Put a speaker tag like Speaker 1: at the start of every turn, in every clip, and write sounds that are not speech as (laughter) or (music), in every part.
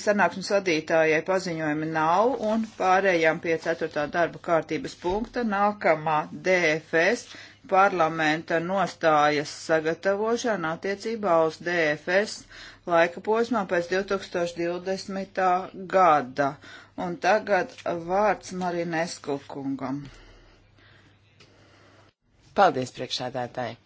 Speaker 1: Sanāksmes vadītājai paziņojumi nav un pārējām pie 4. darba kārtības punkta nākamā DFS parlamenta nostājas sagatavošana attiecībā uz DFS laika posmā pēc 2020. gada. Un tagad vārds
Speaker 2: Marinesku kungam. Paldies, priekšādātāji!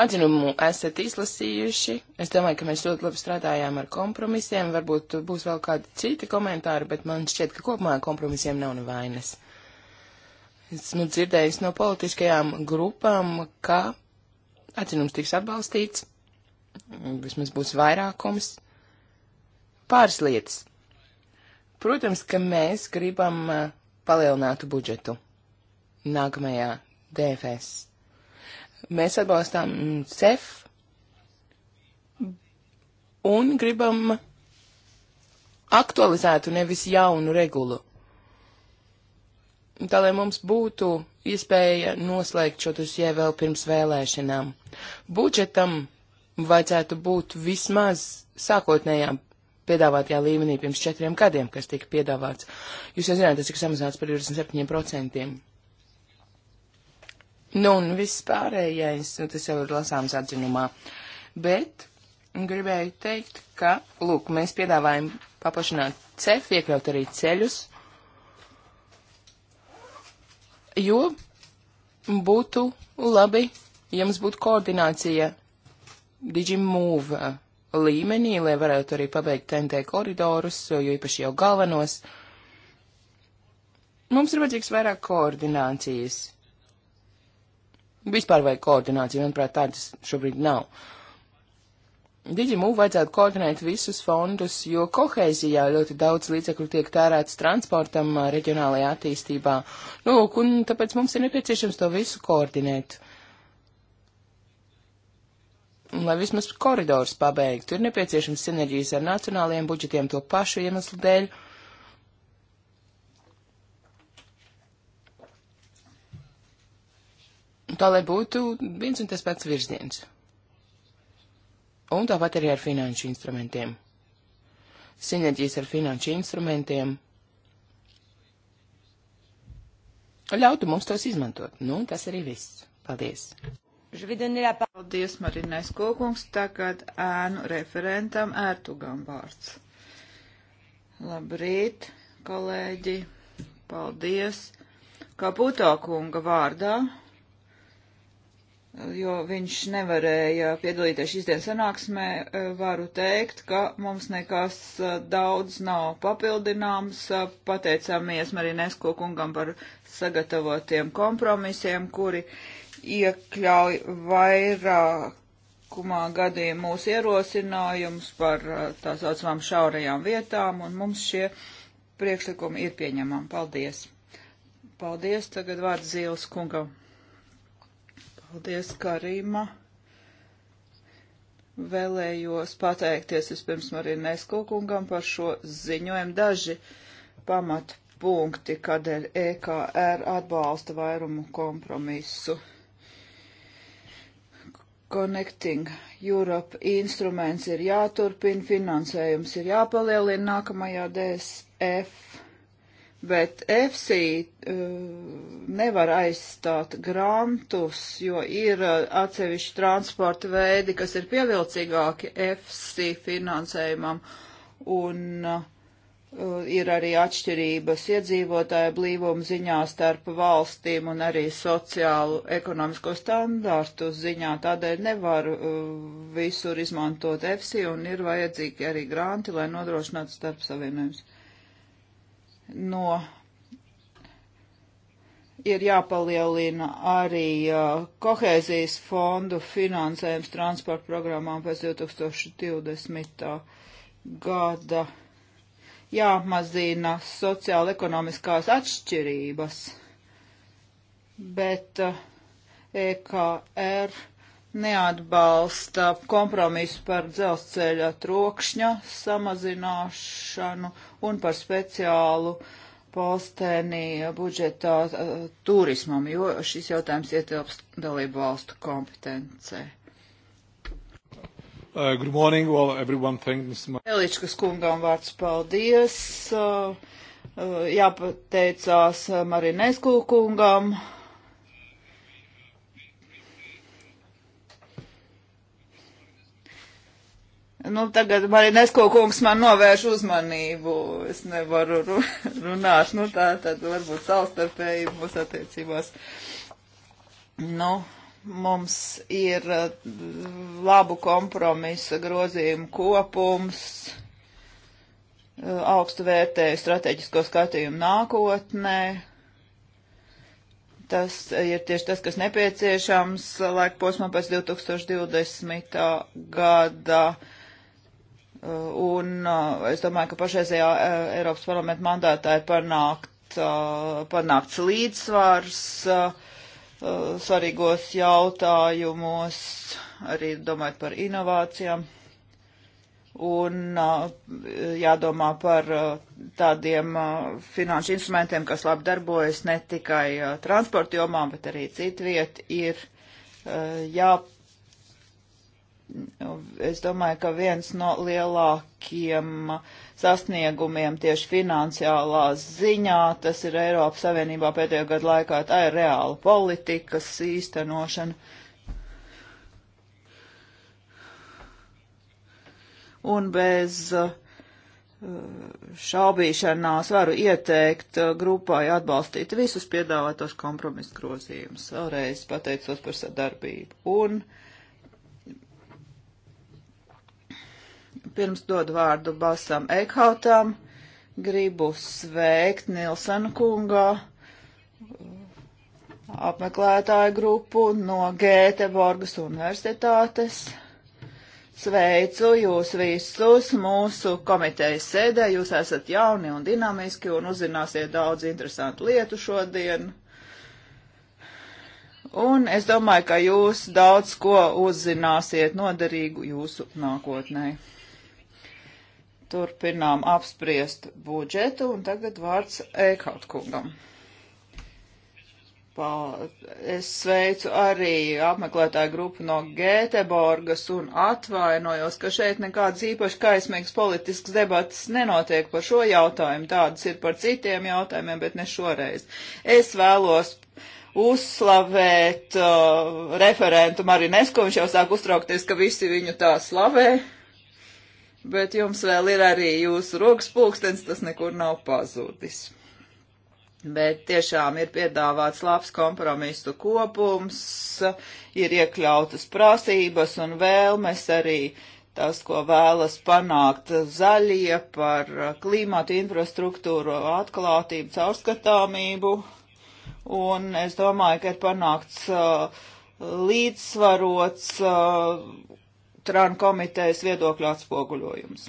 Speaker 2: Atzinumu esat izlasījuši. Es domāju, ka mēs ļoti labi strādājām ar kompromisiem. Varbūt būs vēl kādi citi komentāri, bet man šķiet, ka kopumā kompromisiem nav nevainas. Esmu dzirdējis no politiskajām grupām, ka atzinums tiks atbalstīts. Vismaz būs vairākums. Pāris lietas. Protams, ka mēs gribam eh, palielinātu budžetu nākamajā DFS Mēs atbalstām CEF un gribam aktualizētu nevis jaunu regulu. Tā lai mums būtu iespēja noslēgt šo dosiju vēl pirms vēlēšanām. Budžetam vajadzētu būt vismaz sākotnējām piedāvātajā līmenī pirms četriem gadiem, kas tika piedāvāts. Jūs jau zināt, tas tika samazināts par 27%. Nu, un viss pārējais, nu, tas jau ir lasāms atzinumā. Bet gribēju teikt, ka, lūk, mēs piedāvājam paplašināt cefu, iekļaut arī ceļus, jo būtu labi, ja mums būtu koordinācija Digimove līmenī, lai varētu arī pabeigt TNT koridorus, jo īpaši jau galvenos. Mums ir vajadzīgs vairāk koordinācijas. Vispār vajag koordināciju, manuprāt, tādas šobrīd nav. Digimu vajadzētu koordinēt visus fondus, jo kohēzijā ļoti daudz līdzekļu tiek tērēts transportam, reģionālajā attīstībā. Nu, un tāpēc mums ir nepieciešams to visu koordinēt. Lai vismaz koridors pabeigtu, ir nepieciešams sinerģijas ar nacionālajiem budžetiem to pašu iemeslu dēļ. Uh, tā lai būtu viens un tas pats virziens. Un tāpat arī ar finanšu instrumentiem. Sinerģijas ar finanšu instrumentiem ļautu mums tos izmantot. Nu, tas arī viss. Paldies!
Speaker 1: Paldies, Marinais Kokungs. Tagad ēnu referentam ērtugam vārds. Labrīt, kolēģi. Paldies. Kaputo kunga vārdā jo viņš nevarēja piedalīties šīs dienas sanāksmē, eh, varu teikt, ka mums nekas eh, daudz nav papildināms. Eh, pateicamies Marinesko kungam par sagatavotiem kompromisiem, kuri iekļauj vairākumā gadiem mūsu ierosinājumus par tā saucamām šaurajām vietām, un mums šie priekšlikumi ir pieņemami. Paldies! Paldies! Tagad vārds Zīles kungam. Paldies, Karīma. Vēlējos pateikties vispirms Marinesko kungam par šo ziņojumu. Daži pamatu punkti, kādēļ EKR atbalsta vairumu kompromisu. Connecting Europe instruments ir jāturpina, finansējums ir jāpalielina nākamajā DSF bet EFSI uh, nevar aizstāt grantus, jo ir uh, atsevišķi transporta veidi, kas ir pievilcīgāki EFSI finansējumam, un uh, ir arī atšķirības iedzīvotāja blīvuma ziņā starp valstīm un arī sociālu ekonomisko standārtu ziņā. Tādēļ nevar visur izmantot EFSI un ir vajadzīgi arī granti, lai nodrošinātu starp savienojums no ir jāpalielina arī uh, kohēzijas fondu finansējums transporta programmām pēc 2020. gada. Jāmazina sociāla-ekonomiskās atšķirības, bet uh, EKR neatbalsta kompromisu par dzelzceļa trokšņa samazināšanu un par speciālu polstēnī budžetā turismam, jo šis jautājums ietilpst dalību valstu kompetencē.
Speaker 3: Uh, good morning, well, everyone, thank Mr.
Speaker 1: Eličkas kungam vārds paldies. Uh, uh jāpateicās Marinesku kungam Nu, tagad Marinesko kungs man novērš uzmanību. Es nevaru runāt. Nu, tā tad varbūt savstarpēji mūsu attiecībās. Nu, mums ir uh, labu kompromisa grozījumu kopums. Uh, augstu vērtēju strateģisko skatījumu nākotnē. Tas ir tieši tas, kas nepieciešams laika posmā pēc 2020. gada Uh, un uh, es domāju, ka pašreizējā uh, Eiropas parlamenta mandātā ir panākt, panākts līdzsvars svarīgos jautājumos, arī domājot par inovācijām. Un jādomā par tādiem finanšu instrumentiem, kas labi darbojas ne tikai transporta jomā, bet arī citviet, ir jāpārāk es domāju, ka viens no lielākiem sasniegumiem tieši finansiālā ziņā, tas ir Eiropas Savienībā pēdējo gadu laikā, tā ir reāla politikas īstenošana. Un bez uh, šaubīšanās varu ieteikt uh, grupai atbalstīt visus piedāvātos kompromisu grozījumus. Vēlreiz pateicos par sadarbību. Un uh, Pirms dodu vārdu Basam Eikhautam, gribu sveikt Nilsenu kungā apmeklētāju grupu no Gēteborgas universitātes. Sveicu jūs visus mūsu komitejas sēdē. Jūs esat jauni un dinamiski un uzzināsiet daudz interesantu lietu šodien. Un es domāju, ka jūs daudz ko uzzināsiet noderīgu jūsu nākotnē turpinām apspriest budžetu, un tagad vārds Eikaut kungam. Es sveicu arī apmeklētāju grupu no Gēteborgas un atvainojos, ka šeit nekāds īpaši kaismīgs politisks debats nenotiek par šo jautājumu. Tādas ir par citiem jautājumiem, bet ne šoreiz. Es vēlos uzslavēt uh, referentu Marinesku, viņš jau sāk uztraukties, ka visi viņu tā slavē. Uh, bet jums vēl ir arī jūsu rokas pulkstens, tas nekur nav pazudis. Bet tiešām ir piedāvāts labs kompromisu kopums, ir iekļautas prasības un vēlmes arī tas, ko vēlas panākt zaļie par klimatu infrastruktūru atklātību, caurskatāmību. Un es domāju, ka ir panākts uh, līdzsvarots uh, Tran komitejas viedokļu atspoguļojums.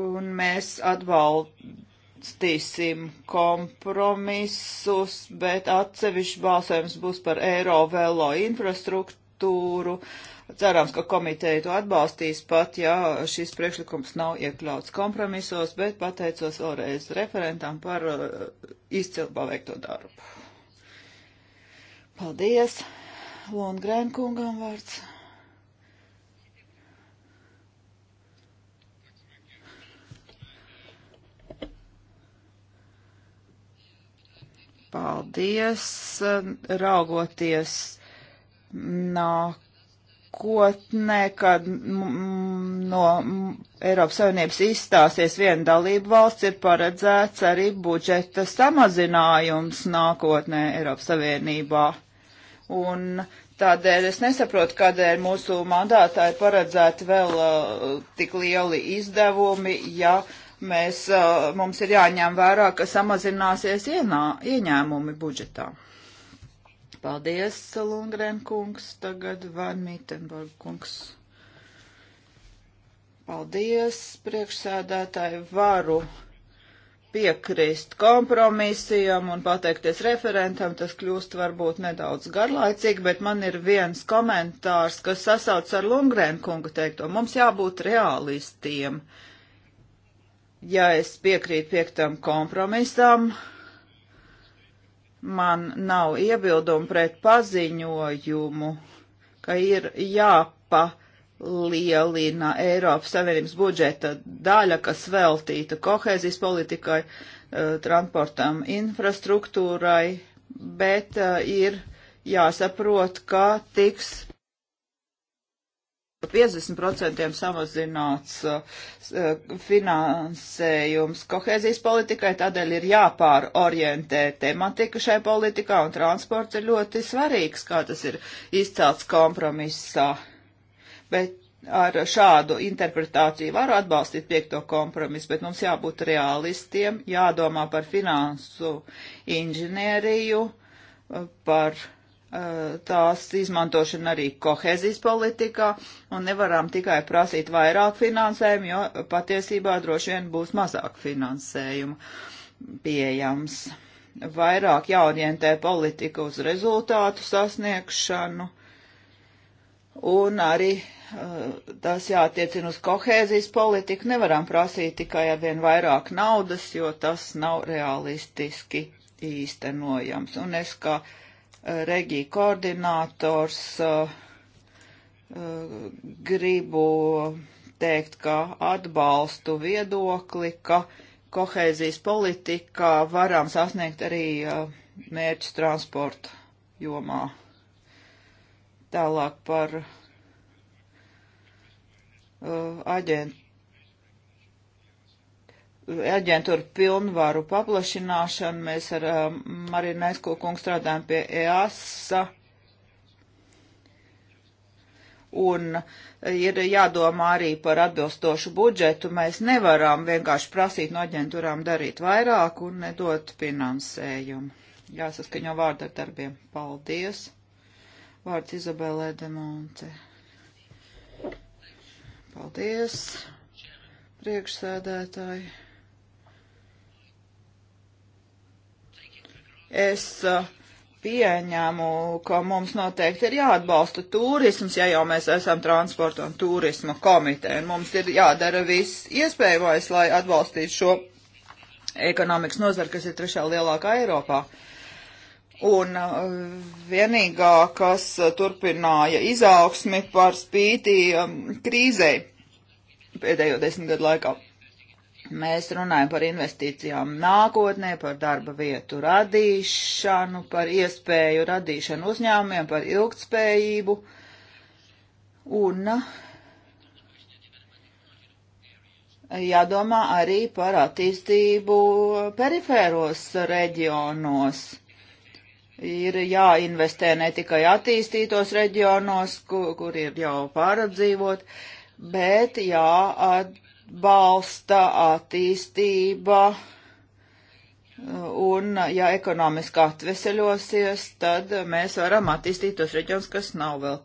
Speaker 1: Un mēs atbalstīsim kompromisus, bet atsevišķi balsojums būs par eiro velo infrastruktūru. Cerams, ka komiteja to atbalstīs pat, ja šis priekšlikums nav iekļauts kompromisos, bet pateicos vēlreiz referentam par uh, izcilu paveikto darbu. Paldies! Lundgren kungam vārds. Paldies, raugoties nākotnē, kad no Eiropas Savienības izstāsies viena dalība valsts, ir paredzēts arī budžeta samazinājums nākotnē Eiropas Savienībā. Un Tādēļ es nesaprotu, kādēļ mūsu mandātā ir paredzēti vēl uh, tik lieli izdevumi, ja Mēs, uh, mums ir jāņem vērā, ka samazināsies ienā, ieņēmumi budžetā. Paldies, Lundgren kungs, tagad Van Mitenburg kungs. Paldies, priekšsēdētāji, varu piekrist kompromisiem un pateikties referentam, tas kļūst varbūt nedaudz garlaicīgi, bet man ir viens komentārs, kas sasauc ar Lungrēnu kungu teikto. Mums jābūt realistiem. Uh, ja es piekrītu piektam kompromisam, man nav iebildumu pret paziņojumu, ka ir jāpalielina Eiropas Savienības budžeta daļa, kas veltīta kohēzijas politikai, eh, transportam, infrastruktūrai, bet eh, ir jāsaprot, ka tiks 50% samazināts eh, finansējums kohēzijas politikai, tādēļ ir jāpārorientē tematika šai politikā, un transports ir ļoti svarīgs, kā tas ir izcelts kompromisā. Bet ar šādu interpretāciju var atbalstīt piekto kompromisu, bet mums jābūt realistiem, jādomā par finansu inženieriju, par Eh, tās izmantošana arī kohezijas politikā, un nevaram tikai prasīt vairāk finansējumu, jo patiesībā droši vien būs mazāk finansējumu pieejams. Vairāk jāorientē politika uz rezultātu sasniegšanu, un arī eh, tas jātiecina uz kohēzijas politiku. Nevaram prasīt tikai arvien vairāk naudas, jo tas nav realistiski īstenojams. Un es kā uh, Regija koordinators. Eh, eh, gribu teikt, ka atbalstu viedokli, ka kohēzijas politikā varam sasniegt arī eh, mērķus transporta jomā. Tālāk par aģentu aģentūra pilnvaru paplašināšanu. Mēs ar um, eh, Marinesko kungu strādājam pie EASA. Un eh, ir jādomā arī par atbilstošu budžetu. Mēs nevaram vienkārši prasīt no aģentūrām darīt vairāk un nedot finansējumu. Jāsaskaņo vārdu ar darbiem. Paldies! Vārds Izabelē Demonte. Paldies, priekšsēdētāji! Es uh, pieņēmu, ka mums noteikti ir jāatbalsta turisms, ja jau mēs esam transporta un turisma komiteja, un mums ir jādara viss iespējamais, lai atbalstītu šo ekonomikas nozari, kas ir trešā lielākā Eiropā. Un uh, vienīgā, kas uh, turpināja izaugsmi par spīti um, krīzei pēdējo desmit gadu laikā. Mēs runājam par investīcijām nākotnē, par darba vietu radīšanu, par iespēju radīšanu uzņēmumiem, par ilgtspējību. Un eh, jādomā arī par attīstību perifēros reģionos. Ir jāinvestē ne tikai attīstītos reģionos, kur, kur ir jau pārapdzīvot, bet jāatbalsta jāatbalsta attīstība, un ja ekonomiski atveseļosies, tad mēs varam attīstīt tos reģionus, kas nav vēl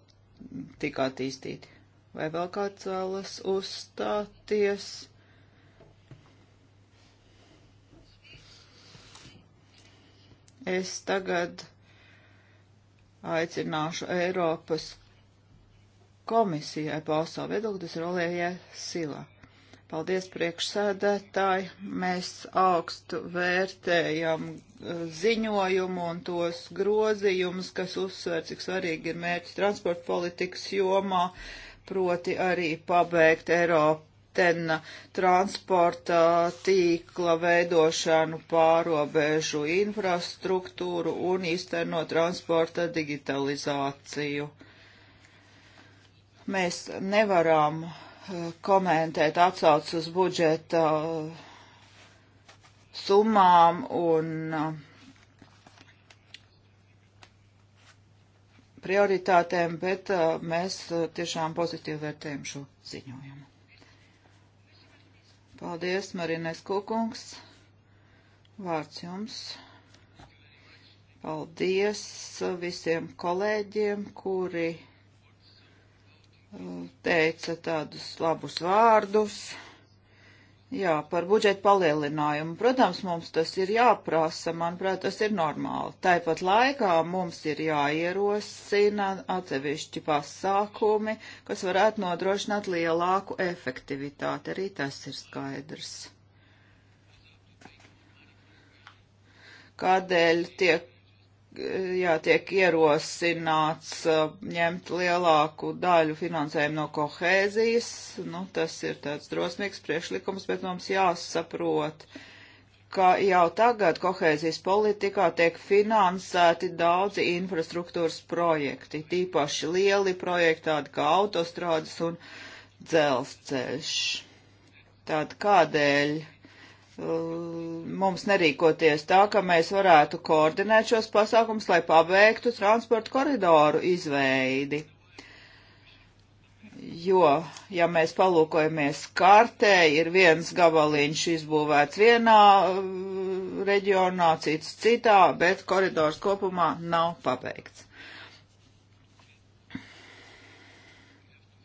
Speaker 1: tik attīstīti. Vai vēl kāds vēlas uzstāties? Es tagad aicināšu Eiropas komisijai paust savu viedokli, tas ir Olējai Silā. Paldies, priekšsēdētāji. Mēs augstu vērtējam uh, ziņojumu un tos grozījumus, kas uzsver, cik svarīgi ir mērķi transporta politikas jomā, proti arī pabeigt Eiropten transporta tīkla veidošanu, pārobežu infrastruktūru un īstenot transporta digitalizāciju. Mēs nevaram uh, komentēt atsauc uz budžeta uh, summām un uh, prioritātēm, bet uh, mēs tiešām pozitīvi vērtējam šo ziņojumu. Paldies, Marines Kukungs. Vārds jums. Paldies visiem kolēģiem, kuri teica tādus labus vārdus. Jā, par budžetu palielinājumu. Protams, mums tas ir jāprasa, manuprāt, tas ir normāli. Tāpat laikā mums ir jāierosina atsevišķi pasākumi, kas varētu nodrošināt lielāku efektivitāti. Arī tas ir skaidrs. Kādēļ tiek jātiek ierosināts ņemt lielāku daļu finansējumu no kohēzijas. Nu, tas ir tāds drosmīgs priekšlikums, bet mums jāsaprot, ka jau tagad kohēzijas politikā tiek finansēti daudzi infrastruktūras projekti, tīpaši lieli projekti, tādi kā autostrādes un dzelzceļš. Tātad kādēļ? mums nerīkoties tā, ka mēs varētu koordinēt šos pasākums, lai pabeigtu transporta koridoru izveidi. Jo, ja mēs palūkojamies kartē, ir viens gabaliņš izbūvēts vienā uh, reģionā, cits citā, bet koridors kopumā nav pabeigts.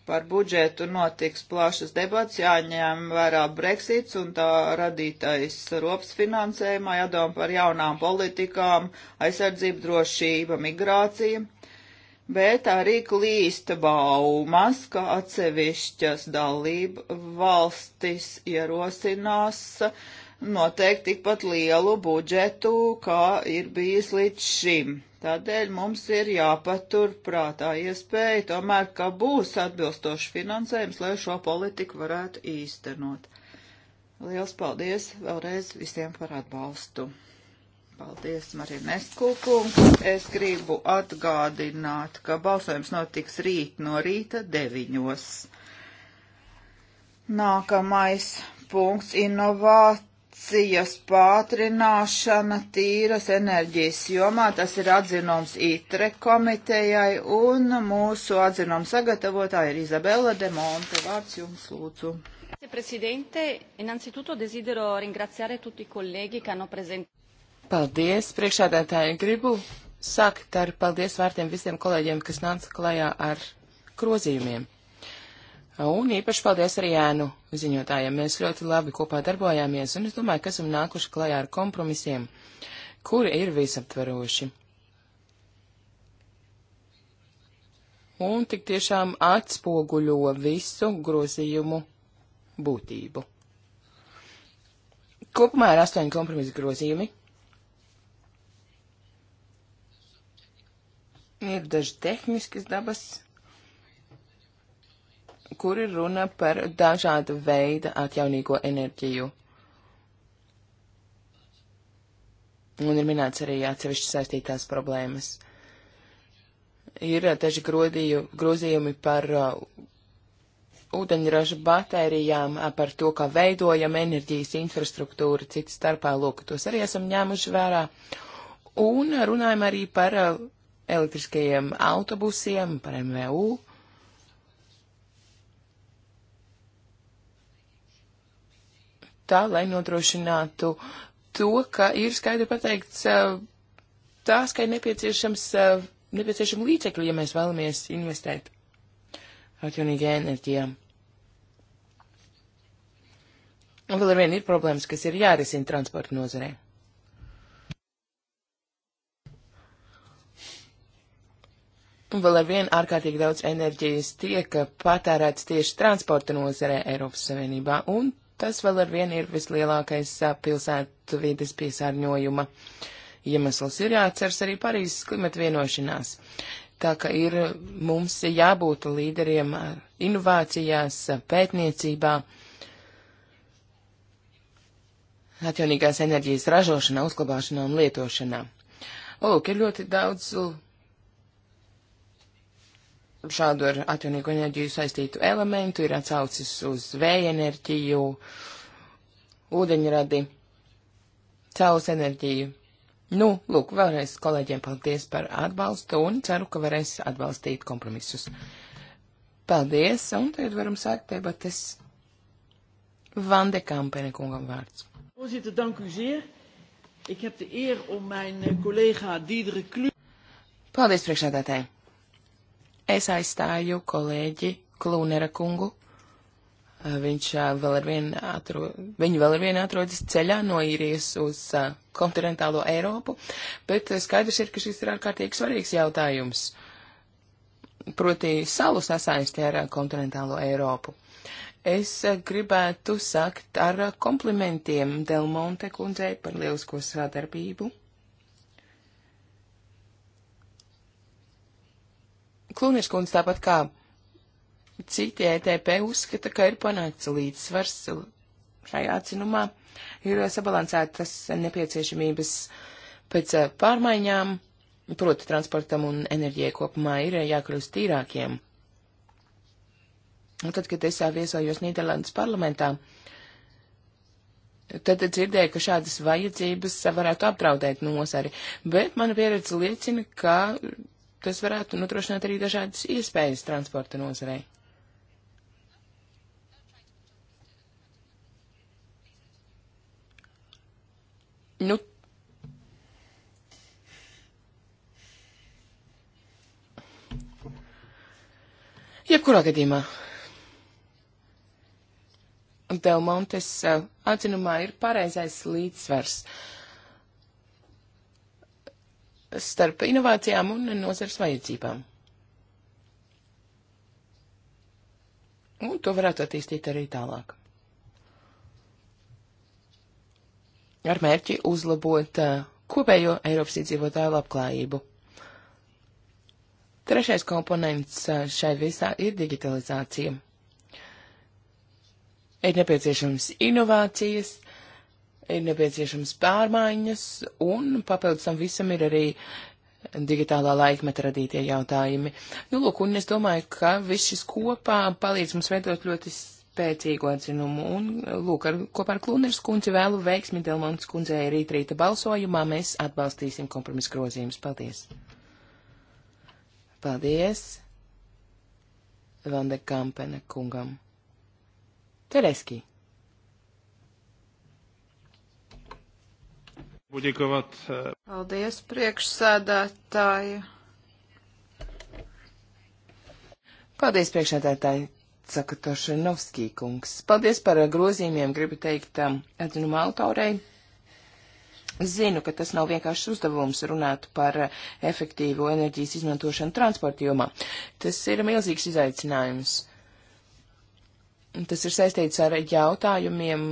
Speaker 1: par budžetu notiks plašas debats, jāņem vērā Brexits un tā radītais rops finansējumā, jādomā par jaunām politikām, aizsardzību, drošība, migrācija. Bet arī klīsta baumas, ka atsevišķas dalība valstis ierosinās uh, noteikti tikpat lielu budžetu, kā ir bijis līdz šim. Tādēļ mums ir jāpatur prātā iespēja tomēr, ka būs atbilstoši finansējums, lai šo politiku varētu īstenot. Liels paldies vēlreiz visiem par atbalstu. Paldies, Marinesku kungs. Es gribu atgādināt, ka balsojums notiks rīt no rīta deviņos. Nākamais punkts - inovāt Transakcijas pātrināšana tīras enerģijas jomā, tas ir atzinums ITRE komitejai, un mūsu atzinums sagatavotāja ir Izabela de Monte. Vārds jums lūdzu. Presidente, innanzitutto desidero ringraziare tutti i colleghi che hanno presentato.
Speaker 2: Paldies, priekšādātāji, gribu sākt ar paldies vārtiem visiem kolēģiem, kas nāca klajā ar grozījumiem. Un īpaši paldies arī ēnu ziņotājiem. Mēs ļoti labi kopā darbojāmies, un es domāju, ka esam nākuši klajā ar kompromisiem, kuri ir visaptveroši. Un tik tiešām atspoguļo visu grozījumu būtību. Kopumā ir astoņi kompromisa grozījumi. Ir daži tehniskas dabas kur ir runa par dažādu veidu atjaunīgo enerģiju. Un ir minēts arī atsevišķi saistītās problēmas. Ir daži grozījumi par uh, ūdeņraža baterijām, par to, kā veidojam enerģijas infrastruktūru, citas starpā, lūk, tos arī esam ņēmuši vērā. Un runājam arī par uh, elektriskajiem autobusiem, par MVU. tā, lai nodrošinātu to, ka ir skaidri pateikts tās, ka ir nepieciešams, nepieciešami līdzekļi, ja mēs vēlamies investēt atjaunīgajā enerģijā. Un vēl ar vienu ir problēmas, kas ir jārisina transporta nozarē. Un vēl ar vienu ārkārtīgi daudz enerģijas tiek patērēts tieši transporta nozarē Eiropas Savienībā, un tas vēl ar vienu ir vislielākais pilsētu vides piesārņojuma iemesls. Ir jāatceras arī Parīzes klimata vienošanās. Tā ka ir mums jābūt līderiem inovācijās, pētniecībā, atjaunīgās enerģijas ražošanā, uzglabāšanā un lietošanā. Lūk, ir ļoti daudz šādu ar atjaunīgo enerģiju saistītu elementu, ir atsaucis uz vēja enerģiju, ūdeņradi, caules enerģiju. Nu, lūk, vēlreiz kolēģiem paldies par atbalstu un ceru, ka varēs atbalstīt kompromisus. Paldies, un tagad varam sākt debates. Vande Kampene kungam vārds.
Speaker 4: Voorzitter, dank u zeer. Ik heb de
Speaker 2: eer om mijn eh, collega Diedre Klu. Paldies, priekšsēdētāji. Es aizstāju kolēģi Klūnera kungu. Eh, viņš eh, vēl ar vienu atro... Viņi vēl ar vienu atrodas ceļā no īrijas uz eh, kontinentālo Eiropu, bet skaidrs ir, ka šis ir ārkārtīgi svarīgs jautājums. Proti salu sasaisti ar kontinentālo Eiropu. Es gribētu sakt ar komplimentiem Delmonte kundzei par lielisko sadarbību Klūnies kundze tāpat kā citi ETP uzskata, ka ir panākts līdzsvars šajā atzinumā, ir sabalansētas nepieciešamības pēc eh, pārmaiņām, proti transportam un enerģijai kopumā ir eh, jākļūst tīrākiem. Un tad, kad es eh, viesojos Nīderlandes parlamentā, tad dzirdēju, ka šādas vajadzības varētu apdraudēt nosari, bet mana pieredze liecina, ka tas varētu nodrošināt arī dažādas iespējas transporta nozarei. Nu, Jebkurā gadījumā Delmontes uh, atzinumā ir pareizais līdzsvars. Uh, starp inovācijām un nozars vajadzībām. Un to varētu attīstīt arī tālāk. Ar mērķi uzlabot uh, kopējo Eiropas iedzīvotāju labklājību. Trešais komponents uh, šai visā ir digitalizācija. Ir nepieciešams inovācijas, ir nepieciešams pārmaiņas, un papildus tam visam ir arī digitālā laikmeta radītie jautājumi. Nu, lūk, un es domāju, ka viss šis kopā palīdz mums veidot ļoti spēcīgu atzinumu, un, lūk, ar, kopā ar Klūneris kundzi vēlu veiksmi Delmons kundzei rītrīta balsojumā mēs atbalstīsim kompromisu grozījumus. Paldies! Paldies! Vande Kampene kungam. Tereski! Buģikovat. Eh,
Speaker 1: Paldies, priekšsēdētāji.
Speaker 2: Paldies, priekšsēdētāji. Saka Tošanovskī kungs. Paldies par eh, grozījumiem, gribu teikt atzinuma autorei. Zinu, ka tas nav vienkāršs uzdevums runāt par eh, efektīvu enerģijas izmantošanu transporta jomā. Tas ir milzīgs izaicinājums. Tas ir saistīts ar jautājumiem,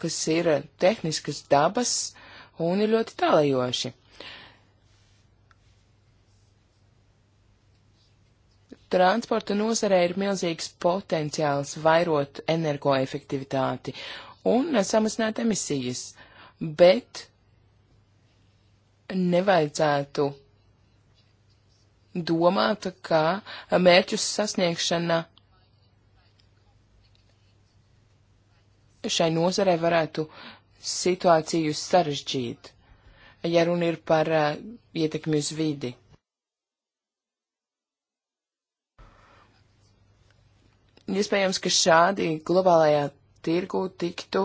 Speaker 2: kas ir tehniskas dabas un ir ļoti tālajoši. Transporta nozarē ir milzīgs potenciāls vairot energoefektivitāti un samazināt emisijas, bet nevajadzētu domāt, ka mērķus sasniegšana šai nozarei varētu situāciju sarežģīt, ja runa ir par uh, ietekmi uz vidi. Iespējams, ka šādi globālajā tirgu tiktu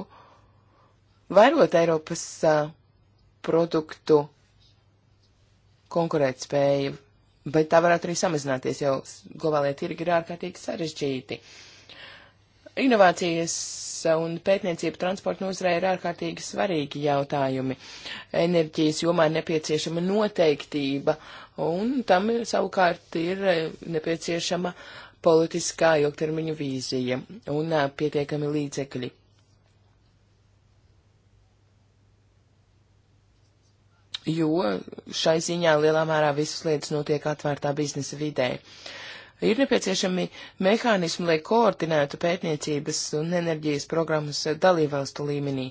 Speaker 2: vairot Eiropas uh, produktu konkurētspēju, bet tā varētu arī samazināties, jo globālajā tirgi ir ārkārtīgi sarežģīti. Uh, Inovācijas un pētniecība transporta nozarē ir ārkārtīgi svarīgi jautājumi. Enerģijas jomā ir nepieciešama noteiktība, un tam ir, savukārt ir eh, nepieciešama politiskā ilgtermiņa vīzija un eh, pietiekami līdzekļi. Jo šai ziņā lielā mērā visas lietas notiek atvērtā biznesa vidē. Uh, ir nepieciešami mehānismi, lai koordinētu pētniecības un enerģijas programmas eh, dalībvalstu līmenī,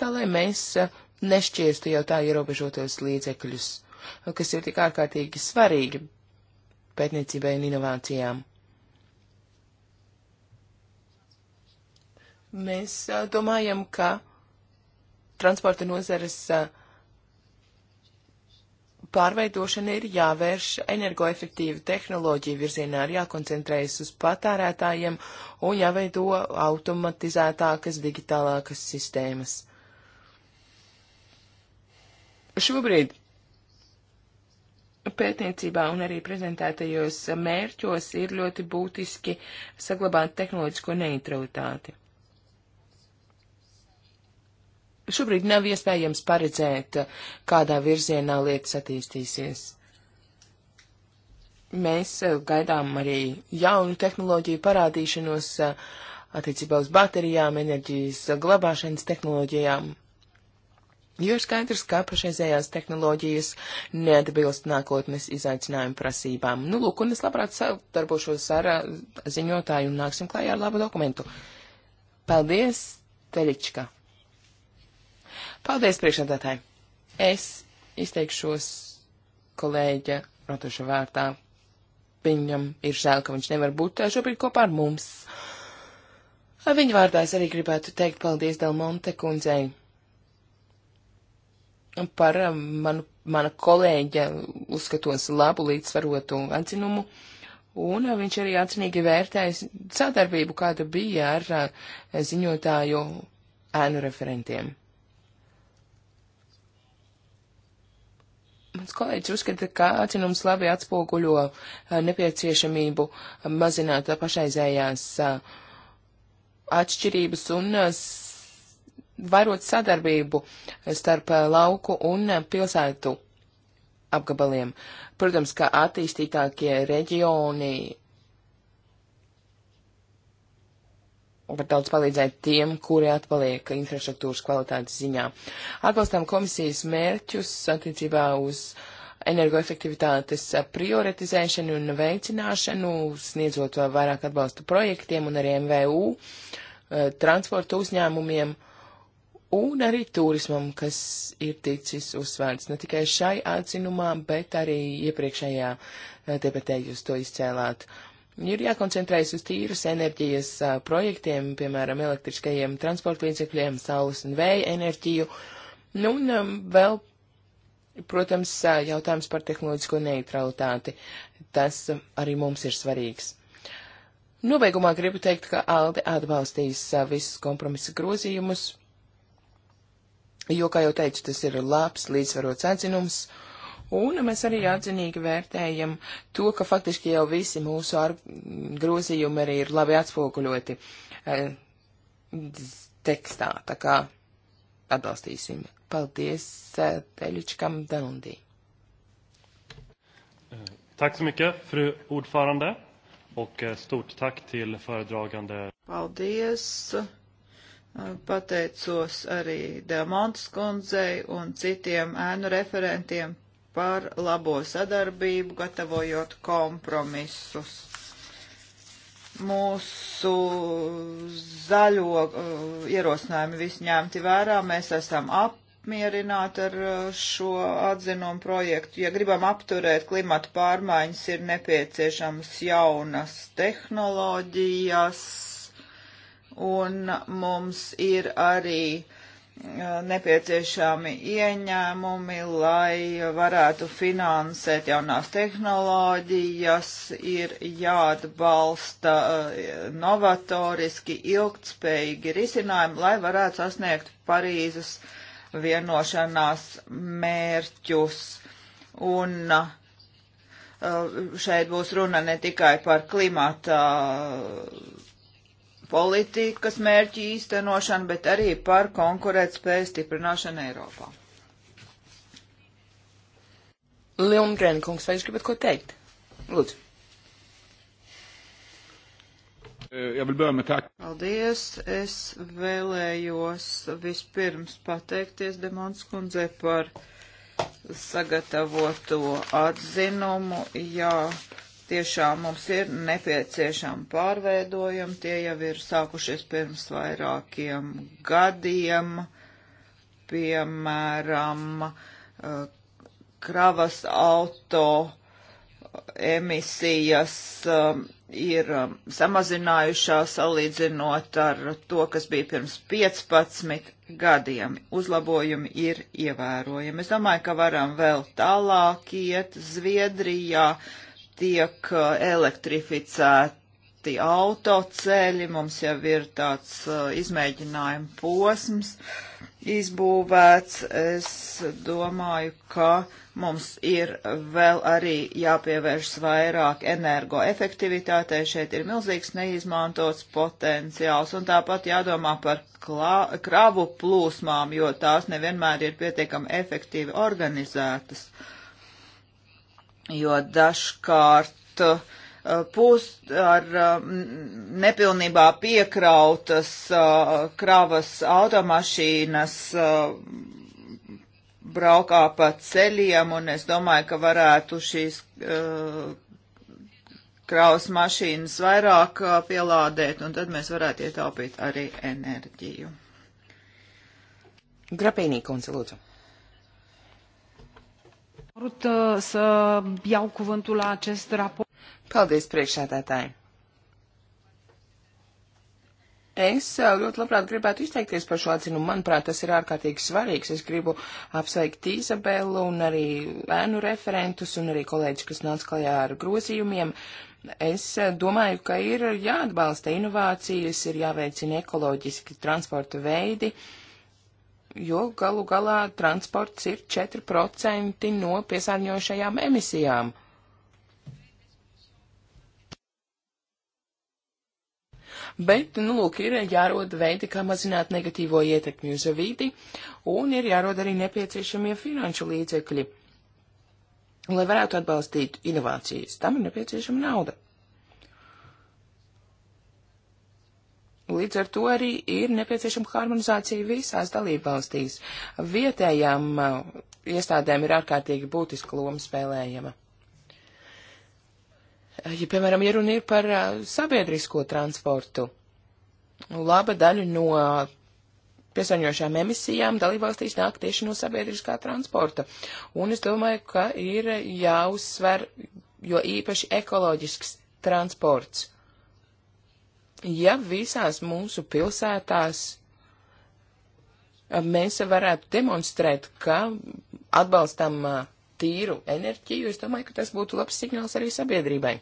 Speaker 2: tā lai mēs eh, nešķiestu jau tā ierobežotos līdzekļus, kas ir tik ārkārtīgi svarīgi pētniecībai un inovācijām. Mēs eh, domājam, ka transporta nozares uh, pārveidošana ir jāvērš energoefektīvu tehnoloģiju virzienā, ir jākoncentrējas uz patērētājiem un jāveido automatizētākas, digitālākas sistēmas. Šobrīd pētniecībā un arī prezentētajos mērķos ir ļoti būtiski saglabāt tehnoloģisko neutralitāti šobrīd nav iespējams paredzēt, kādā virzienā lietas attīstīsies. Mēs eh, gaidām arī jaunu tehnoloģiju parādīšanos eh, attiecībā uz baterijām, enerģijas glabāšanas tehnoloģijām. Jo ir skaidrs, ka pašreizējās tehnoloģijas neatbilst nākotnes izaicinājumu prasībām. Nu, lūk, un es labprāt sadarbošos ar eh, ziņotāju un nāksim klājā ar labu dokumentu. Paldies, Telička! Paldies, priekšsēdētāji. Es izteikšos kolēģa Rotuša vārtā. Viņam ir žēl, ka viņš nevar būt eh, šobrīd kopā ar mums. Ar viņu vārdā es arī gribētu teikt paldies Delmonte kundzei par eh, manu, mana kolēģa uzskatos labu līdzsvarotu atzinumu. Un eh, viņš arī atcinīgi vērtēja sadarbību, kāda bija ar ziņotāju ēnu referentiem. Mans kolēģis uzskata, ka atzinums labi atspoguļo nepieciešamību mazināt pašaizējās atšķirības un vairot sadarbību starp lauku un pilsētu apgabaliem. Protams, ka attīstītākie reģioni var daudz palīdzēt tiem, kuri atpaliek infrastruktūras kvalitātes ziņā. Atbalstām komisijas mērķus attiecībā uz energoefektivitātes prioritizēšanu un veicināšanu, sniedzot vairāk atbalstu projektiem un arī MVU, eh, transporta uzņēmumiem un arī turismam, kas ir ticis uzsvērts ne tikai šai atzinumā, bet arī iepriekšējā eh, TPT jūs to izcēlāt. Uh, Ir jākoncentrējas uz tīras enerģijas uh, projektiem, piemēram, elektriskajiem transportlīdzekļiem, saules un vēja enerģiju. Nu, un um, vēl, protams, uh, jautājums par tehnoloģisko neutralitāti. Tas uh, arī mums ir svarīgs. Nobeigumā gribu teikt, ka Alde atbalstīs visus kompromisa grozījumus, jo, kā jau teicu, tas ir labs līdzsvarots atzinums. Uh, Un mēs arī atzinīgi vērtējam to, ka faktiski jau visi mūsu grozījumi arī ir labi atspoguļoti e, tekstā, tā kā atbalstīsim. Paldies e, eh, Teļičkam Danundī. Eh, tack så mycket, fru
Speaker 3: ordförande, och stort tack till föredragande.
Speaker 2: Paldies.
Speaker 1: Pateicos arī Delmontas kundzei un citiem ēnu referentiem par labo sadarbību, gatavojot kompromisus. Mūsu zaļo uh, ierosinājumi visi ņemti vērā, mēs esam apmierināti ar uh, šo atzinumu projektu. Ja gribam apturēt klimatu pārmaiņas, ir nepieciešams jaunas tehnoloģijas, un mums ir arī nepieciešami ieņēmumi, lai varētu finansēt jaunās tehnoloģijas, ir jāatbalsta eh, novatoriski, ilgtspējīgi risinājumi, lai varētu sasniegt Parīzes vienošanās mērķus. Un eh, šeit būs runa ne tikai par klimata politikas mērķu īstenošanu, bet arī par konkurētspējas stiprināšanu Eiropā.
Speaker 2: Lilmgrēna kungs, vai jūs gribat ko teikt? Lūdzu.
Speaker 1: Eh,
Speaker 2: Paldies! Es
Speaker 1: vēlējos vispirms pateikties Demons kundzei par sagatavoto atzinumu. Jā. Ja tiešām mums ir nepieciešami pārveidojumi, tie jau ir sākušies pirms vairākiem gadiem, piemēram, eh, kravas auto emisijas eh, ir eh, samazinājušās salīdzinot ar to, kas bija pirms 15 gadiem. Uzlabojumi ir ievērojami. Es domāju, ka varam vēl tālāk iet Zviedrijā. Uh, tiek uh, elektrificēti autoceļi, mums jau ir tāds uh, izmēģinājuma posms izbūvēts. Es domāju, ka mums ir vēl arī jāpievēršas vairāk energoefektivitātei. Šeit ir milzīgs neizmantots potenciāls un tāpat jādomā par klā, kravu plūsmām, jo tās nevienmēr ir pietiekami efektīvi organizētas. Uh, jo dažkārt uh, pūs ar uh, nepilnībā piekrautas uh, kravas automašīnas braukā pa ceļiem, un es domāju, ka varētu šīs kraus mašīnas vairāk pielādēt, un tad mēs varētu ietaupīt arī
Speaker 2: enerģiju. Grapīnī, kundze, lūdzu.
Speaker 4: Rūt, uh, să iau cuvântul la acest raport.
Speaker 2: Paldies, priekšsēdētāji! Es uh, ļoti labprāt gribētu izteikties par šo atzinumu. Manuprāt, tas ir ārkārtīgi svarīgs. Es gribu apsveikt Izabelu un arī ēnu referentus un arī kolēģis, kas nāca klajā ar grozījumiem. Es uh, domāju, ka ir jāatbalsta inovācijas, ir jāveicina ekoloģiski transporta veidi. Uh, jo galu galā transports ir 4% no piesārņojušajām emisijām. Bet, nu, lūk, ir jārod veidi, kā mazināt negatīvo ietekmi uz vidi, un ir jārod arī nepieciešamie finanšu līdzekļi, lai varētu atbalstīt inovācijas. Tam ir nepieciešama nauda. Līdz ar to arī ir nepieciešama harmonizācija visās dalībvalstīs. Vietējām uh, iestādēm ir ārkārtīgi būtiska loma spēlējama. Uh, ja, piemēram, ja runa ir par uh, sabiedrisko transportu, laba daļa no piesaņojušām emisijām dalībvalstīs nāk tieši no sabiedriskā transporta. Un es domāju, ka ir jāuzsver, jo īpaši ekoloģisks transports ja visās mūsu pilsētās eh, mēs varētu demonstrēt, ka atbalstam eh, tīru enerģiju, es domāju, ka tas būtu labs signāls arī sabiedrībai.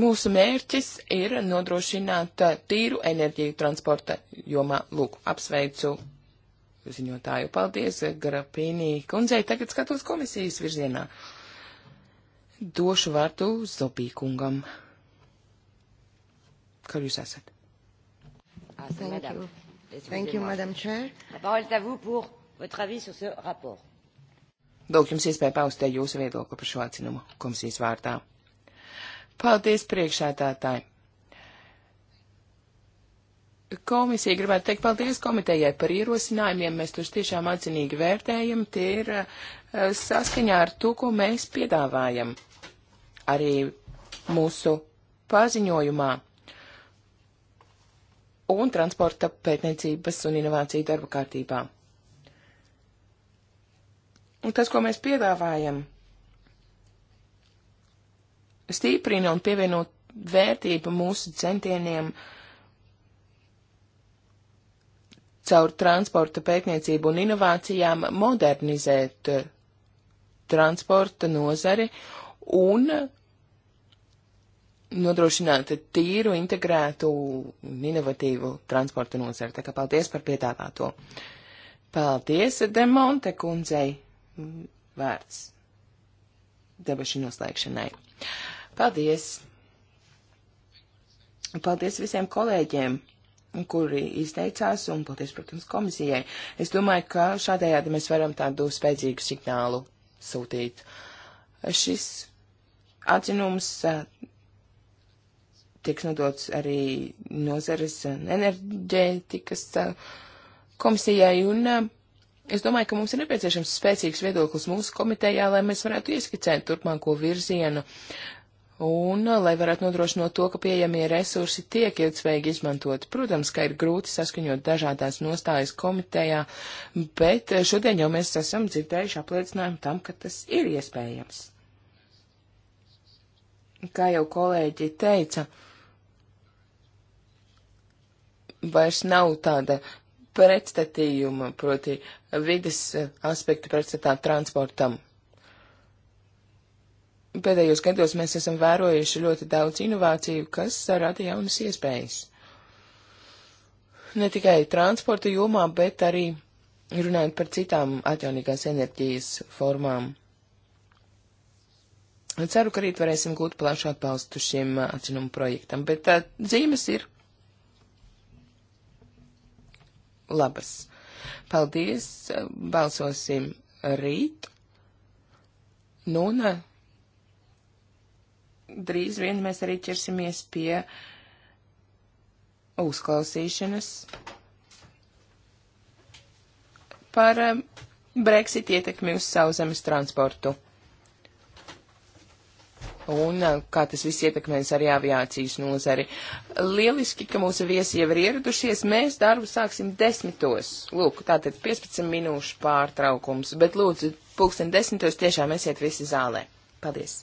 Speaker 2: Mūsu mērķis ir nodrošināt eh, tīru enerģiju transporta jomā. Lūk, apsveicu ziņotāju. Paldies, Grapīnī kundzei. Tagad skatos komisijas virzienā. Uh, Došu vārdu Zobīkungam. Kur jūs esat? Ah,
Speaker 3: Thank you. Thank you, Madam Chair. La parole est à vous pour votre avis sur ce rapport.
Speaker 2: Lūk, jums iespēja paust jūsu viedokli par šo atzinumu komisijas vārtā. Paldies priekšētātāji. Komisija gribētu teikt paldies komitejai par ierosinājumiem. Mēs tos tiešām atzinīgi vērtējam. Tie ir uh, saskaņā ar to, ko mēs piedāvājam arī mūsu paziņojumā. Un transporta pētniecības un inovāciju darba kārtībā. Un tas, ko mēs piedāvājam, stiprina un pievienot vērtību mūsu centieniem caur transporta pētniecību un inovācijām modernizēt eh, transporta nozari un nodrošināt tīru, integrētu un inovatīvu transporta nozari. Tā kā paldies par piedāvāto. Paldies Demonte kundzei vērts debašu noslēgšanai. Paldies! Paldies visiem kolēģiem, kuri izteicās, un paldies, protams, komisijai. Es domāju, ka šādējādi mēs varam tādu spēcīgu signālu sūtīt. Šis Atzinums tiks nodots arī nozares un enerģētikas komisijai, un es domāju, ka mums ir nepieciešams spēcīgs viedoklis mūsu komitejā, lai mēs varētu ieskicēt turpmāko virzienu, un lai varētu nodrošināt to, ka pieejamie resursi tiek ilgspējīgi izmantot. Protams, ka ir grūti saskaņot dažādās nostājas komitejā, bet šodien jau mēs esam dzirdējuši apliecinājumu tam, ka tas ir iespējams kā jau kolēģi teica, vairs nav tāda pretstatījuma, proti vides aspektu pretstatā transportam. Pēdējos gados mēs esam vērojuši ļoti daudz inovāciju, kas rada jaunas iespējas. Ne tikai transporta jomā, bet arī runājot par citām atjaunīgās enerģijas formām. Ceru, ka rīt varēsim gūt plašu atbalstu šim uh, atzinumu projektam, bet tā, uh, zīmes ir labas. Paldies, uh, balsosim rīt. Nu, un drīz vien mēs arī ķersimies pie uzklausīšanas par Brexit ietekmi uz sauszemes transportu un uh, kā tas viss ietekmēs arī aviācijas nozari. Lieliski, ka mūsu viesi jau ir ieradušies. Mēs darbu sāksim desmitos. Lūk, tātad 15 minūšu pārtraukums, bet lūdzu, pulksten desmitos tiešām esiet visi zālē. Paldies!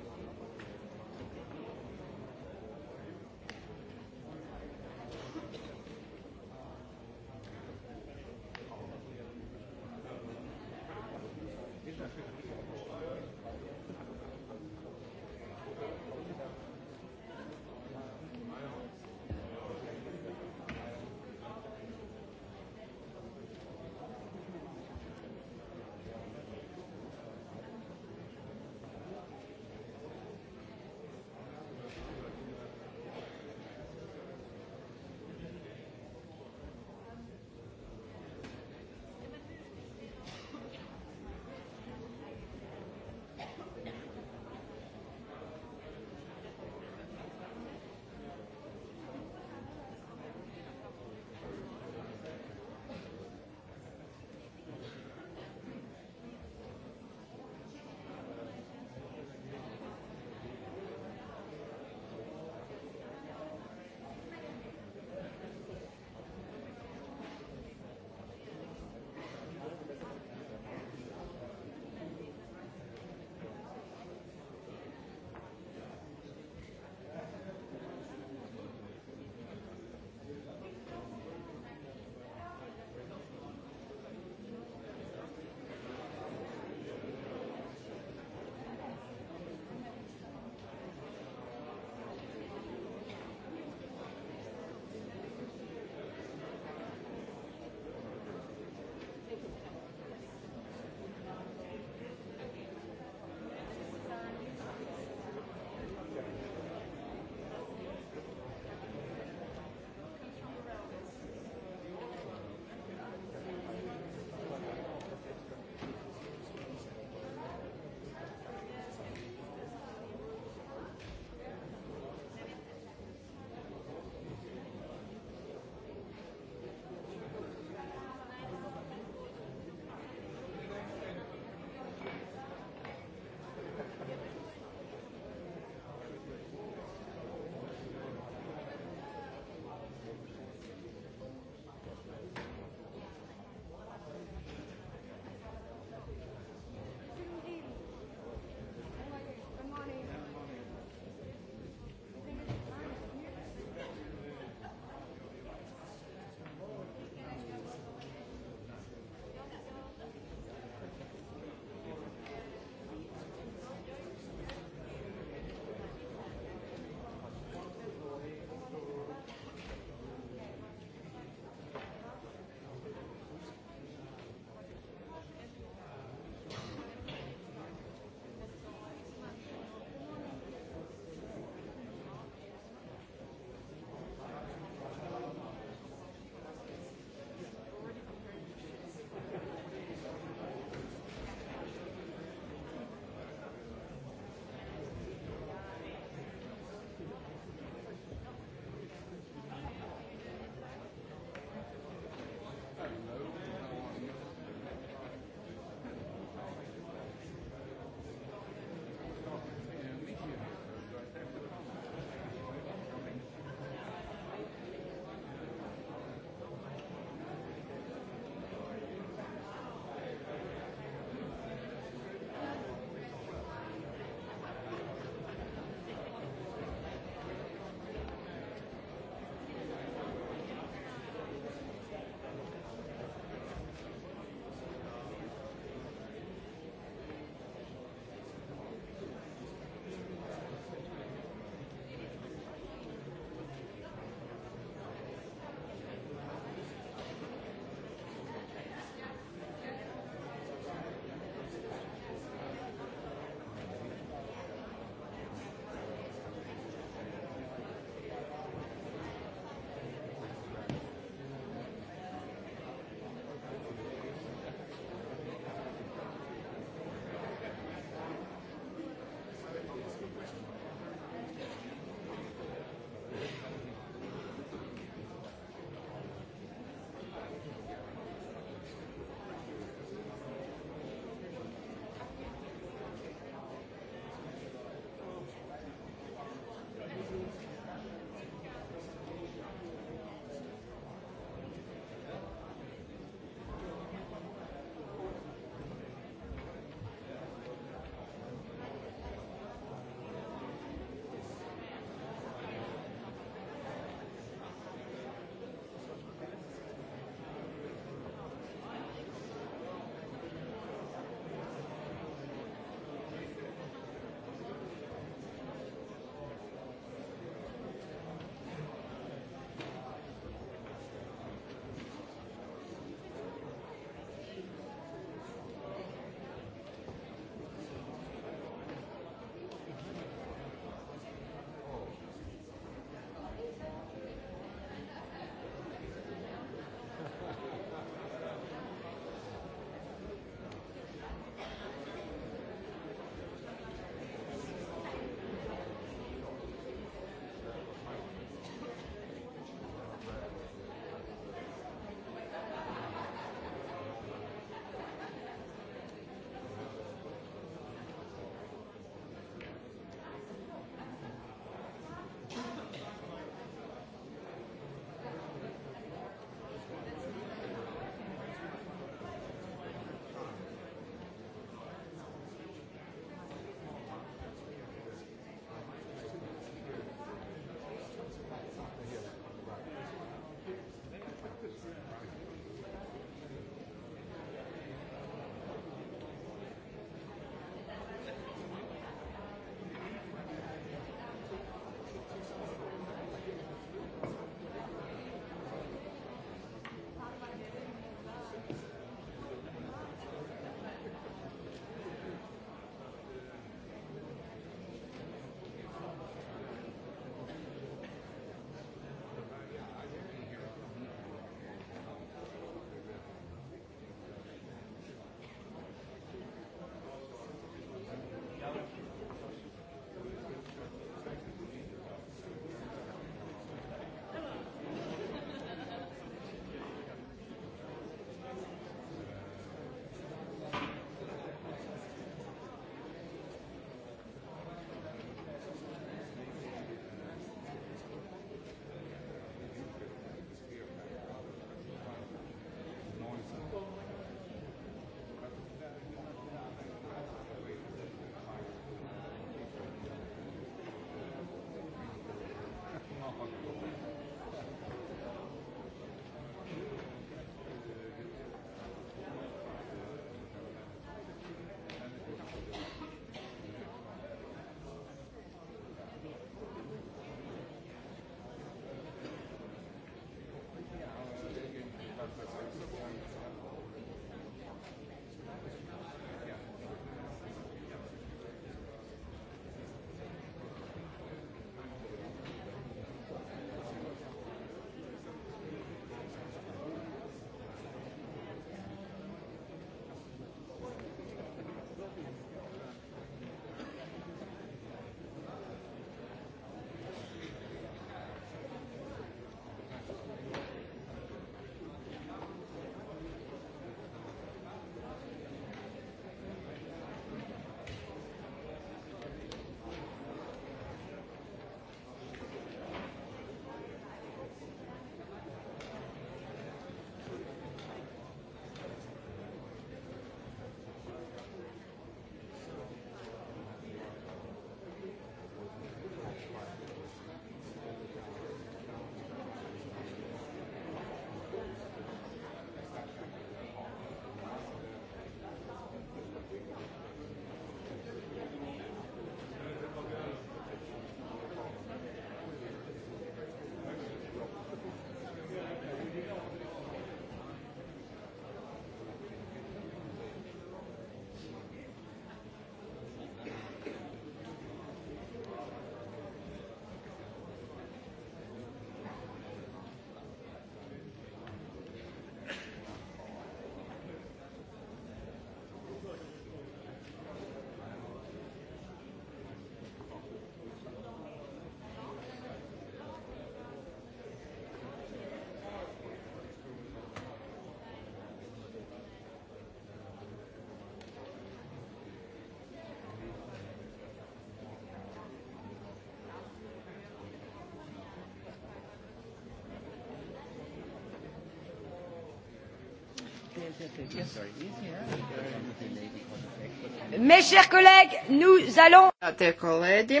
Speaker 1: Mes chers collègues, nous allons. Tie kolēģi,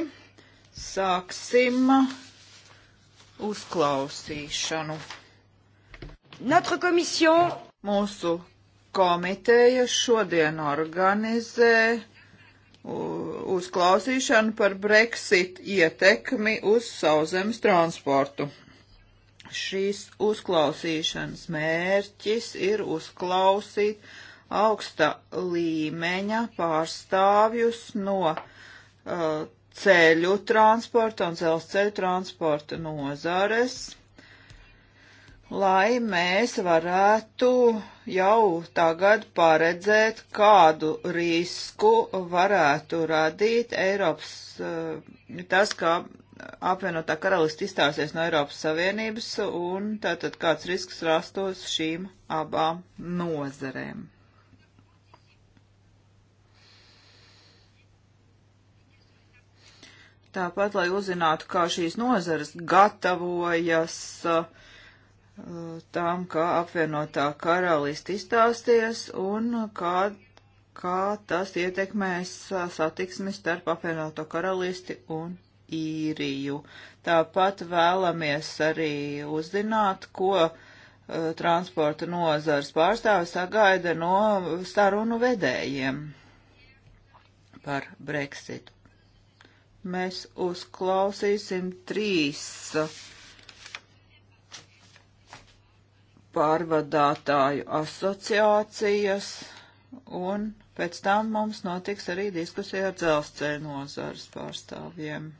Speaker 1: sāksim uzklausīšanu. Notre commission. Mūsu komiteja šodien organizē uzklausīšanu par Brexit ietekmi uz sauszemes transportu. Šīs uzklausīšanas mērķis ir uzklausīt augsta līmeņa pārstāvjus no uh, ceļu transporta un dzelzceļu transporta nozares, lai mēs varētu jau tagad paredzēt, kādu risku varētu radīt Eiropas, uh, tas, ka apvienotā karalista izstāsies no Eiropas Savienības un tātad kāds risks rastos šīm abām nozarēm. Tāpat, lai uzzinātu, kā šīs nozares gatavojas uh, tām, kā apvienotā karalista izstāsies un kā kā tas ietekmēs uh, satiksmi starp apvienoto karalisti un īriju. Tāpat vēlamies arī uzzināt, ko uh, transporta nozars pārstāvis sagaida no sarunu vedējiem par Brexitu. Mēs uzklausīsim trīs pārvadātāju asociācijas un pēc tam mums notiks arī diskusija ar dzelzceļa nozars pārstāvjiem.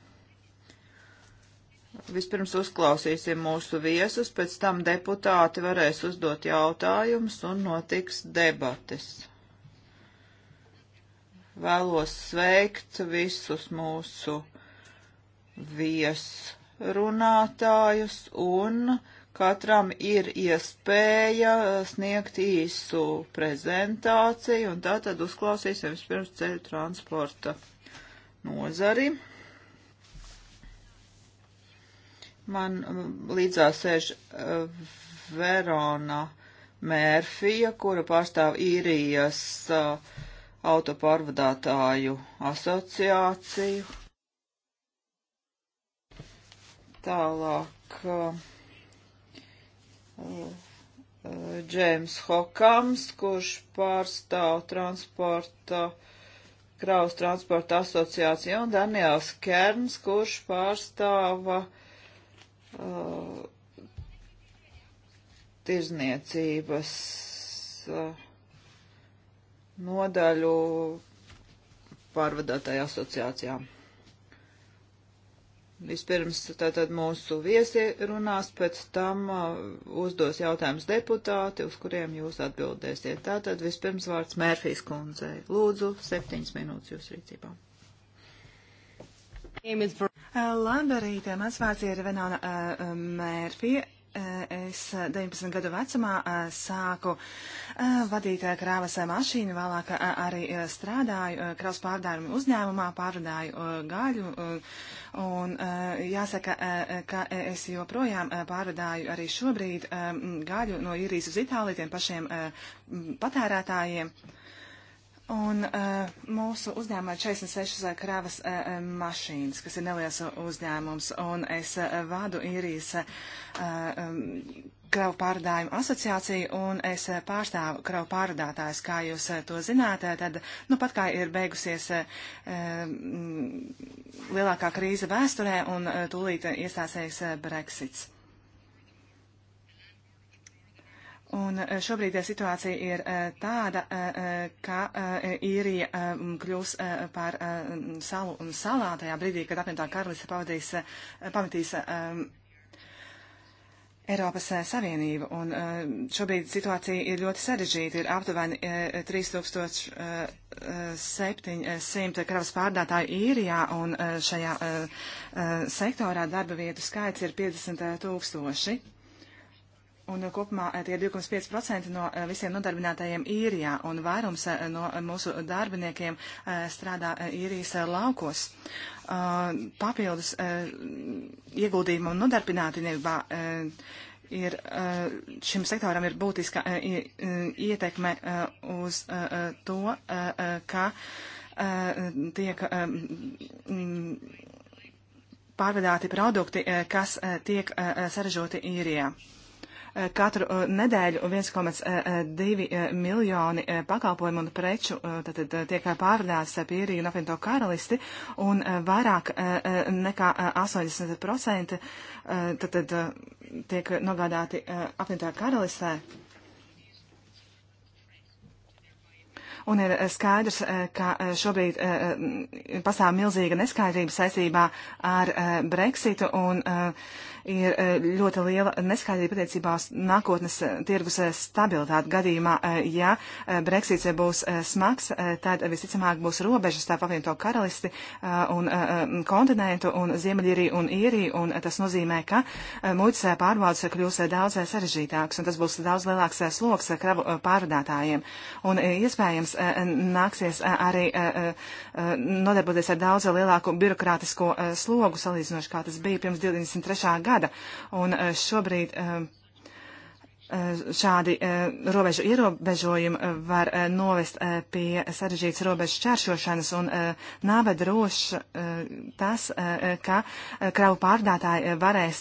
Speaker 1: Vispirms uzklausīsim mūsu viesus, pēc tam deputāti varēs uzdot jautājumus un notiks debates. Vēlos sveikt visus mūsu viesrunātājus un katram ir iespēja sniegt īsu prezentāciju un tātad uzklausīsim vispirms ceļu transporta nozari. Man um, līdzās sēž uh, Verona Mērfija, kura pārstāv īrijas uh, autopārvadātāju asociāciju. Tālāk. Uh, Džēms Hokams, kurš pārstāv transporta, kraus transporta asociāciju, un Daniels Kerns, kurš pārstāva uh, uh, tirzniecības uh, nodaļu pārvadātāju asociācijām. Vispirms tātad mūsu viesi runās, pēc tam uh, uzdos jautājumus deputāti, uz kuriem jūs atbildēsiet. Tātad vispirms vārds Mērfijas kundzei. Lūdzu, septiņas minūtes jūs rīcībā.
Speaker 4: Labrīt, mans vārds ir Venona eh, Mērfija. Eh, es 19 eh, gadu vecumā sāku vadīt krāvas mašīnu, vēlāk arī strādāju kraus pārdājumu uzņēmumā, pārvadāju gaļu. Un jāsaka, ka es joprojām pārvadāju arī šobrīd gaļu no īrijas uz Itāliju tiem pašiem patērētājiem. Un uh, mūsu uzņēmumā ir 46 uh, krāvas uh, uh, mašīnas, kas ir neliels uh, uzņēmums, un es uh, vadu īrijas uh, um, kravu pārdājumu asociāciju, un es uh, pārstāvu kravu pārdātājs, kā jūs uh, to zināt, tad, nu, pat kā ir beigusies uh, um, lielākā krīze vēsturē, un uh, tūlīt iestāsies uh, Brexits. Un e, šobrīd situācija ir e, tāda, e, ka īrija kļūs par salu un salā tajā brīdī, kad apvienotā karaliste pavadīs, pamatīs Eiropas Savienību. Un šobrīd situācija ir ļoti sarežģīta. Ir aptuveni 3700 kravas pārdātāju īrijā, un šajā sektorā darba vietu skaits ir 50 tūkstoši. Un eh, kopumā eh, tie ir 2,5% no eh, visiem nodarbinātajiem īrijā, un vairums no mūsu darbiniekiem strādā īrijas laukos. Papildus ieguldījumu un nodarbinātinībā ir, šim sektoram ir būtiska ietekme uz to, ka tiek pārvedāti produkti, kas tiek saražoti īrijā katru eh, nedēļu 1,2 eh, eh, miljoni pakalpojumu un preču tātad, tiek pārdāts Pīriju un apvienoto karalisti, un vairāk nekā 80% tātad, tiek nogādāti apvienotā karalistē. Un ir skaidrs, ka šobrīd pastāv milzīga neskaidrība saistībā ar Brexitu un uh, ir e, ļoti liela neskaidrība attiecībās nākotnes e, tirgus e, stabilitāti gadījumā. Ja Brexits būs smags, tad visticamāk būs robežas starp apvienoto karalisti un kontinentu un Ziemeļīriju un Īriju, un tas nozīmē, ka muitas pārbaudas kļūs daudz sarežģītāks, un tas būs daudz lielāks sloks kravu pārvadātājiem. Un iespējams nāksies arī nodarboties ar daudz lielāku birokrātisko slogu salīdzinoši, kā tas bija pirms 23. gada gada. Un eh, šobrīd eh, eh, šādi robežu ierobežojumi var novest pie sarežģītas robežu čēršošanas un nāve droši tas, ka kravu pārdātāji varēs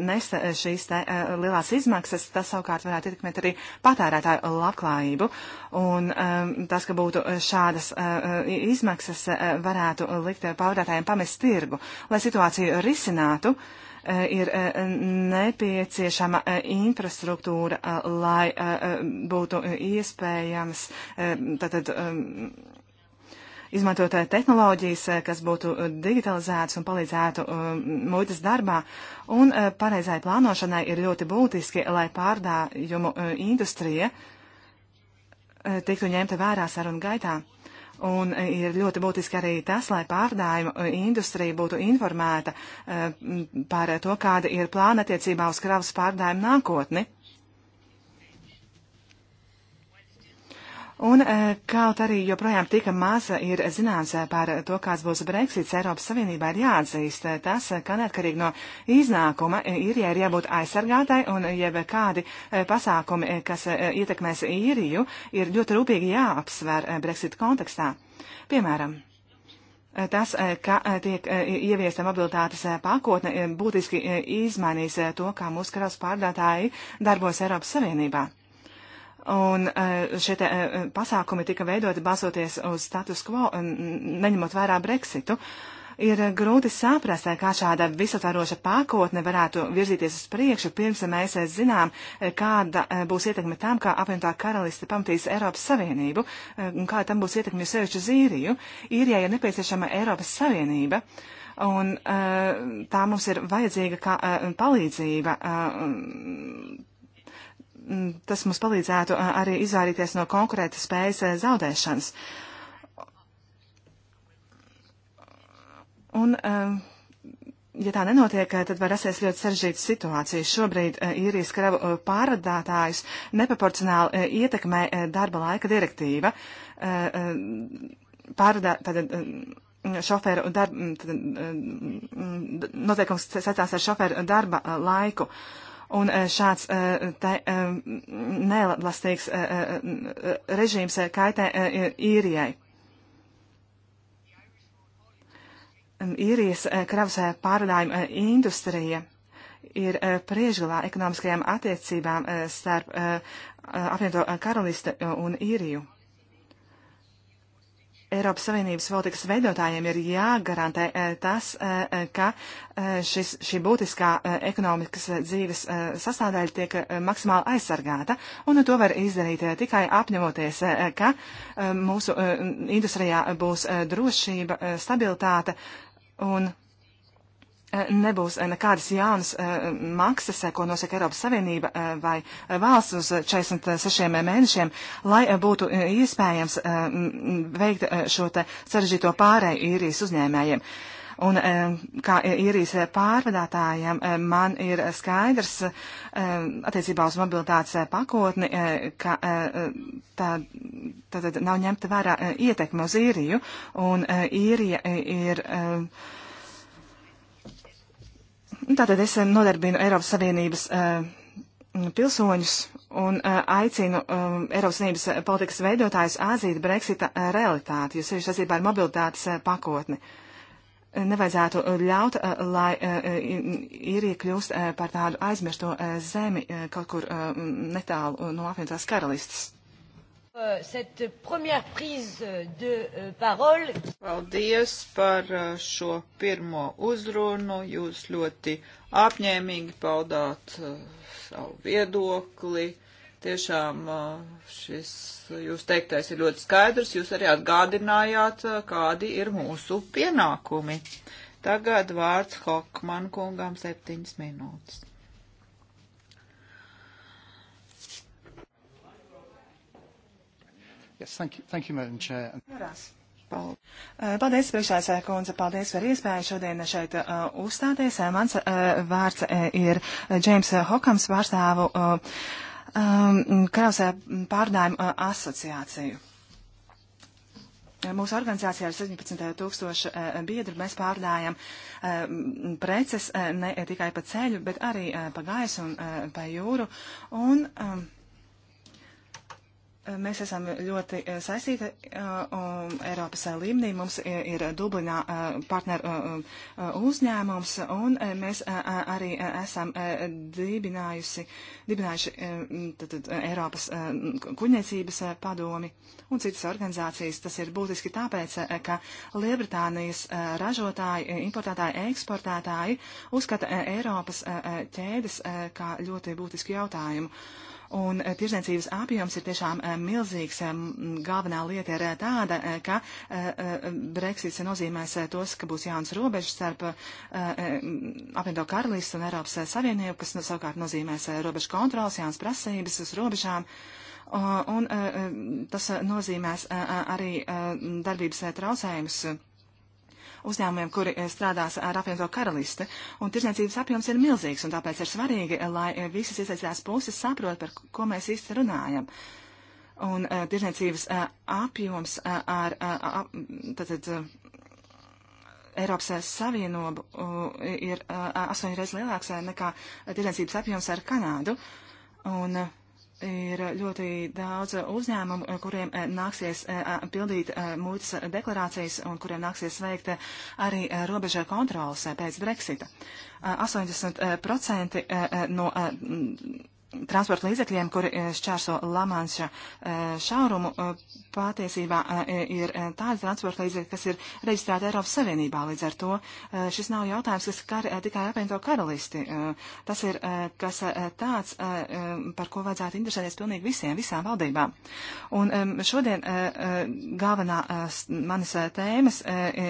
Speaker 4: nest šīs te lielās izmaksas, tas savukārt varētu ietekmēt arī patērētāju labklājību. Un tas, ka būtu šādas izmaksas, varētu likt pārdātājiem pamest tirgu, lai situāciju risinātu. Uh, ir nepieciešama infrastruktūra, lai būtu iespējams tātad, izmantot tehnoloģijas, kas būtu eh, digitalizētas un palīdzētu eh, muitas darbā. Un eh, pareizai plānošanai ir ļoti būtiski, lai pārdājumu industrija tiktu ņemta vērā sarunu gaitā. Un e, ir ļoti būtiski arī tas, lai pārdājuma e, industrija būtu informēta e, par to, kāda ir plāna attiecībā uz kravas pārdājumu nākotni. Un eh, kaut arī joprojām tika maza ir zināms eh, par to, kāds būs Brexits, Eiropas Savienībā ir jāatzīst eh, tas, ka neatkarīgi no iznākuma īrijai ir jābūt aizsargātai un jeb kādi pasākumi, kas ietekmēs īriju, ir ļoti rūpīgi jāapsver Brexit kontekstā. Piemēram. Tas, ka tiek ieviesta mobilitātes pakotne, būtiski izmainīs to, kā mūsu karalas pārdātāji darbos Eiropas Savienībā. Un e, šie te, e, pasākumi tika veidoti balsoties uz status quo, neņemot vērā Brexitu. Ir grūti saprast, e, kā šāda visatvaroša pakotne varētu virzīties uz priekšu, pirms mēs zinām, kāda būs ietekme tam, kā apvienotā karaliste pamatīs Eiropas Savienību un kā tam būs ietekme uz sevišķu Zīriju. Īrijai ir nepieciešama Eiropas Savienība. Un tā mums ir vajadzīga kā palīdzība Mm, tas mums palīdzētu arī izvairīties no konkurēta spējas zaudēšanas. Un, ja tā nenotiek, tad var rasties ļoti sarežģīta situācija. Šobrīd īrijas kravu pārvadātājus neproporcionāli ietekmē darba laika direktīva. Pārvadā, tad, šoferu darba, noteikums sacās ar šoferu darba laiku. Uh, Un šāds te, nelastīgs režīms kaitē īrijai. Īrijas kravas pārvadājuma industrija ir e, priežgalā ekonomiskajām attiecībām e, starp e, apvienoto karalisti un īriju. Eiropas Savienības politikas veidotājiem ir jāgarantē eh, tas, eh, ka eh, šis, šī būtiskā ekonomikas dzīves sastāvdaļa tiek maksimāli aizsargāta, un to var izdarīt tikai apņemoties, ka mūsu industrijā būs drošība, stabilitāte un Eh, nebūs eh, nekādas jaunas eh, maksas, ko nosaka Eiropas Savienība vai valsts uz 46 mēnešiem, lai būtu iespējams veikt šo te sarežģīto pārēju īrijas uzņēmējiem. Un kā īrijas pārvadātājiem man ir skaidrs attiecībā uz mobilitātes pakotni, ka tā, tā tad nav ņemta vērā ietekme uz īriju, un īrija ir. ir Tātad es eh, nodarbinu Eiropas Savienības eh, pilsoņus un eh, aicinu Eiropas Savienības politikas veidotājus atzīt Brexita realitāti, jo sevišķi saistībā ar mobilitātes pakotni nevajadzētu ļaut, lai īrija kļūst par tādu aizmirsto zemi kaut kur netālu no apvienotās karalistas.
Speaker 3: Euh, cette première prise de euh, parole.
Speaker 1: Paldies par uh, šo pirmo uzrunu. Jūs ļoti apņēmīgi paudāt uh, savu viedokli. Tiešām uh, šis jūs teiktais ir ļoti skaidrs. Jūs arī atgādinājāt, kādi ir mūsu pienākumi. Tagad vārds Hokman kungām septiņas minūtes.
Speaker 4: Yes, thank you, thank you, Madam Chair. Jurās. Uh, paldies, priekšsēdētāja kundze, paldies par iespēju šodien šeit uh, uzstāties. Uh, mans uh, vārds uh, ir Džeims uh, Hokams, pārstāvu uh, um, Krausē pārdājumu uh, asociāciju. Mūsu organizācijā ir 17 tūkstoši biedru. Mēs pārdājam preces ne tikai pa ceļu, bet arī pa gaisu un pa jūru. Un, um, Eh, mēs esam ļoti eh, saistīti eh, um, Eiropas līmenī. Mums ir Dublinā partneru um, uzņēmums, un mēs arī esam dibinājusi, dibinājuši tad, Eiropas kuģniecības padomi un citas organizācijas. Tas ir būtiski tāpēc, ka Lielbritānijas ražotāji, importētāji, eksportētāji uzskata Eiropas ķēdes kā ļoti būtisku jautājumu. Un eh, tirdzniecības apjoms ir tiešām eh, milzīgs. Eh, galvenā lieta ir tāda, ka Brexits nozīmēs tos, ka būs jauns robežas starp apvienoto karalistu un Eiropas Savienību, kas nu, savukārt nozīmēs robežu kontrols, jauns prasības uz robežām. Un tas nozīmēs arī darbības traucējumus uzņēmumiem, kuri eh, strādās eh, ar apvienoto karalisti. Un tirzniecības apjoms ir milzīgs, un tāpēc ir svarīgi, eh, lai visas iesaistītās puses saprot, par ko mēs īsti runājam. Un tirzniecības apjoms ar, tātad, Eiropas Savienobu ir astoņreiz lielāks nekā tirdzniecības apjoms ar Kanādu. Un uh, ir ļoti daudz uzņēmumu, kuriem eh, nāksies eh, pildīt eh, muitas deklarācijas un kuriem nāksies veikt arī robežā kontrolas pēc Brexita. 80% no transporta līdzekļiem, kuri e, šķērso Lamanša e, šaurumu, e, patiesībā ir tādi transporta līdzekļi, kas ir reģistrēti Eiropas Savienībā. Līdz ar to šis nav jautājums, kas kar, tikai apvienoto karalisti. Tas ir kas tāds, par ko vajadzētu interesēties pilnīgi visiem, visām valdībām. Un šodien galvenā manas tēmas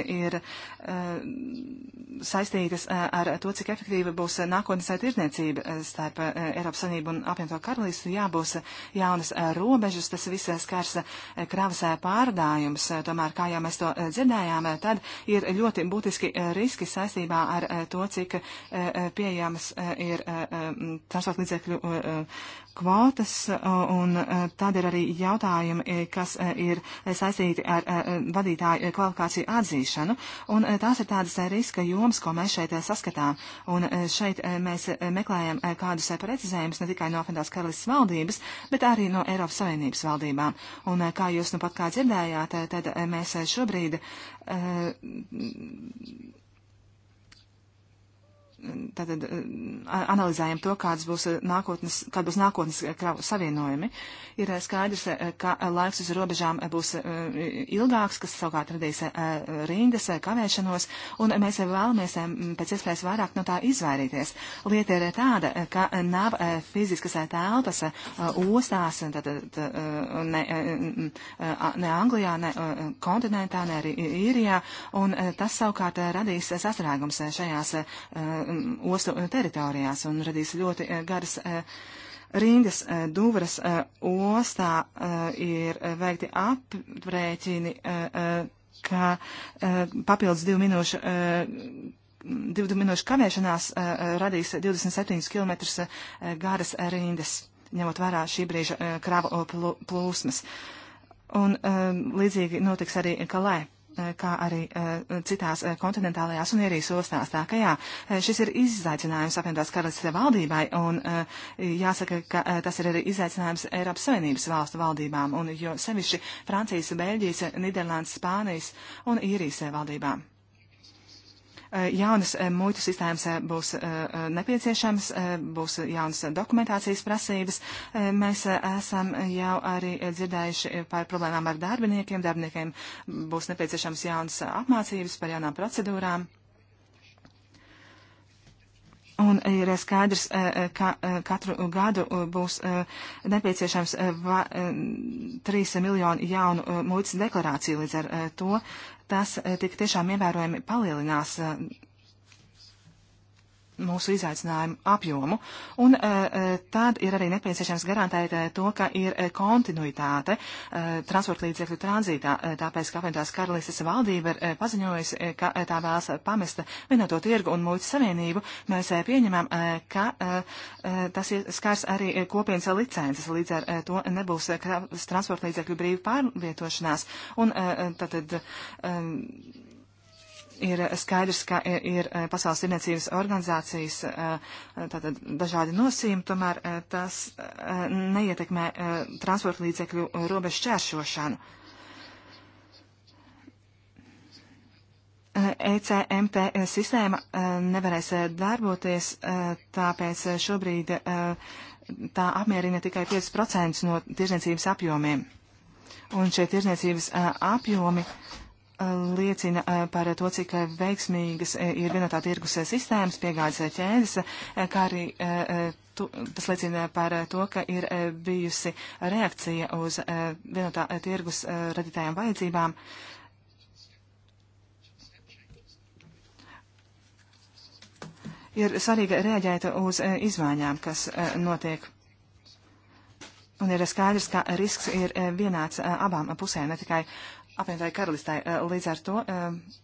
Speaker 4: ir saistītas ar to, cik efektīva būs nākotnes tirdzniecība starp Eiropas Savienību Savienību un apvienoto karalīstu jābūs eh, jaunas eh, robežas, tas viss eh, skars kravas pārdājums. Tomēr, kā jau mēs to dzirdējām, tad ir ļoti būtiski riski saistībā ar to, cik pieejamas ir mm, transporta līdzekļu kvotas, uh, un uh, tad ir arī jautājumi, uh, kas ir saistīti ar vadītāju kvalifikāciju atzīšanu, un tās ir tādas riska jomas, ko mēs šeit saskatām, un šeit mēs meklējam kādus precizējumus ne tikai no Fendās Karalistas valdības, bet arī no Eiropas Savienības valdībām, un kā jūs nu pat kā dzirdējāt, tad mēs šobrīd tātad eh, analizējam to, kādas būs eh, nākotnes, kāda būs nākotnes eh, kravu savienojumi, ir skaidrs, ka laiks uz robežām būs ilgāks, kas savukārt radīs rindas, kavēšanos, un mēs vēlamies pēc iespējas vairāk no tā izvairīties. Lieta ir tāda, ka nav fiziskas telpas ostās, tātad ne, ne Anglijā, ne kontinentā, ne arī Īrijā, un tas savukārt radīs sastrēgums šajās ostu teritorijās un radīs ļoti eh, garas eh, rindas. Eh, Dūvras ostā ir veikti aprēķini, ka papildus divu minūšu. Divu minūšu kavēšanās uh, radīs 27 km uh, garas rindas, ņemot vērā šī brīža uh, kravu plūsmas. Un um, līdzīgi notiks arī Kalē. Uh, Eh, kā arī eh, citās eh, kontinentālajās un ierīs ostās. Tā ka jā, šis ir izaicinājums apvienotās karalistes valdībai un jāsaka, ka tas ir arī izaicinājums Eiropas Savienības valstu valdībām un jo sevišķi Francijas, Beļģijas, Niderlandes, Spānijas un īrijas valdībām. Eh, jaunas eh, muitu sistēmas eh, būs nepieciešamas, būs jaunas dokumentācijas prasības. Mēs esam jau arī dzirdējuši par problēmām ar darbiniekiem. Darbiniekiem būs nepieciešams jaunas apmācības par jaunām procedūrām. Un ir skaidrs, eh, eh, ka eh, katru gadu būs nepieciešams 3 miljoni jaunu muitas deklarāciju līdz ar to. Tas tik tiešām ievērojami palielinās mūsu izaicinājumu apjomu, un e, e, tad ir arī nepieciešams garantēt e, to, ka ir kontinuitāte transporta līdzekļu tranzītā, tāpēc, ka apvienotās karalistes valdība ir paziņojusi, ka tā vēlas pamest vienoto tirgu un muitas savienību, mēs pieņemam, ka tas skars arī kopienas licences, līdz ar to nebūs transporta līdzekļu brīva pārvietošanās, un tad, tad ir skaidrs, ka ir e, pasaules tirniecības organizācijas e, e, tātad, dažādi nosīmi, tomēr tas neietekmē transporta līdzekļu robežu čēršošanu. ECMP sistēma nevarēs darboties, tāpēc šobrīd tā apmierina tikai 5% no tirzniecības apjomiem. Un šie tirzniecības apjomi uh, liecina eh, par to, cik eh, veiksmīgas eh, ir vienotā tirgus sistēmas piegādes ķēdes, kā arī tu, tas liecina par to, ka ir bijusi reakcija uz vienotā tirgus radītājām vajadzībām. Ir svarīgi reaģēt uz izmaiņām, kas notiek. Un ir skaidrs, ka risks ir vienāds abām pusēm, ne tikai uh, apvienotāju karalistai. Eh, līdz ar to eh,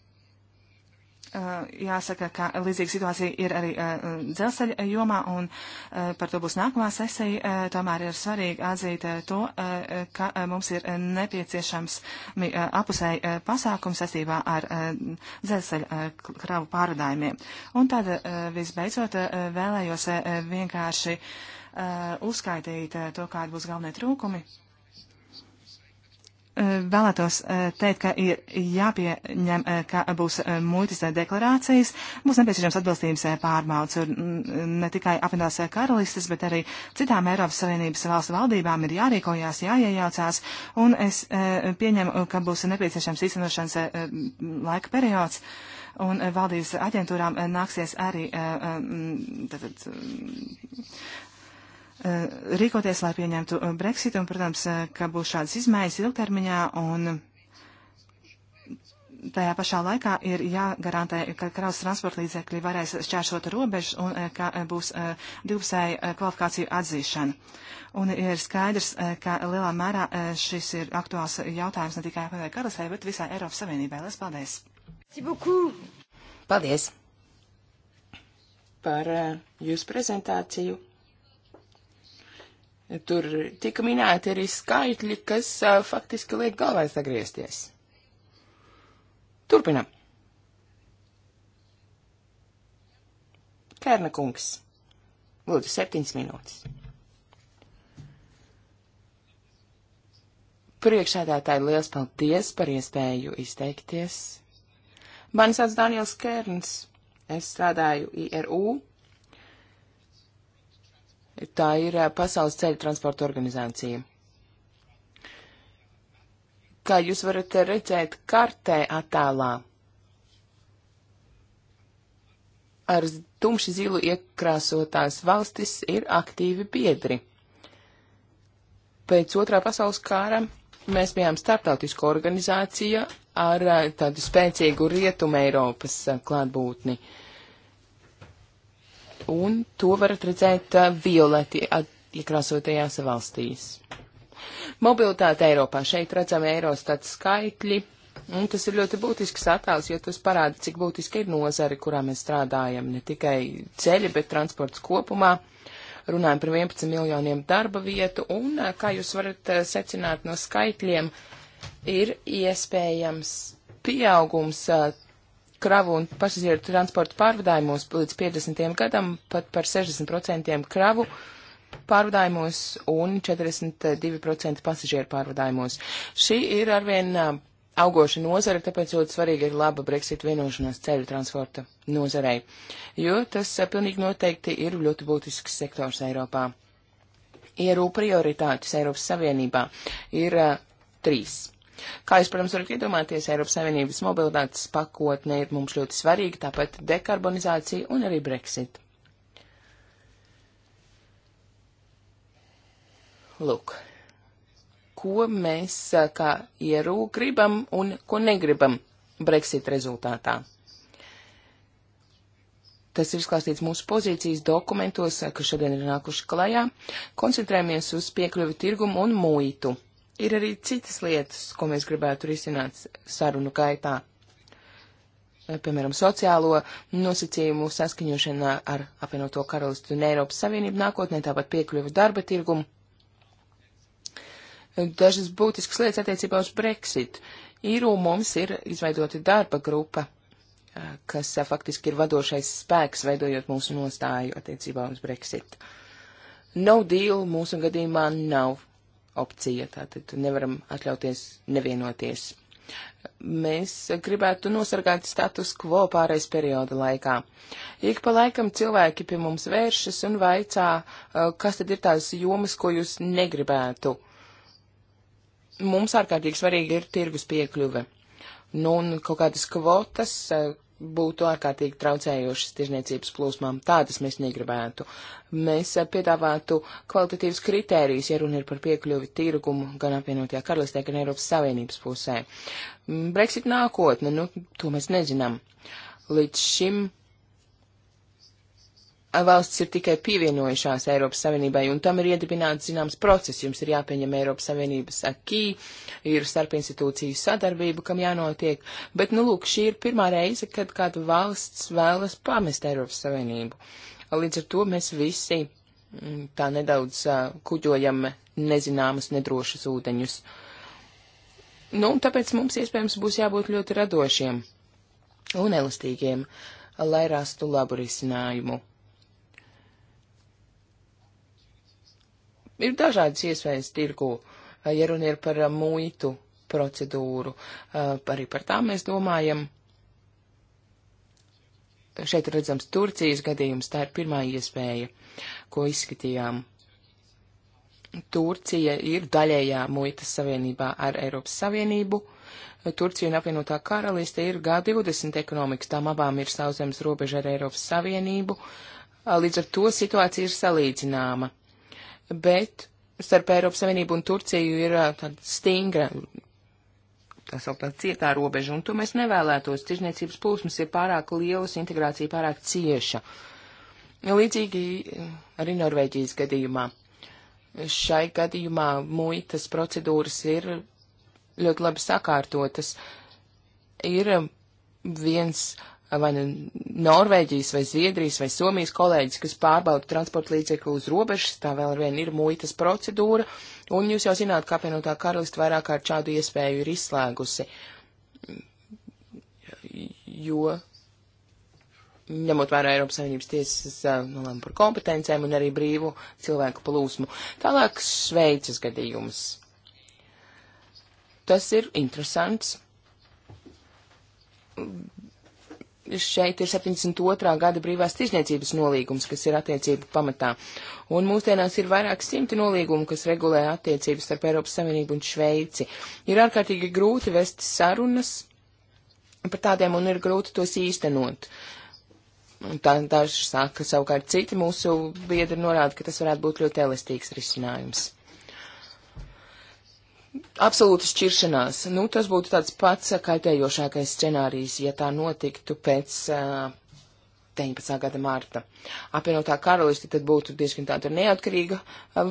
Speaker 4: eh, jāsaka, ka līdzīga situācija ir arī dzelzceļa jomā, un par to būs nākamā sesija. Tomēr ir svarīgi atzīt to, ka mums ir nepieciešams apusēji pasākums saistībā ar dzelzceļa kravu pārvadājumiem. Un tad visbeidzot vēlējos vienkārši uzskaitīt to, kādi būs galvenie trūkumi Eh, vēlētos eh, teikt, ka ir jāpieņem, eh, ka būs muitas deklarācijas, būs nepieciešams atbilstības pārbaudas, un mm, ne tikai apvienotās karalistes, bet arī citām Eiropas Savienības valstu valdībām ir jārīkojās, jāiejaucās, un es pieņemu, ka būs nepieciešams īstenošanas laika periods un valdības aģentūrām nāksies arī tātad, Eh, rīkoties, lai pieņemtu eh, Brexit, un, protams, eh, ka būs šādas izmaiņas ilgtermiņā, un tajā pašā laikā ir jāgarantē, ka kraus transporta līdzekļi varēs šķēršot robežas un ka būs divpusēja kvalifikāciju atzīšana. Un ir skaidrs, ka lielā mērā šis ir aktuāls jautājums ne tikai Pēdējai Karalisē, bet visai
Speaker 2: Eiropas Savienībai. Lielas paldies! Paldies par jūsu prezentāciju. Tur tika minēti arī skaitļi, kas uh, faktiski liek galvai sagriezties. Turpinam. Kērna kungs, lūdzu, septiņas minūtes. Priekšādātāji, liels paldies par iespēju izteikties. Mani sauc Daniels Kērns, es strādāju IRU Tā ir eh, Pasaules ceļu transporta organizācija. Kā jūs varat eh, redzēt kartē attēlā ar tumši zilu iekrāsotās valstis ir aktīvi biedri. Pēc otrā pasaules kāra mēs bijām startautiska organizācija ar eh, tādu spēcīgu rietumu Eiropas klātbūtni. Uh, un to varat redzēt uh, violeti iekrāsotajās valstīs. Mobilitāte Eiropā. Šeit redzam Eirostat skaitļi, un tas ir ļoti būtisks attēls, jo tas parāda, cik būtiski ir nozari, kurā mēs strādājam, ne tikai ceļi, bet transports kopumā runājam par 11 miljoniem darba vietu, un, uh, kā jūs varat uh, secināt no skaitļiem, ir iespējams pieaugums kravu un pasažieru transportu pārvadājumos līdz 50. gadam pat par 60% kravu pārvadājumos un 42% pasažieru pārvadājumos. Šī ir arvien augoša nozara, tāpēc ļoti svarīga ir laba Brexit vienošanās ceļu transporta nozarei, jo tas pilnīgi noteikti ir ļoti būtisks sektors Eiropā. Ierū prioritātes Eiropas Savienībā ir uh, trīs. Kā jūs, protams, varat iedomāties, Eiropas Savienības mobilitātes pakotne ir mums ļoti svarīga, tāpat dekarbonizācija un arī Brexit. Lūk, ko mēs kā ierū gribam un ko negribam Brexit rezultātā. Tas ir izklāstīts mūsu pozīcijas dokumentos, kas šodien ir nākuši klajā. Koncentrējamies uz piekļuvi tirgumu un muitu ir arī citas lietas, ko mēs gribētu risināt sarunu gaitā. Piemēram, sociālo nosacījumu saskaņošana ar apvienoto karalistu un Eiropas Savienību nākotnē, tāpat piekļuvu darba tirgumu. Dažas būtiskas lietas attiecībā uz Brexit. Īru mums ir izveidota darba grupa, kas faktiski ir vadošais spēks, veidojot mūsu nostāju attiecībā uz Brexit. No deal mūsu gadījumā nav opcija, tātad nevaram atļauties nevienoties. Mēs gribētu nosargāt status quo pārējais perioda laikā. Ik pa laikam cilvēki pie mums vēršas un vaicā, kas tad ir tās jomas, ko jūs negribētu. Mums ārkārtīgi svarīgi ir tirgus piekļuve. Nu, un kaut kādas kvotas, būtu ārkārtīgi traucējošas tirzniecības plūsmām. Tādas mēs negribētu. Mēs eh, piedāvātu kvalitatīvas kritērijas, ja runa ir par piekļuvi tirgumu gan apvienotajā karalistē, gan Eiropas Savienības pusē. Mm, Brexit nākotne, nu, to mēs nezinām. Līdz šim valsts ir tikai pievienojušās Eiropas Savienībai, un tam ir iedibināts zināms process. Jums ir jāpieņem Eiropas Savienības akī, ir starpinstitūciju sadarbība, kam jānotiek. Bet, nu, lūk, šī ir pirmā reize, kad kāda valsts vēlas pamest Eiropas Savienību. Līdz ar to mēs visi mm, tā nedaudz uh, kuģojam nezināmas, nedrošas ūdeņus. Nu, tāpēc mums iespējams būs jābūt ļoti radošiem un elastīgiem, lai rastu labu risinājumu. ir dažādas iespējas tirgu, eh, ja runa ir par eh, muitu procedūru, eh, arī par tām mēs domājam. Šeit redzams Turcijas gadījums, tā ir pirmā iespēja, ko izskatījām. Turcija ir daļējā muitas savienībā ar Eiropas Savienību. Turcija un apvienotā karaliste ir G20 ekonomikas, tām abām ir sauszemes robeža ar Eiropas Savienību, līdz ar to situācija ir salīdzināma bet starp Eiropas Savienību un Turciju ir uh, tāda stingra, tā sauktā cietā robeža, un to mēs nevēlētos. Tirzniecības plūsmas ir pārāk lielas, integrācija pārāk cieša. Līdzīgi uh, arī Norvēģijas gadījumā. Šai gadījumā muitas procedūras ir ļoti labi sakārtotas. Ir um, viens uh, vai nu Norvēģijas, vai Zviedrijas, vai Somijas kolēģis, kas pārbauda transporta līdzekli uz robežas, tā vēl ar vienu ir muitas procedūra, un jūs jau zināt, ka apvienotā karalista vairāk kārt šādu iespēju ir izslēgusi, jo, ņemot vērā Eiropas Savienības tiesas eh, nolēmu par kompetencēm un arī brīvu cilvēku plūsmu. Tālāk Šveices gadījums. Tas ir interesants šeit ir 72. gada brīvās tirzniecības nolīgums, kas ir attiecību pamatā. Un mūsdienās ir vairāk simti nolīgumu, kas regulē attiecības starp Eiropas Savienību un Šveici. Ir ārkārtīgi grūti vest sarunas par tādiem un ir grūti tos īstenot. Tā, daži saka, savukārt citi mūsu biedri norāda, ka tas varētu būt ļoti elastīgs risinājums absolūta šķiršanās. Nu, tas būtu tāds pats kaitējošākais scenārijs, ja tā notiktu pēc uh, 19. gada mārta. Apvienotā karalisti tad būtu diezgan tāda neatkarīga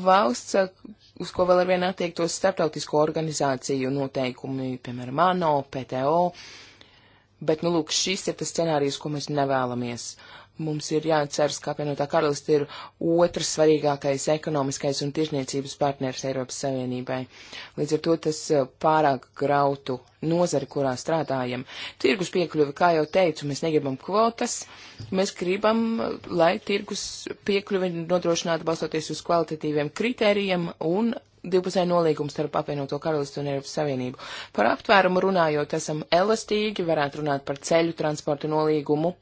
Speaker 2: valsts, uz ko vēl ar vienu attiektos starptautisko organizāciju noteikumi, piemēram, ANO, PTO. Bet, nu, lūk, šis ir tas scenārijs, ko mēs nevēlamies. Uh, Mums ir jāceras, ka apvienotā karaliste ir otrs svarīgākais ekonomiskais un tirzniecības partners Eiropas Savienībai. Līdz ar to tas eh, pārāk grautu nozari, kurā strādājam. Tirgus piekļuvi, kā jau teicu, mēs negribam kvotas, mēs gribam, eh, lai tirgus piekļuvi nodrošinātu balstoties uz kvalitatīviem kritērijiem un divpusēju nolīgumu starp apvienoto karalistu un Eiropas Savienību. Par aptvērumu runājot, esam elastīgi, varētu runāt par ceļu transporta nolīgumu,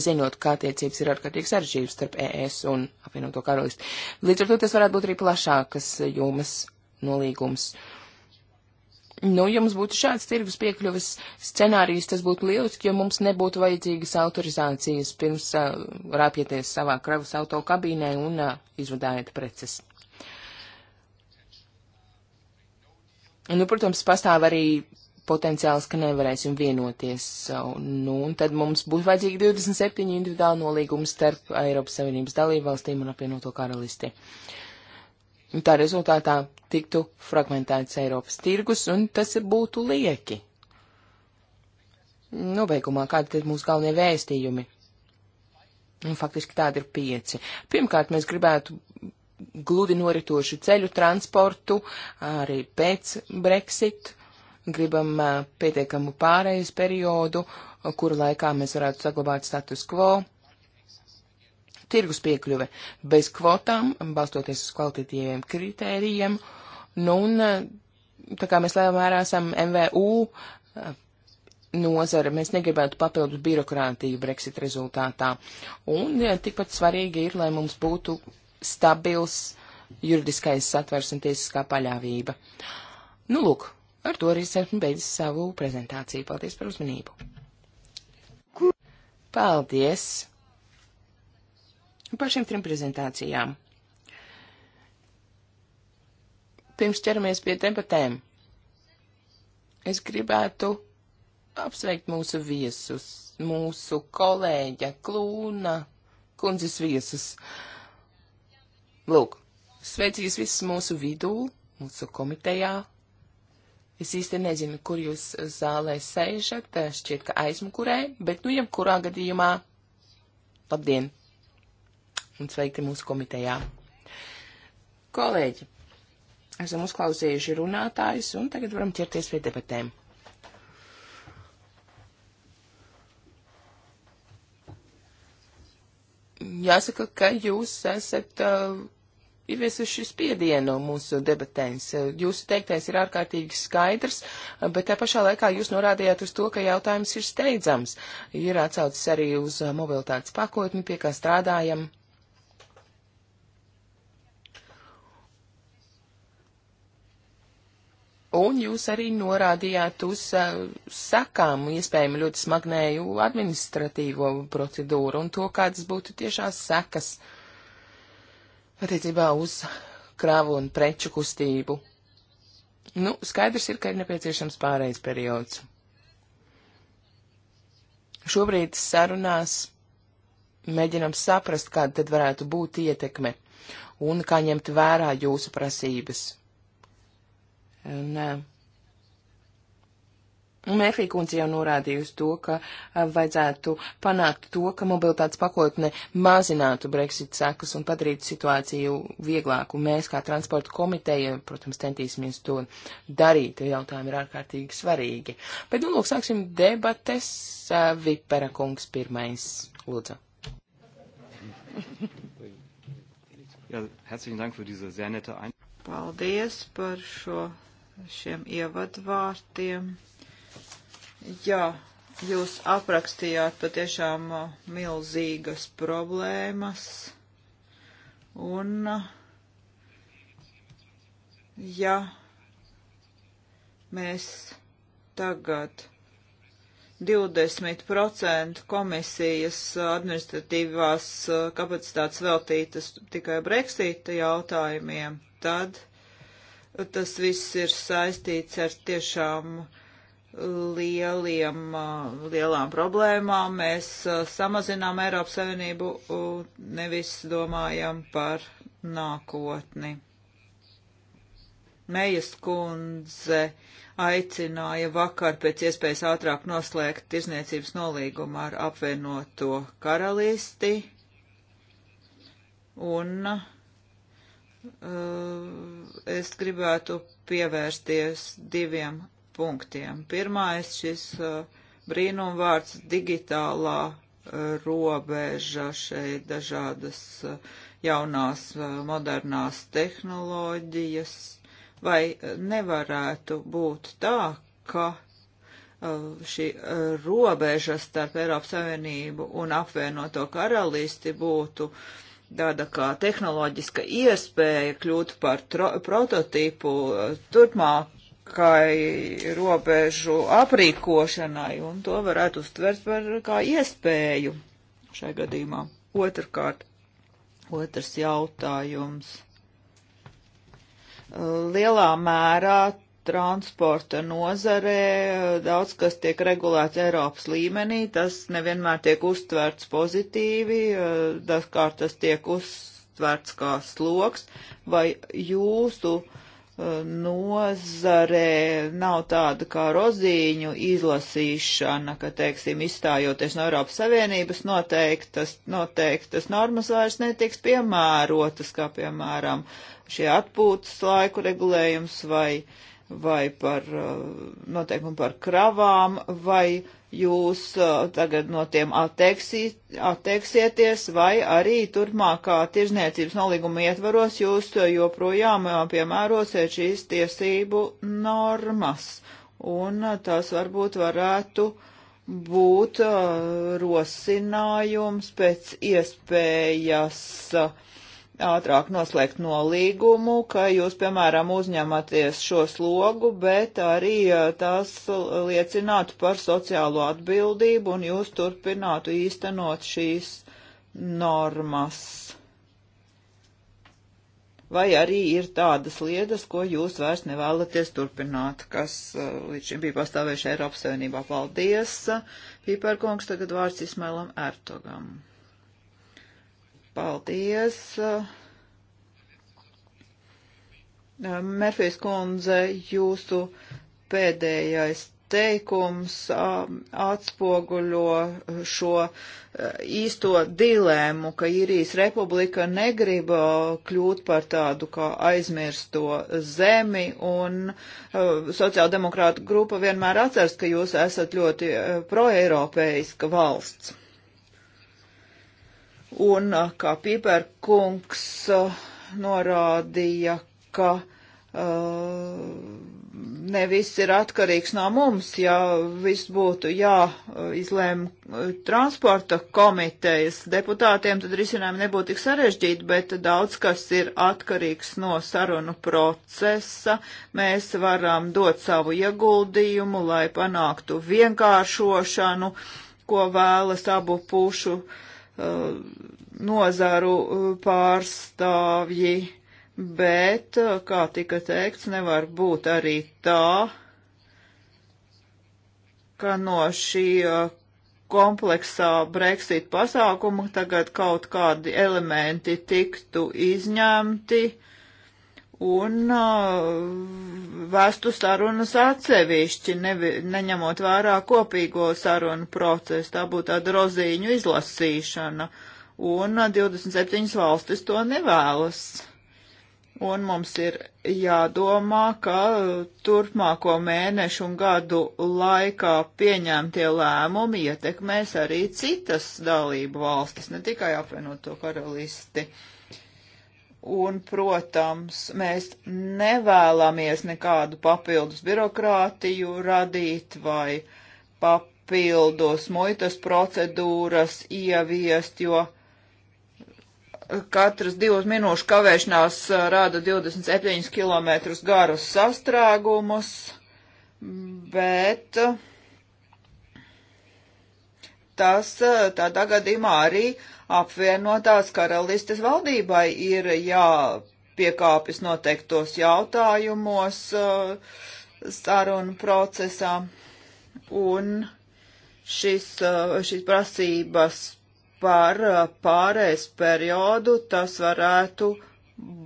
Speaker 2: zinot, kā attiecības ir ārkārtīgi sarežģītas starp ES un apvienoto karalisti. Līdz ar to tas varētu būt arī plašākas jomas nolīgums. Nu, ja mums būtu šāds tirgus piekļuvis scenārijs, tas būtu lieliski, jo mums nebūtu vajadzīgas autorizācijas pirms uh, rāpieties savā kravas auto kabīnē un uh, izvadājiet preces. Nu, protams, pastāv arī potenciāls, ka nevarēsim vienoties. Nu, un tad mums būs vajadzīgi 27 individuāli nolīgumi starp Eiropas Savienības dalībvalstīm un apvienoto karalisti. Un tā rezultātā tiktu fragmentēts Eiropas tirgus, un tas būtu lieki. Nobeigumā kādi tad mūsu galvenie vēstījumi? Un nu, faktiski tādi ir pieci. Pirmkārt, mēs gribētu gludi noritošu ceļu transportu arī pēc Brexit gribam pietiekamu pārejas periodu, kuru laikā mēs varētu saglabāt status quo. Tirgus piekļuve bez kvotām, balstoties uz kvalitatīviem kritērijiem. Nu, un tā kā mēs lielā mērā esam MVU nozara, mēs negribētu papildus birokrātiju Brexit rezultātā. Un ja, tikpat svarīgi ir, lai mums būtu stabils juridiskais satvers un tiesiskā paļāvība. Nu, lūk, Ar to arī esmu beidzis savu prezentāciju. Paldies par uzmanību. Paldies par šīm trim prezentācijām. Pirms ķeramies pie debatēm, es gribētu apsveikt mūsu viesus, mūsu kolēģa Klūna kundzes viesus. Lūk, sveicīs visus mūsu vidū, mūsu komitejā, Es īsti nezinu, kur jūs eh, zālē sēžat, eh, šķiet, ka aizmukurē, bet nu jebkurā gadījumā labdien un sveikti mūsu komitejā. Kolēģi, esam uzklausījuši runātājus un tagad varam ķerties pie debatēm. Jāsaka, ka jūs esat. Uh, ieviesuši spiedienu mūsu debatēs. Eh, jūsu teiktais ir ārkārtīgi skaidrs, eh, bet tā pašā laikā jūs norādījāt uz to, ka jautājums ir steidzams. Ir atsaucis arī uz eh, mobilitātes pakotni, pie kā strādājam. Un jūs arī norādījāt uz uh, sakām, iespējami ļoti smagnēju administratīvo procedūru un to, kādas būtu tiešās sekas. Uh, attiecībā uz kravu un preču kustību. Nu, skaidrs ir, ka ir nepieciešams pārējais periods. Šobrīd sarunās mēģinam saprast, kāda tad varētu būt ietekme un kā ņemt vērā jūsu prasības. Un, Mērfī kundze jau norādījusi to, ka vajadzētu panākt to, ka mobilitātes pakotne mazinātu Brexit sekas un padarītu situāciju vieglāku. Mēs, kā transporta komiteja, protams, centīsimies to darīt, jo jautājumi ir ārkārtīgi svarīgi. Bet, nu, lūk, sāksim debates. Vipera kungs pirmais, lūdzu.
Speaker 1: Paldies par šo, šiem ievadvārtiem. Jā, jūs aprakstījāt patiešām uh, milzīgas problēmas un uh, ja mēs tagad 20% komisijas administratīvās uh, kapacitātes veltītas tikai Brexita jautājumiem, tad tas viss ir saistīts ar tiešām uh, lieliem, lielām problēmām. Mēs samazinām Eiropas Savienību, nevis domājam par nākotni. Mejas kundze aicināja vakar pēc iespējas ātrāk noslēgt tirzniecības nolīgumu ar apvienoto karalisti. Un uh, es gribētu pievērsties diviem punktiem. Pirmais šis uh, brīnumvārds digitālā uh, robeža šeit dažādas uh, jaunās modernās tehnoloģijas. Vai nevarētu būt tā, ka šī robeža starp Eiropas Savienību un apvienoto karalisti būtu tāda kā tehnoloģiska iespēja kļūt par prototipu turpmāk tikai robežu aprīkošanai, un to varētu uztvert par kā iespēju šajā gadījumā. Otrkārt, otrs jautājums. Lielā mērā transporta nozarē daudz kas tiek regulēts Eiropas līmenī, tas nevienmēr tiek uztverts pozitīvi, dažkārt tas tiek uztverts kā sloks, vai jūsu uh, nozare nav tāda kā rozīņu izlasīšana, ka, teiksim, izstājoties no Eiropas Savienības, noteiktas, noteiktas normas vairs netiks piemērotas, kā piemēram šie atpūtas laiku regulējums vai, vai par uh, noteikumu par kravām vai jūs tagad no tiem atteiksī, atteiksieties, vai arī turpmākā tirzniecības nolīguma ietvaros jūs joprojām piemērosiet šīs tiesību normas. Un tas varbūt varētu būt rosinājums pēc iespējas uh, ātrāk noslēgt nolīgumu, ka jūs, piemēram, uzņematies šo slogu, bet arī tās liecinātu par sociālo atbildību un jūs turpinātu īstenot šīs normas. Vai arī ir tādas lietas, ko jūs vairs nevēlaties turpināt, kas līdz šim bija pastāvējuši Eiropas Savienībā. Paldies, Pīpērkungs, tagad vārds Ismailam Ertogam. Paldies. Merfijas kundze, jūsu pēdējais teikums atspoguļo šo īsto dilēmu, ka īrijas republika negrib kļūt par tādu kā aizmirsto zemi, un sociāldemokrāta grupa vienmēr atceras, ka jūs esat ļoti proeiropeiska valsts. Un eh, kā Pīperkungs eh, norādīja, ka uh, ne viss ir atkarīgs no mums, ja viss būtu jāizlēm transporta komitejas deputātiem, tad risinājumi nebūtu tik sarežģīti, bet daudz kas ir atkarīgs no sarunu procesa. Mēs varam dot savu ieguldījumu, lai panāktu vienkāršošanu, ko vēlas abu pušu uh, Uh, nozaru uh, pārstāvji, bet, uh, kā tika teikts, nevar būt arī tā, ka no šī kompleksā Brexit pasākuma tagad kaut kādi elementi tiktu izņemti, uh, un uh, vestu sarunas atsevišķi, nevi, neņemot vērā kopīgo sarunu procesu. Tā būtu tāda rozīņu izlasīšana, un uh, 27 valstis to nevēlas. Un mums ir jādomā, ka uh, turpmāko mēnešu un gadu laikā pieņemtie lēmumi ietekmēs arī citas dalību valstis, ne tikai apvienot to karalisti. Uh, Un, protams, mēs nevēlamies nekādu papildus birokrātiju radīt vai papildus muitas procedūras ieviest, jo katras divas minūšu kavēšanās uh, rada 27 km garus sastrēgumus, bet uh, tas eh, tādā gadījumā arī apvienotās karalistes valdībai ir jāpiekāpjas noteiktos jautājumos eh, sarunu procesā. Un šis, eh, šis prasības par pārējais periodu tas varētu uh,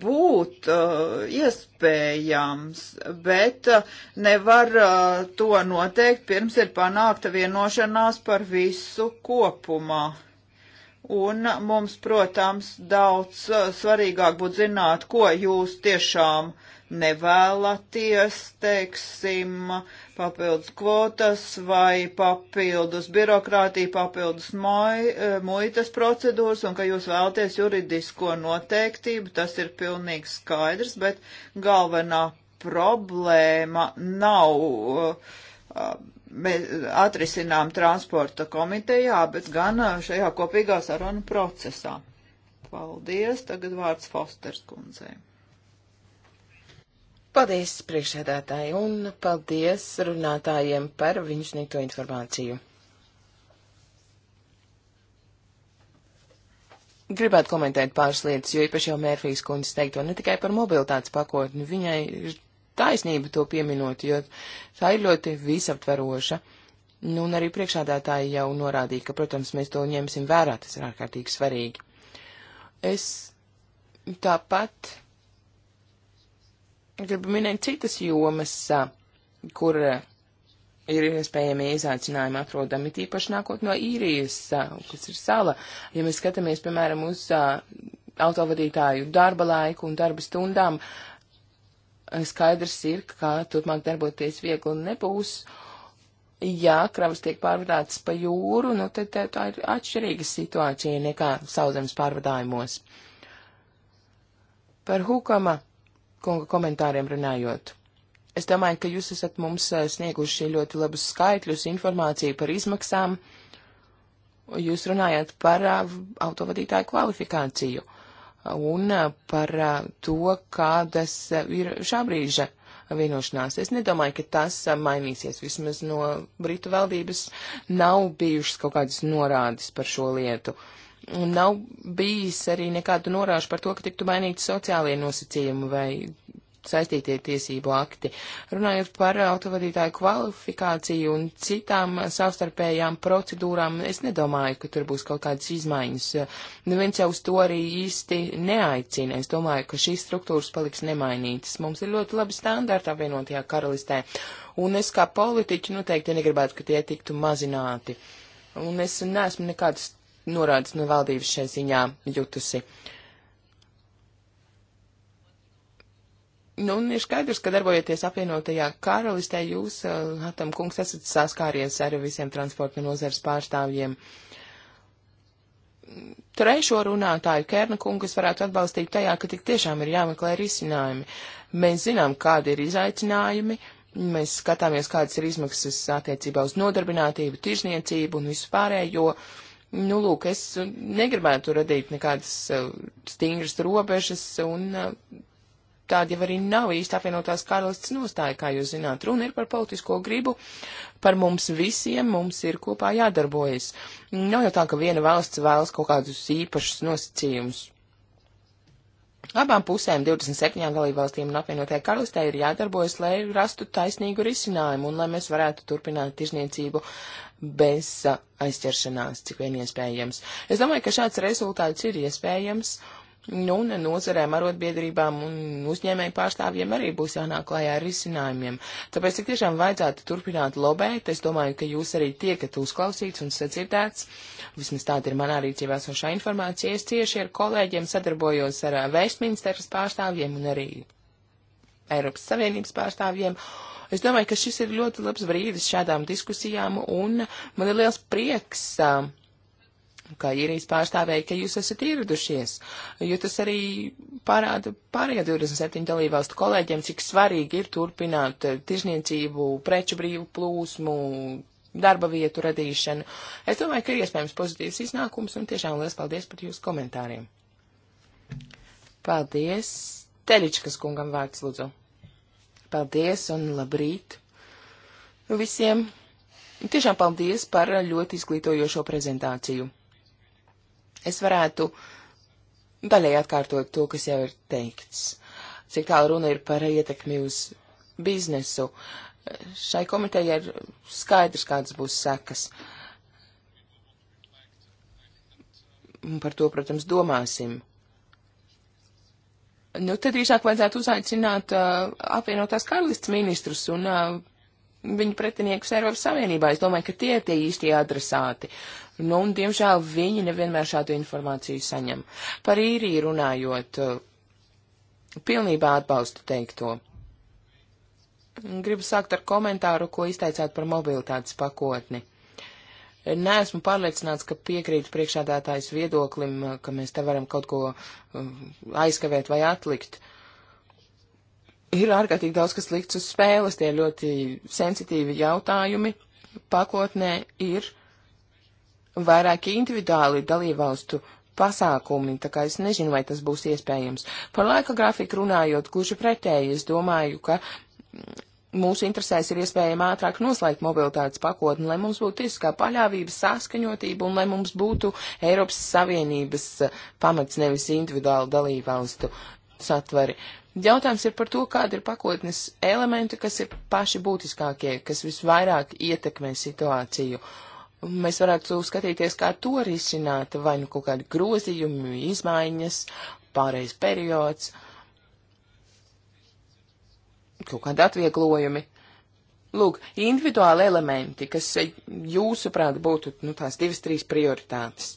Speaker 1: būt uh, iespējams, bet uh, nevar uh, to noteikt, pirms ir panākta vienošanās par visu kopumā. Un mums, protams, daudz uh, svarīgāk būtu zināt, ko jūs tiešām nevēlaties, teiksim, uh, papildus kvotas vai papildus birokrātiju, papildus moj, eh, muitas procedūras un ka jūs vēlaties juridisko noteiktību, tas ir pilnīgi skaidrs, bet galvenā problēma nav eh, atrisinām transporta komitejā, bet gan eh, šajā kopīgā saruna procesā. Paldies, tagad vārds Fosters kundzei.
Speaker 2: Paldies priekšsēdētāji un paldies runātājiem par viņu sniegto informāciju. Gribētu komentēt pāris lietas, jo īpaši jau Mērfijas kundze teikto ne tikai par mobilitātes pakotni, viņai ir taisnība to pieminot, jo tā ir ļoti visaptveroša. Nu, un arī priekšādātāji jau norādīja, ka, protams, mēs to ņemsim vērā, tas ir ārkārtīgi svarīgi. Es tāpat Gribu minēt citas jomas, kur ir iespējami izaicinājumi atrodami, tīpaši nākot no īrijas, kas ir sala. Ja mēs skatāmies, piemēram, uz autovadītāju darba laiku un darba stundām, skaidrs ir, ka turpmāk darboties viegli nebūs. Ja kravas tiek pārvadātas pa jūru, nu tad tā ir atšķirīga situācija nekā sauzemes pārvadājumos. Par hukama kunga komentāriem runājot. Es domāju, ka jūs esat mums eh, snieguši ļoti labus skaitļus, informāciju par izmaksām. Jūs runājat par eh, autovadītāju kvalifikāciju un eh, par to, kādas ir šā brīža vienošanās. Es nedomāju, ka tas mainīsies. Vismaz no Britu valdības nav bijušas kaut kādas norādes par šo lietu. Uh, nav bijis arī nekādu norāžu par to, ka tiktu mainīti sociālie nosacījumi vai saistītie tiesību akti. Runājot par autovadītāju kvalifikāciju un citām savstarpējām procedūrām, es nedomāju, ka tur būs kaut kādas izmaiņas. Neviens jau uz to arī īsti neaicina. Es domāju, ka šīs struktūras paliks nemainītas. Mums ir ļoti labi standarti apvienotajā karalistē. Un es kā politiķi noteikti negribētu, ka tie tiktu mazināti. Un es neesmu nekāds norādes no valdības šai ziņā jutusi. Nu, un ir skaidrs, ka darbojoties apvienotajā karalistē, jūs, eh, Hatam kungs, esat saskāries ar visiem transporta nozares pārstāvjiem. Trešo runātāju Kērna kungas varētu atbalstīt tajā, ka tik tiešām ir jāmeklē risinājumi. Mēs zinām, kādi ir izaicinājumi, mēs skatāmies, kādas ir izmaksas attiecībā uz nodarbinātību, tirzniecību un visu pārējo. Jo Nu, lūk, es negribētu radīt nekādas eh, stingras robežas, un eh, tāda jau arī nav īsti apvienotās karalists nostāja, kā jūs zināt. Runa ir par politisko gribu, par mums visiem, mums ir kopā jādarbojas. Nav jau tā, ka viena valsts vēlas kaut kādus īpašus nosacījumus. Abām pusēm, 27 dalībvalstīm un apvienotajā karalistē, ir jādarbojas, lai rastu taisnīgu risinājumu un lai mēs varētu turpināt tirzniecību bez aizķeršanās, cik vien iespējams. Es domāju, ka šāds rezultāts ir iespējams. Nu, un nozarēm, arotbiedrībām un uzņēmēju pārstāvjiem arī būs jānāk klājā ar risinājumiem. Tāpēc tik tiešām vajadzētu turpināt lobēt. Es domāju, ka jūs arī tiekat uzklausīts un sacirdēts. Vismaz tāda ir manā rīcībā esošā informācija. Es cieši ar kolēģiem sadarbojos ar Vēstminsteras pārstāvjiem un arī Eiropas Savienības pārstāvjiem. Es domāju, ka šis ir ļoti labs brīdis šādām diskusijām, un man ir liels prieks, kā īrijas pārstāvēji, ka jūs esat ieradušies, jo tas arī parāda pārējā 27 dalībvalstu kolēģiem, cik svarīgi ir turpināt tirzniecību, preču brīvu plūsmu, darba vietu radīšanu. Es domāju, ka ir iespējams pozitīvs iznākums, un tiešām liels paldies par jūsu komentāriem. Paldies! Teličkas kungam vārds lūdzu. Paldies un labrīt visiem. Tiešām paldies par ļoti izglītojošo prezentāciju. Es varētu daļai atkārtot to, kas jau ir teikts. Cik tālu runa ir par ietekmi uz biznesu. Šai komitejai ir skaidrs, kādas būs sekas. Par to, protams, domāsim. Nu, te drīzāk vajadzētu uzaicināt uh, apvienotās karalists ministrus un uh, viņu pretiniekus Eiropas Savienībā. Es domāju, ka tie ir tie īstie adresāti. Nu, un, diemžēl, viņi nevienmēr šādu informāciju saņem. Par īriju runājot, uh, pilnībā atbalstu teikto. Gribu sākt ar komentāru, ko izteicāt par mobilitātes pakotni. Neesmu pārliecināts, ka piekrītu priekšādātājs viedoklim, ka mēs te varam kaut ko um, aizkavēt vai atlikt. Ir ārkārtīgi daudz, kas likts uz spēles, tie ļoti sensitīvi jautājumi. Pakotnē ir vairāki individuāli dalībvalstu pasākumi, tā kā es nezinu, vai tas būs iespējams. Par laika grafiku runājot, gluži pretēji, es domāju, ka mūsu interesēs ir iespējami ātrāk noslēgt mobilitātes pakotni, lai mums būtu tiesiskā paļāvība, saskaņotība un lai mums būtu Eiropas Savienības pamats, nevis individuāli dalībvalstu satvari. Jautājums ir par to, kāda ir pakotnes elementi, kas ir paši būtiskākie, kas visvairāk ietekmē situāciju. Mēs varētu skatīties, kā to risināt, vai nu kaut kādi grozījumi, izmaiņas, pārējais periods. Uh, kaut kādi atvieglojumi. Lūk, individuāli elementi, kas eh, jūsuprāt būtu nu, tās divas, trīs prioritātes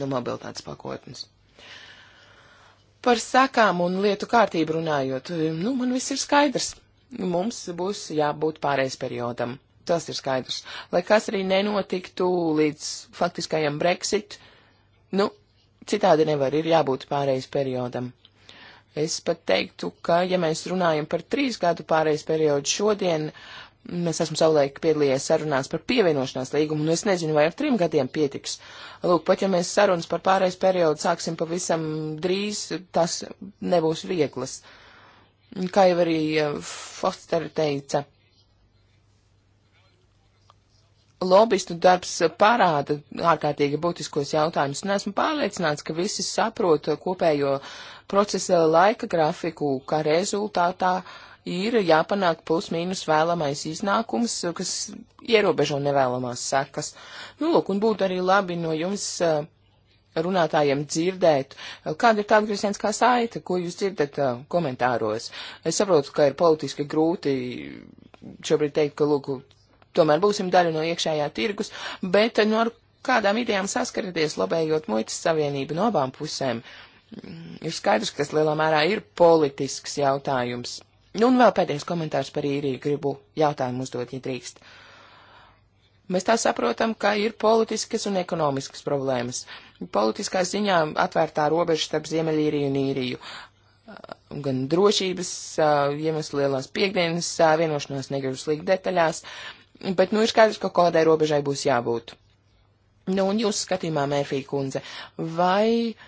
Speaker 2: no mobilitātes pakotnes. Par sakām un lietu kārtību runājot, eh, nu, man viss ir skaidrs. Mums būs jābūt pārējais periodam. Tas ir skaidrs. Lai kas arī nenotiktu līdz faktiskajam Brexit, nu, citādi nevar, ir jābūt pārējais periodam. Es pat teiktu, ka, ja mēs runājam par trīs gadu pārējais periodu šodien, mēs esam savulaik piedalījies sarunās par pievienošanās līgumu, un es nezinu, vai ar trim gadiem pietiks. Lūk, pat ja mēs sarunas par pārējais periodu sāksim pavisam drīz, tas nebūs vieglas. Kā jau arī eh, Foster teica, lobistu darbs parāda ārkārtīgi būtiskos jautājumus, un esmu pārliecināts, ka visi saprot kopējo uh, procesa laika grafiku, kā rezultātā ir jāpanāk plus-mínus vēlamais iznākums, kas ierobežo nevēlamās sekas. Nu, lūk, un būtu arī labi no jums eh, runātājiem dzirdēt, eh, kāda ir tā atgriezieniskā saite, ko jūs dzirdat eh, komentāros. Es saprotu, ka ir politiski grūti šobrīd teikt, ka, lūk, tomēr būsim daļa no iekšējā tirgus, bet no nu, ar kādām idejām saskaraties, lobējot muitas savienību no abām pusēm. Uh, Ir skaidrs, ka tas lielā mērā ir politisks jautājums. Nu, un vēl pēdējais komentārs par īriju gribu jautājumu uzdot, ja drīkst. Mēs tā saprotam, ka ir politiskas un ekonomiskas problēmas. Politiskā ziņā atvērtā robeža starp Ziemeļīriju un īriju. Gan drošības iemesli lielās piekdienas vienošanās negribu slīgt detaļās, bet, nu, ir skaidrs, ka kādai robežai būs jābūt. Nu, un jūsu skatījumā, Mērfī kundze, vai uh,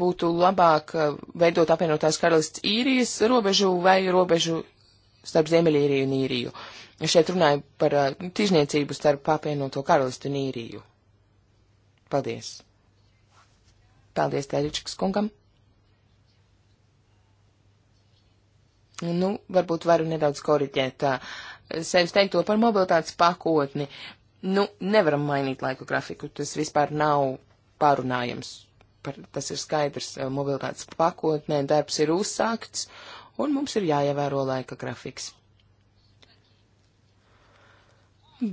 Speaker 2: būtu labāk eh, veidot apvienotās karalists īrijas robežu vai robežu starp Ziemeļīriju un īriju. Šeit runāju par uh, tirzniecību starp apvienoto karalistu un īriju. Paldies. Paldies Tēričkas kungam. Nu, varbūt varu nedaudz koriģēt uh, eh, sevis teikto par mobilitātes pakotni. Nu, nevaram mainīt laiku grafiku, tas vispār nav pārunājams par, tas ir skaidrs, eh, mobilitātes pakotnē darbs ir uzsākts, un mums ir jāievēro laika grafiks.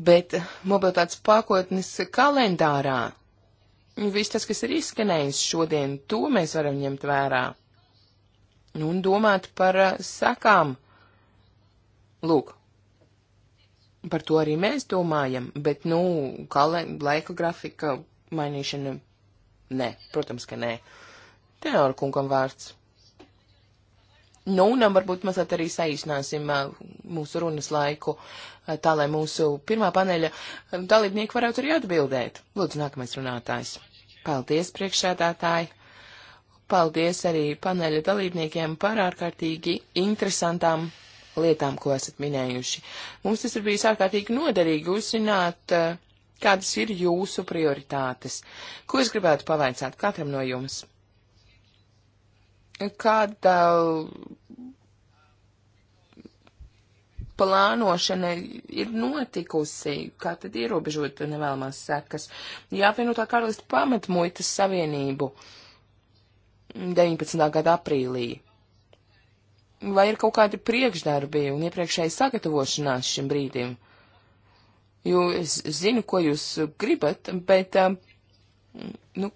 Speaker 2: Bet eh, mobilitātes pakotnes kalendārā viss tas, kas ir izskanējis šodien, to mēs varam ņemt vērā un domāt par eh, sakām. Lūk, par to arī mēs domājam, bet, nu, kā laika grafika mainīšana Nē, protams, ka nē. Tenāra kungam vārds. Nu, un varbūt mazliet arī saīsināsim uh, mūsu runas laiku, uh, tā lai mūsu pirmā paneļa um, dalībnieki varētu arī atbildēt. Lūdzu, nākamais runātājs. Paldies, priekšsēdētāji! Paldies arī paneļa dalībniekiem par ārkārtīgi interesantām lietām, ko esat minējuši. Mums tas ir bijis ārkārtīgi noderīgi uzzināt uh, Kādas ir jūsu prioritātes? Ko es gribētu pavaicāt katram no jums? Kāda plānošana ir notikusi, kā tad ierobežot nevēlamās sekas? Jāapvienotā karalista pamatmuitas savienību 19. gada aprīlī. Vai ir kaut kādi priekšdarbi un iepriekšēji sagatavošanās šim brīdim? jo es zinu, ko jūs gribat, bet, um, nu,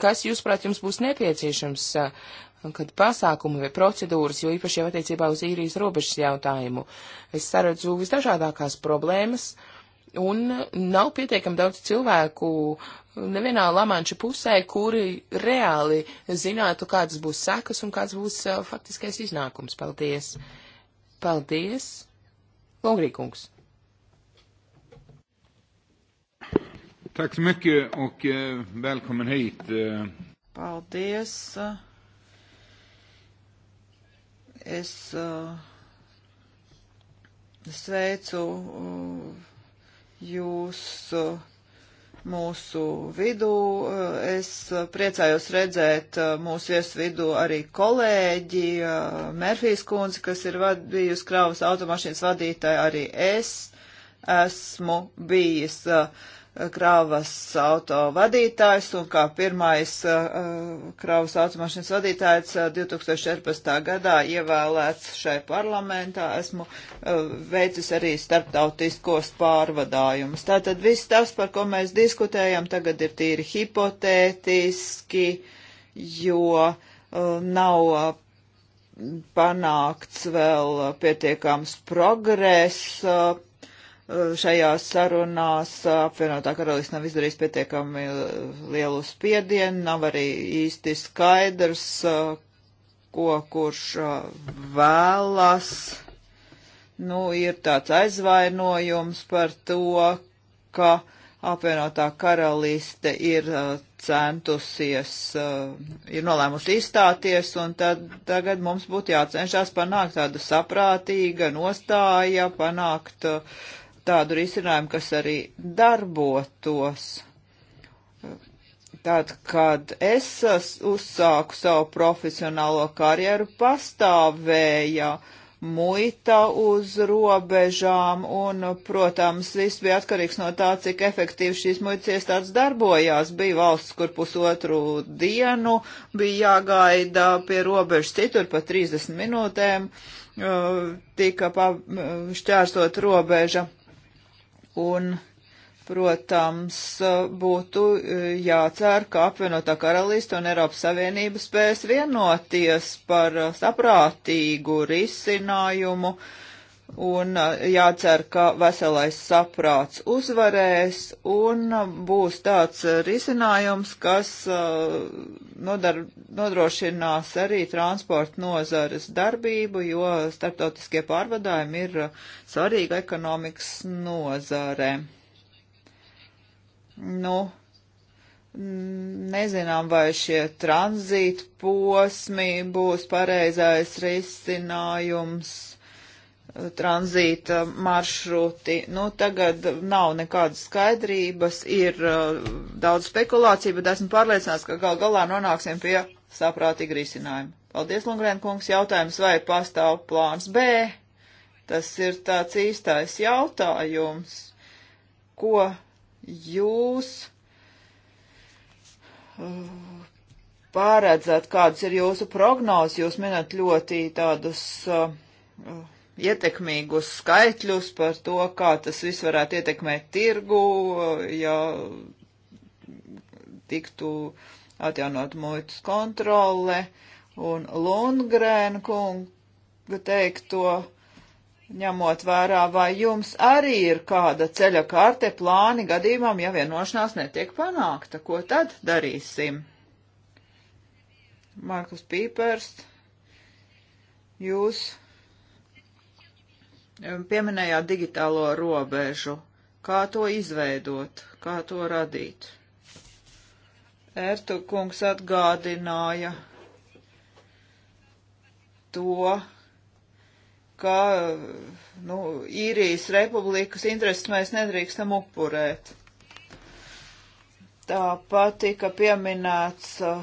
Speaker 2: kas, jūsuprāt, jums būs nepieciešams, uh, kad pasākumi vai procedūras, jo īpaši jau attiecībā uz īrijas robežas jautājumu, es saredzu visdažādākās problēmas, un nav pietiekami daudz cilvēku nevienā Lamanča pusē, kuri reāli zinātu, kādas būs sekas un kāds būs uh, faktiskais iznākums. Paldies! Paldies! Longrīkungs!
Speaker 1: Tack så mycket och eh, välkommen hit. Eh. Paldies. Es eh, sveicu jūs mūsu vidū. Es priecājos redzēt mūsu viesu vidū arī kolēģi Merfijas kundzi, kas ir vad, bijusi kravas automašīnas vadītāja, arī es esmu bijis. Uh, kravas auto vadītājs un kā pirmais uh, uh, kravas automašīnas vadītājs 2014. Uh, gadā ievēlēts šai parlamentā. Esmu veicis arī starptautiskos pārvadājumus. Tātad viss tas, par ko mēs diskutējam, tagad ir tīri hipotētiski, jo nav panākts vēl pietiekams progress šajās sarunās apvienotā karalists nav izdarījis pietiekami lielu spiedienu, nav arī īsti skaidrs, ko kurš vēlas. Nu, ir tāds aizvainojums par to, ka apvienotā karaliste ir uh, centusies, uh, ir nolēmusi izstāties, un tad tagad mums būtu jācenšas panākt tādu saprātīga nostāja, panākt uh, tādu risinājumu, kas arī darbotos. Tad, kad es uzsāku savu profesionālo karjeru, pastāvēja muita uz robežām, un, protams, viss bija atkarīgs no tā, cik efektīvi šīs muitas iestādes darbojās. Bija valsts, kur pusotru dienu bija jāgaida pie robežas, citur pa 30 minūtēm uh, tika uh, šķērsot robeža un, protams, būtu e, jācer, ka apvienotā karalista un Eiropas Savienība spēs vienoties par e, saprātīgu risinājumu, uh, un uh, jācer, ka veselais saprāts uzvarēs un uh, būs tāds uh, risinājums, kas nodar, nodrošinās arī transporta nozares darbību, jo starptautiskie pārvadājumi ir svarīga ekonomikas nozare. Nu, nezinām, vai šie tranzīta posmi būs pareizais risinājums tranzīta maršruti. Nu, tagad nav nekādas skaidrības, ir uh, daudz spekulāciju, bet esmu pārliecināts, ka gal galā nonāksim pie saprātīga risinājuma. Paldies, Lungrēn kungs, jautājums, vai pastāv plāns B? Tas ir tāds īstais jautājums, ko jūs uh, pāredzat, kādas ir jūsu prognozes, jūs minat ļoti tādus uh, uh ietekmīgus skaitļus par to, kā tas viss varētu ietekmēt tirgu, ja tiktu atjaunot muitas kontrole un Lundgrēna kunga teikto, ņemot vērā, vai jums arī ir kāda ceļa kārte plāni gadījumam, ja vienošanās netiek panākta, ko tad darīsim? Markus Pīpers, jūs Pieminējāt digitālo robežu. Kā to izveidot? Kā to radīt? Ertu kungs atgādināja to, ka nu, īrijas republikas intereses mēs nedrīkstam upurēt. Tāpat tika pieminēts uh,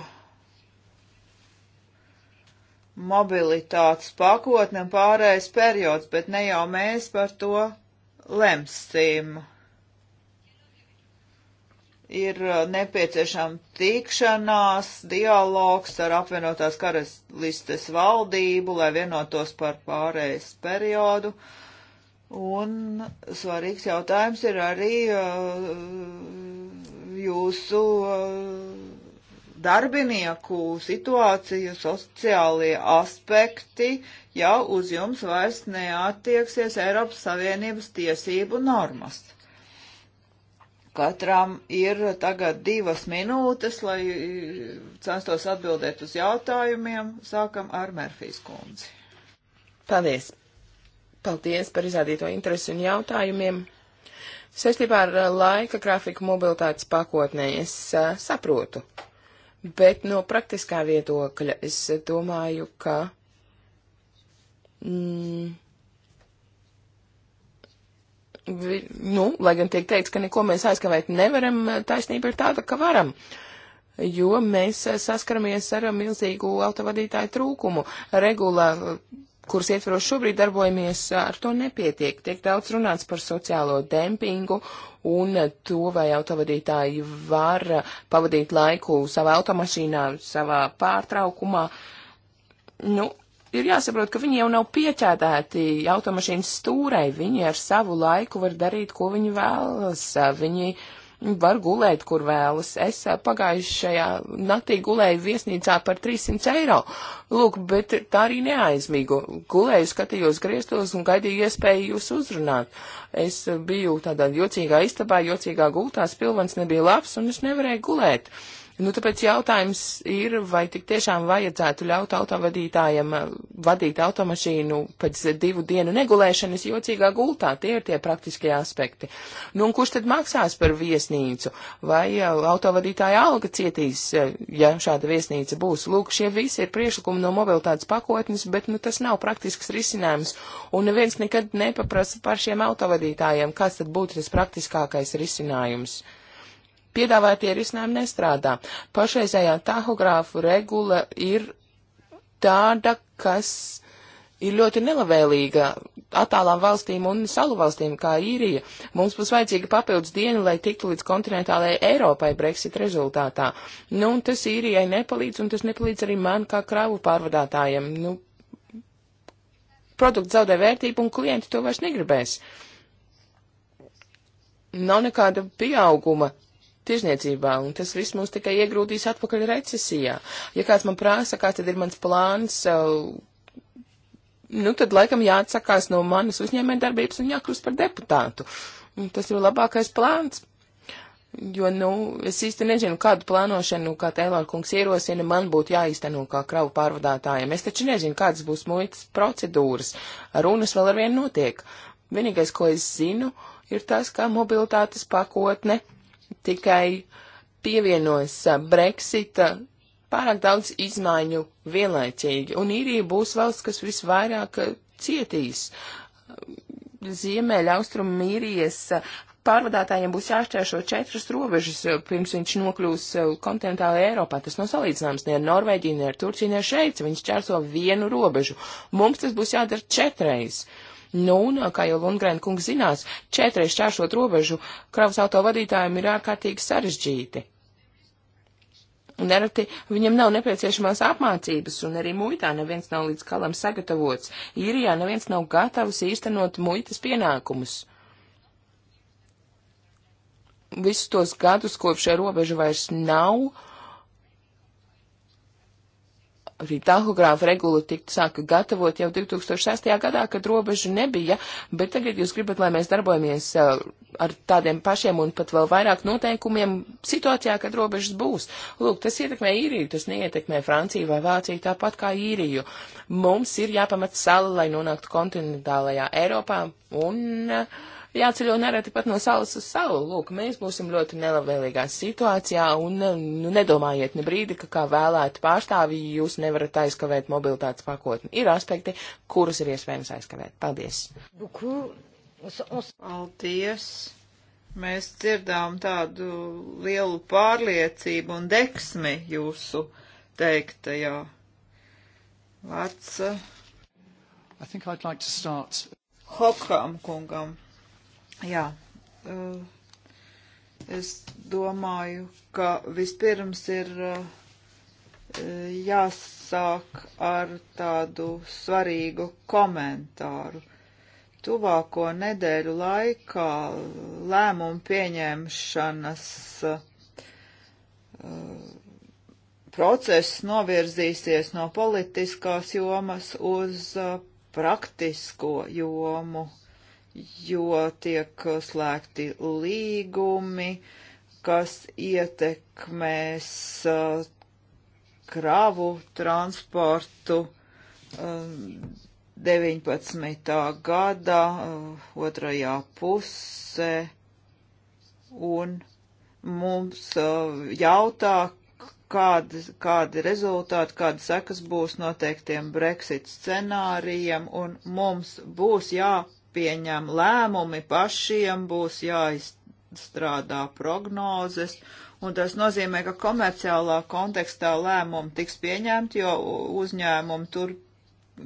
Speaker 1: mobilitātes pakotne un pārējais periods, bet ne jau mēs par to lemsim. Ir uh, nepieciešama tikšanās, dialogs ar apvienotās karalistes valdību, lai vienotos par pārējais periodu. Un svarīgs jautājums ir arī uh, jūsu uh, darbinieku situāciju, sociālie aspekti jau uz jums vairs neattieksies Eiropas Savienības tiesību normas. Katram ir tagad divas minūtes, lai censtos atbildēt uz jautājumiem. Sākam ar Merfijas kundzi.
Speaker 2: Paldies! Paldies par izrādīto interesi un jautājumiem! Saistībā ar laika grafiku mobilitātes pakotnē es a, eh, saprotu, Bet no praktiskā viedokļa es domāju, ka. Mm, vi, nu, lai gan tiek teikts, ka neko mēs aizkavēt nevaram, taisnība ir tāda, ka varam. Jo mēs saskaramies ar milzīgu autovadītāju trūkumu. Regula kuras ietveros šobrīd darbojamies, ar to nepietiek. Tiek daudz runāts par sociālo dempingu un to, vai autovadītāji var pavadīt laiku savā automašīnā, savā pārtraukumā. Nu, ir jāsaprot, ka viņi jau nav pieķēdēti automašīnas stūrai. Viņi ar savu laiku var darīt, ko viņi vēlas. Viņi uh, var gulēt, kur vēlas. Es pagājušajā naktī gulēju viesnīcā par 300 eiro. Lūk, bet tā arī neaizmigu. Gulēju, skatījos griestos un gaidīju iespēju jūs uzrunāt. Es biju tādā jocīgā istabā, jocīgā gultā, spilvens nebija labs un es nevarēju gulēt. Uh, Nu, tāpēc jautājums ir, vai tik tiešām vajadzētu ļaut autovadītājiem eh, vadīt automašīnu pēc divu dienu negulēšanas jocīgā gultā. Tie ir tie praktiskie aspekti. Nu, un kurš tad maksās par viesnīcu? Vai eh, autovadītāja alga cietīs, eh, ja šāda viesnīca būs? Lūk, šie visi ir priešlikumi no mobilitātes pakotnes, bet, nu, tas nav praktisks risinājums. Un neviens nekad nepaprasa par šiem autovadītājiem, kas tad būtu tas praktiskākais risinājums piedāvātie risinājumi nestrādā. Pašreizējā tahogrāfu regula ir tāda, kas ir ļoti nelabvēlīga attālām valstīm un salu valstīm, kā īrija. Mums būs vajadzīga papildus diena, lai tiktu līdz kontinentālajai Eiropai Brexit rezultātā. Nu, un tas īrijai nepalīdz, un tas nepalīdz arī man kā kravu pārvadātājiem. Nu, produkts zaudē vērtību, un klienti to vairs negribēs. Nav nekāda pieauguma tirzniecībā, un tas viss mūs tikai iegrūdīs atpakaļ recesijā. Ja kāds man prasa, kāds tad ir mans plāns, eh, nu tad laikam jāatsakās no manas uzņēmē darbības un jākļūst par deputātu. Un tas ir labākais plāns. Jo, nu, es īsti nezinu, kādu plānošanu, kā Tēlor kungs ierosina, man būtu jāizteno kā kravu pārvadātājiem. Es taču nezinu, kādas būs muitas procedūras. Runas vēl ar vienu notiek. Vienīgais, ko es zinu, ir tas, kā mobilitātes pakotne tikai pievienojas Brexita pārāk daudz izmaiņu vienlaicīgi, un īrija būs valsts, kas visvairāk cietīs. Ziemeļa austrum īrijas pārvadātājiem būs jāšķēršo četras robežas, pirms viņš nokļūs kontinentālajā Eiropā. Tas nav salīdzināms ne ar Norvēģiju, ne ar Turciju, ne ar Šveici. Viņš čērso vienu robežu. Mums tas būs jādara četreiz. Uh, Nu, un, kā jau Lundgren kungs zinās, četreiz čāršot robežu kravas auto vadītājiem ir ārkārtīgi sarežģīti. Un nereti viņam nav nepieciešamās apmācības, un arī muitā neviens nav līdz kalam sagatavots. Īrijā neviens nav gatavs īstenot muitas pienākumus. Visus tos gadus, kopš šie robeža vairs nav, uh, arī tahogrāfa regula tiktu sāka gatavot jau 2006. gadā, kad robežu nebija, bet tagad jūs gribat, lai mēs darbojamies uh, ar tādiem pašiem un pat vēl vairāk noteikumiem situācijā, kad robežas būs. Lūk, tas ietekmē īriju, tas neietekmē Franciju vai Vāciju tāpat kā īriju. Mums ir jāpamat sala, lai nonāktu kontinentālajā Eiropā un. Uh, jāceļo nereti pat no saules uz sauli. Lūk, mēs būsim ļoti nelabvēlīgā situācijā un nu, nedomājiet ne brīdi, ka kā vēlēt pārstāvji jūs nevarat aizkavēt mobilitātes pakotni. Ir aspekti, kurus ir iespējams aizkavēt. Paldies!
Speaker 1: Paldies! Mēs dzirdām tādu lielu pārliecību un deksmi jūsu teiktajā. Vārds. Uh, I think I'd like to start. Hokam kungam. Jā, eh, es domāju, ka vispirms ir eh, jāsāk ar tādu svarīgu komentāru. Tuvāko nedēļu laikā lēmumu pieņemšanas eh, process novirzīsies no politiskās jomas uz praktisko jomu. Uh, jo tiek slēgti līgumi, kas ietekmēs uh, kravu transportu. Um, 19. gada uh, otrajā pusē un mums uh, jautā, kādi, kādi rezultāti, kādi sekas būs noteiktiem Brexit scenārijiem, un mums būs jā jāpieņem lēmumi pašiem, būs jāizstrādā prognozes, un tas nozīmē, ka komerciālā kontekstā lēmumi tiks pieņemti, jo uzņēmumi tur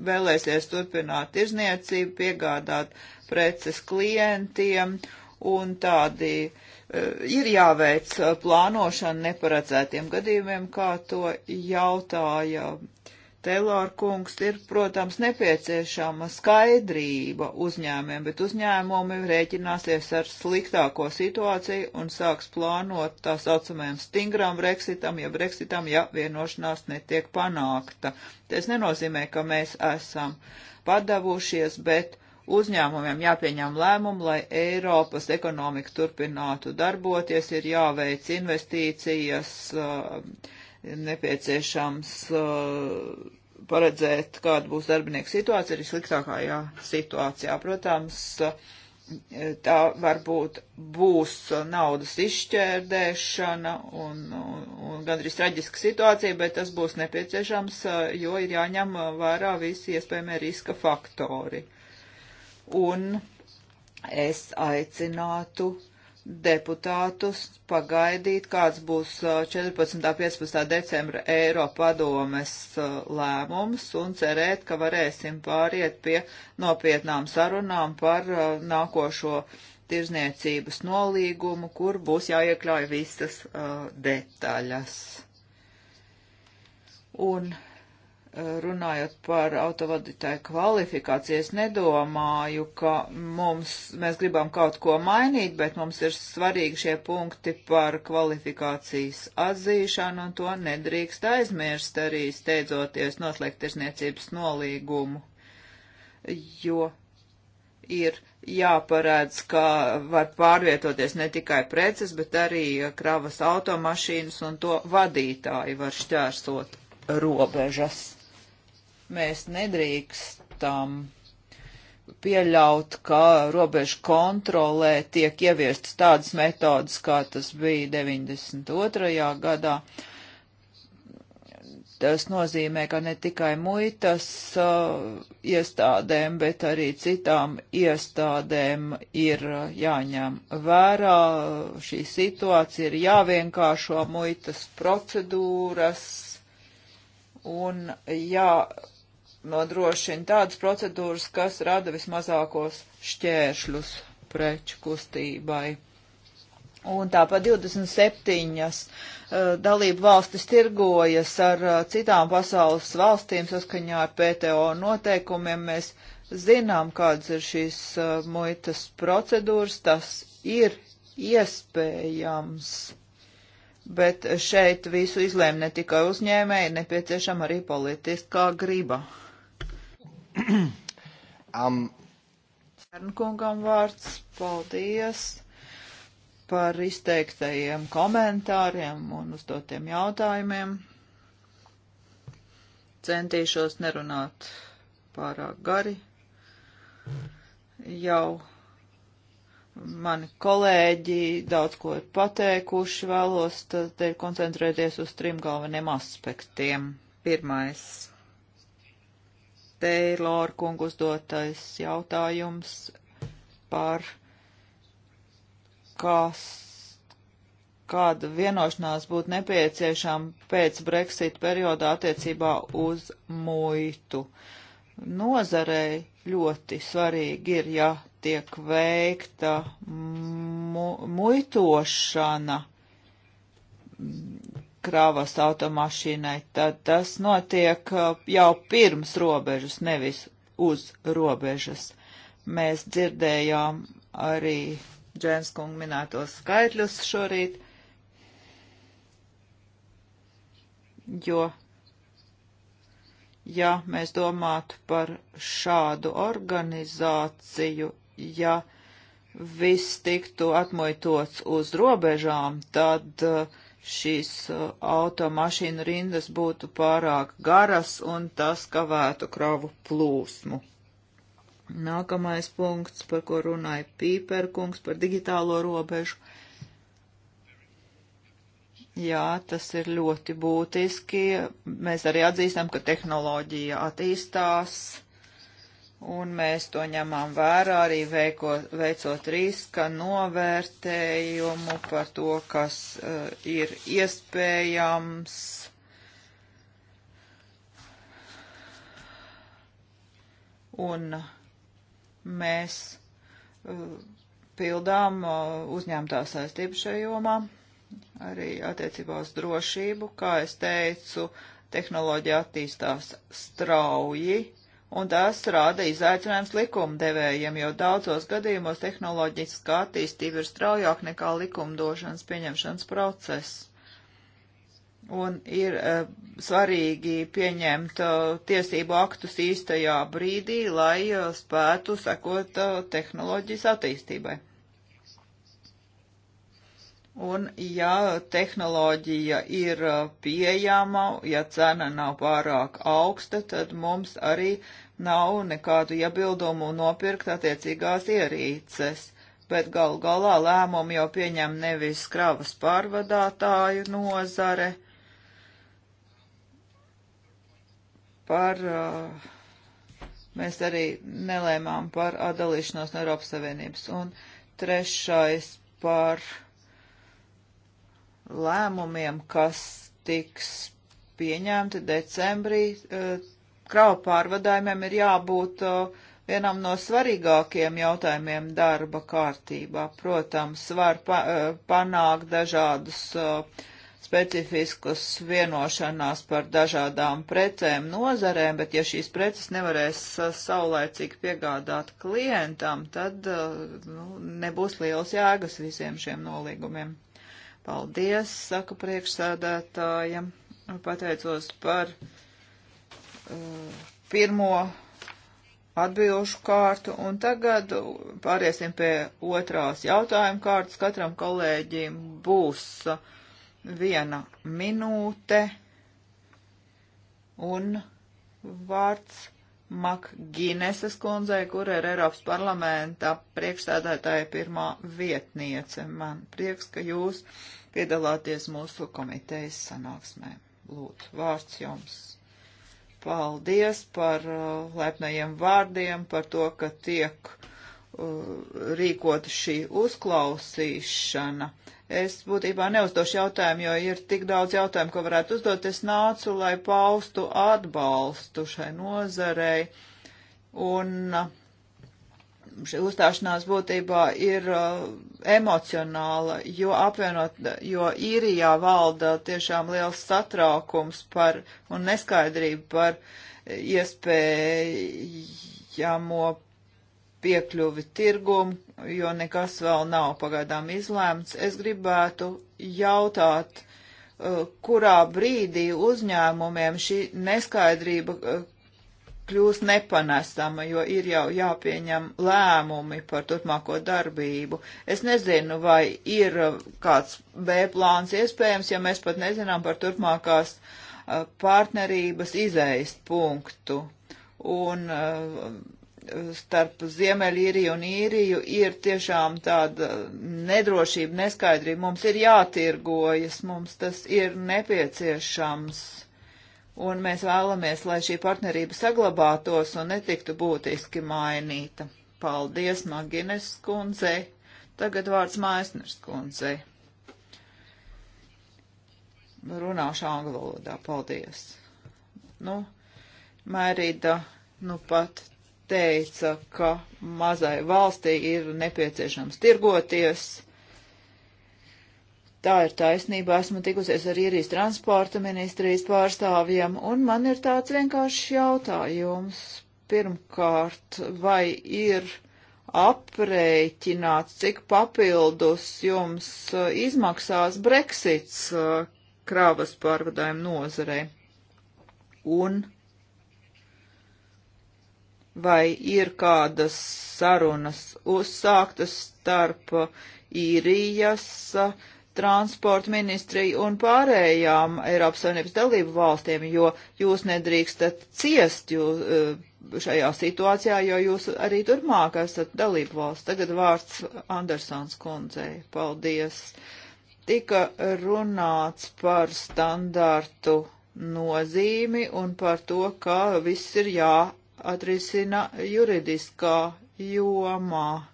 Speaker 1: vēlēsies turpināt tirzniecību, piegādāt preces klientiem, un tādi eh, ir jāveic eh, plānošana neparedzētiem gadījumiem, kā to jautāja Taylor kungs ir, protams, nepieciešama skaidrība uzņēmiem, bet uzņēmumi rēķināsies ar sliktāko situāciju un sāks plānot tā saucamajam stingram Brexitam, ja Brexitam, ja vienošanās netiek panākta. Tas nenozīmē, ka mēs esam padavušies, bet uzņēmumiem jāpieņem lēmumu, lai Eiropas ekonomika turpinātu darboties, ir jāveic investīcijas. Uh, ir nepieciešams uh, paredzēt, kāda būs darbinieku situācija arī sliktākajā situācijā. Protams, uh, tā varbūt būs naudas izšķērdēšana un, un, un gandrīz traģiska situācija, bet tas būs nepieciešams, uh, jo ir jāņem vērā visi iespējamie riska faktori. Un es aicinātu deputātus pagaidīt, kāds būs 14. un 15. decembra Eiropadomes lēmums un cerēt, ka varēsim pāriet pie nopietnām sarunām par nākošo tirzniecības nolīgumu, kur būs jāiekļauj visas uh, detaļas. Un runājot par autovadītāju kvalifikāciju, es nedomāju, ka mums, mēs gribam kaut ko mainīt, bet mums ir svarīgi šie punkti par kvalifikācijas atzīšanu, un to nedrīkst aizmirst arī steidzoties noslēgt tirsniecības nolīgumu, jo ir jāparēdz, ka var pārvietoties ne tikai preces, bet arī kravas automašīnas, un to vadītāji var šķērsot robežas Mēs nedrīkstam pieļaut, ka robežu kontrolē tiek ieviestas tādas metodas, kā tas bija 92. gadā. Tas nozīmē, ka ne tikai muitas uh, iestādēm, bet arī citām iestādēm ir uh, jāņem vērā šī situācija, ir jāvienkāršo muitas procedūras un jā nodrošina tādas procedūras, kas rada vismazākos šķēršļus preču kustībai. Un tāpat 27 uh, eh, dalību valstis tirgojas ar uh, citām pasaules valstīm saskaņā ar PTO noteikumiem. Mēs zinām, kādas ir šīs uh, muitas procedūras, tas ir iespējams. Bet šeit visu izlēma ne tikai uzņēmēji, nepieciešama arī politiskā griba um. Kungam vārds, paldies par izteiktajiem komentāriem un uzdotiem jautājumiem. Centīšos nerunāt pārāk gari. Jau mani kolēģi daudz ko ir pateikuši, vēlos tad koncentrēties uz trim galveniem aspektiem. Pirmais Teilor kungu uzdotais jautājums par kas, kāda vienošanās būtu nepieciešama pēc Brexit perioda attiecībā uz muitu. Nozarei ļoti svarīgi ir, ja tiek veikta mu muitošana kravas automašīnai, tad tas notiek uh, jau pirms robežas, nevis uz robežas. Mēs dzirdējām arī Džēns kungu minētos skaitļus šorīt, jo, ja mēs domātu par šādu organizāciju, ja viss tiktu atmojtots uz robežām, tad uh, šīs uh, automašīnu rindas būtu pārāk garas un tas kavētu kravu plūsmu. Nākamais punkts, par ko runāja Pīperkungs, par digitālo robežu. Jā, tas ir ļoti būtiski. Mēs arī atzīstam, ka tehnoloģija attīstās un mēs to ņemam vērā arī veiko, veicot riska novērtējumu par to, kas uh, ir iespējams. Un mēs uh, pildām uh, eh, uzņemtās saistības šajā jomā, arī attiecībā uz drošību. Kā es teicu, tehnoloģija attīstās strauji, un tas rāda izaicinājums likumdevējiem, jo daudzos gadījumos tehnoloģiskā attīstība ir straujāk nekā likumdošanas pieņemšanas process. Un ir uh, svarīgi pieņemt uh, tiesību aktus īstajā brīdī, lai uh, spētu sekot uh, tehnoloģijas attīstībai. Un, ja tehnoloģija ir uh, pieejama, ja cena nav pārāk augsta, tad mums arī nav nekādu iebildumu nopirkt attiecīgās ierīces. Bet gal galā lēmumu jau pieņem nevis kravas pārvadātāju nozare par. Uh, mēs arī nelēmām par atdalīšanos no Eiropas Savienības. Un trešais par uh, lēmumiem, kas tiks pieņemti decembrī. Eh, kravu pārvadājumiem ir jābūt eh, vienam no svarīgākiem jautājumiem darba kārtībā. Protams, var pa eh, panākt dažādus specifiskus vienošanās par dažādām precēm nozarēm, bet ja šīs preces nevarēs saulēcīgi piegādāt klientam, tad nu, nebūs liels jēgas visiem šiem nolīgumiem. Paldies, saka priekšsēdētājiem. Pateicos par uh, pirmo atbilžu kārtu, un tagad pāriesim pie otrās jautājuma kārtas. Katram kolēģim būs viena minūte un vārds Makgineses kundzei, kur ir Eiropas parlamenta priekšstādātāja pirmā vietniece. Man prieks, ka jūs piedalāties mūsu komitejas sanāksmē. Lūdzu, vārds jums. Paldies par uh, lepnajiem vārdiem, par to, ka tiek Uh, rīkot šī uzklausīšana. Es būtībā neuzdošu jautājumu, jo ir tik daudz jautājumu, ko varētu uzdot. Es nācu, lai paustu atbalstu šai nozarei. Un uh, šī uzstāšanās būtībā ir uh, emocionāla, jo apvienot, jo īrijā valda tiešām liels satraukums par un neskaidrība par iespējamo piekļuvi tirgumu, jo nekas vēl nav pagaidām izlēmts. Es gribētu jautāt, uh, kurā brīdī uzņēmumiem šī neskaidrība uh, kļūst nepanesama, jo ir jau jāpieņem lēmumi par turpmāko darbību. Es nezinu, vai ir uh, kāds B plāns iespējams, ja mēs pat nezinām par turpmākās partnerības izējas punktu. Un uh, starp Ziemeļīriju un Īriju ir tiešām tāda nedrošība, neskaidrība. Mums ir jātirgojas, mums tas ir nepieciešams. Un mēs vēlamies, lai šī partnerība saglabātos un netiktu būtiski mainīta. Paldies, Magines skundzei. Tagad vārds Maisners skundzei. Runāšu angļu valodā. Paldies. Nu, Mērīda, nu pat teica, ka mazai valstī ir nepieciešams tirgoties. Tā ir taisnība, esmu tikusies ar īrijas transporta ministrijas pārstāvjiem, un man ir tāds vienkāršs jautājums. Pirmkārt, vai ir aprēķināts, cik papildus jums uh, izmaksās Brexits uh, krāvas pārvadājuma nozarei? Un vai ir kādas sarunas uzsāktas starp īrijas transporta ministriju un pārējām Eiropas Savienības dalību valstīm, jo jūs nedrīkstat ciest jūs, eh, šajā situācijā, jo jūs arī turpmāk esat dalību valsts. Tagad vārds Andersons kundzei. Paldies. Tika runāts par standārtu nozīmi un par to, ka viss ir jā jāatrisina juridiskā jomā.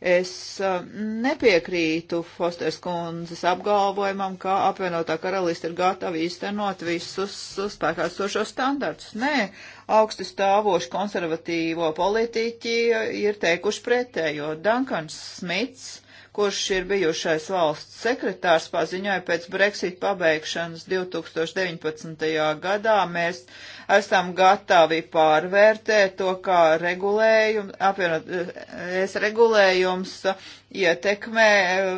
Speaker 1: Es uh, nepiekrītu Fosters kundzes apgalvojumam, ka apvienotā karalista ir gatava īstenot visus spēkā sošo standartus. Nē, augsti stāvoši konservatīvo politiķi ir teikuši pretējo. Dankans Smits, kurš ir bijušais valsts sekretārs, paziņoja pēc Brexit pabeigšanas 2019. gadā, mēs esam gatavi pārvērtēt to, kā regulējums, apvienot, es regulējums ietekmē eh,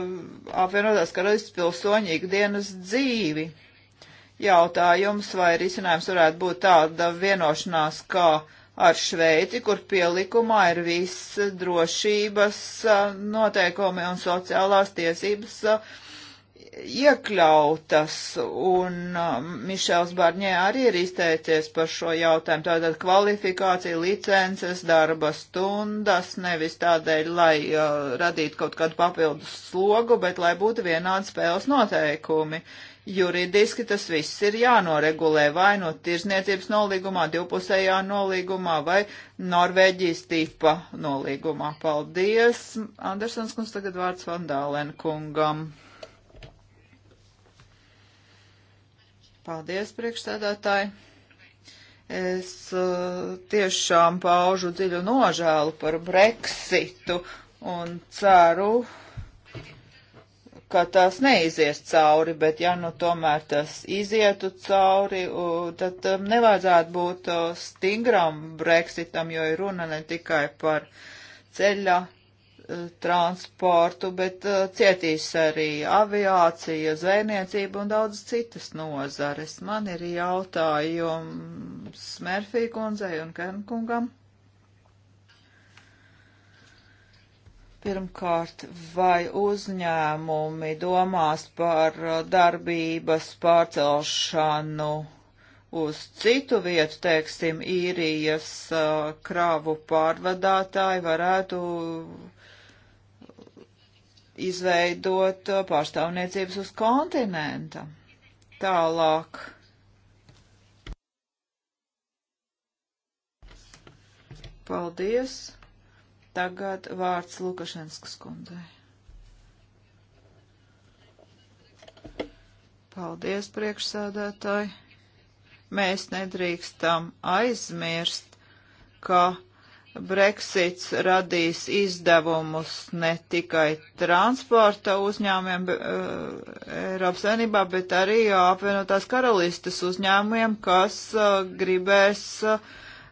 Speaker 1: apvienotās karalistas pilsoņu ikdienas dzīvi. Jautājums vai risinājums varētu būt tāda vienošanās, kā ar Šveici, kur pielikumā ir viss drošības eh, noteikumi un sociālās tiesības eh, iekļautas, un um, Mišels Barņē arī ir izteicies par šo jautājumu. Tātad kvalifikācija, licences, darba stundas, nevis tādēļ, lai uh, radītu kaut kādu papildus slogu, bet lai būtu vienādi spēles noteikumi. Juridiski tas viss ir jānoregulē vai no nu tirzniecības nolīgumā, divpusējā nolīgumā vai Norvēģijas tipa nolīgumā. Paldies! Andersons kungs tagad vārds Vandālen kungam. Paldies, priekšsēdētāji. Es uh, tiešām paužu dziļu nožēlu par Brexitu un ceru, ka tas neizies cauri, bet ja nu tomēr tas izietu cauri, tad um, nevajadzētu būt uh, stingram Brexitam, jo ir runa ne tikai par ceļa transportu, bet uh, cietīs arī aviācija, zvejniecība un daudz citas nozares. Man ir jautājums Smērfī kundzei un Kernkungam. Pirmkārt, vai uzņēmumi domās par eh, darbības pārcelšanu uz citu vietu, teiksim, īrijas uh, kravu pārvadātāji varētu uh, izveidot uh, pārstāvniecības uz kontinenta. Tālāk. Paldies. Tagad vārds Lukašenskas kundzei. Paldies, priekšsēdētāji. Mēs nedrīkstam aizmirst, ka Brexits radīs izdevumus ne tikai transporta uzņēmumiem be, uh, Eiropas Savienībā, bet arī uh, apvienotās karalistes uzņēmumiem, kas uh, gribēs uh,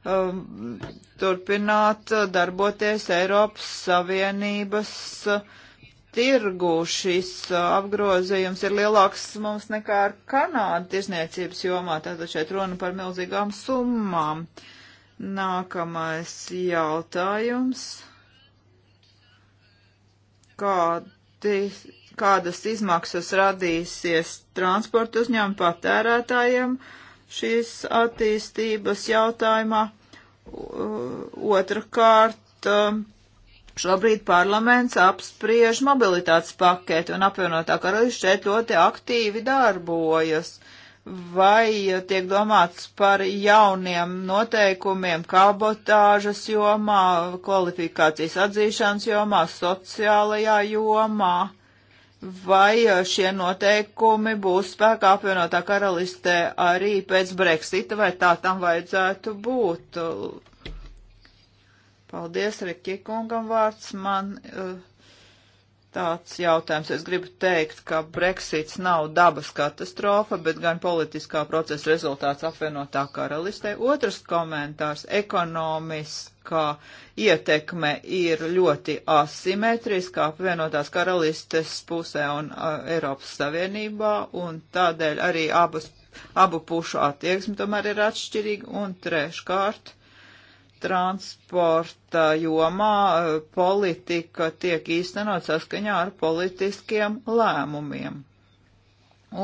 Speaker 1: um, turpināt uh, darboties Eiropas Savienības uh, tirgu. Šis apgrozījums ir lielāks mums nekā ar Kanādu tirzniecības jomā, tātad šeit runa par milzīgām summām. Uh, Nākamais jautājums. Kādi, kādas izmaksas radīsies transporta uzņēmumu patērētājiem šīs attīstības jautājumā? Otrakārt, šobrīd parlaments apspriež mobilitātes paketu un apvienotā karališķi šeit ļoti aktīvi darbojas vai tiek domāts par jauniem noteikumiem kabotāžas jomā, kvalifikācijas atzīšanas jomā, sociālajā jomā, vai šie noteikumi būs spēkā apvienotā karalistē arī pēc Brexita, vai tā tam vajadzētu būt. Paldies, Rikikungam vārds man. Uh, tāds jautājums. Es gribu teikt, ka Brexits nav dabas katastrofa, bet gan politiskā procesa rezultāts apvienotā karalistē. Otrs komentārs - ekonomiskā ietekme ir ļoti asimetriska apvienotās karalistes pusē un uh, Eiropas Savienībā, un tādēļ arī abas, abu pušu attieksme tomēr ir atšķirīga, un treškārt transporta jomā eh, politika tiek īstenot saskaņā ar politiskiem lēmumiem.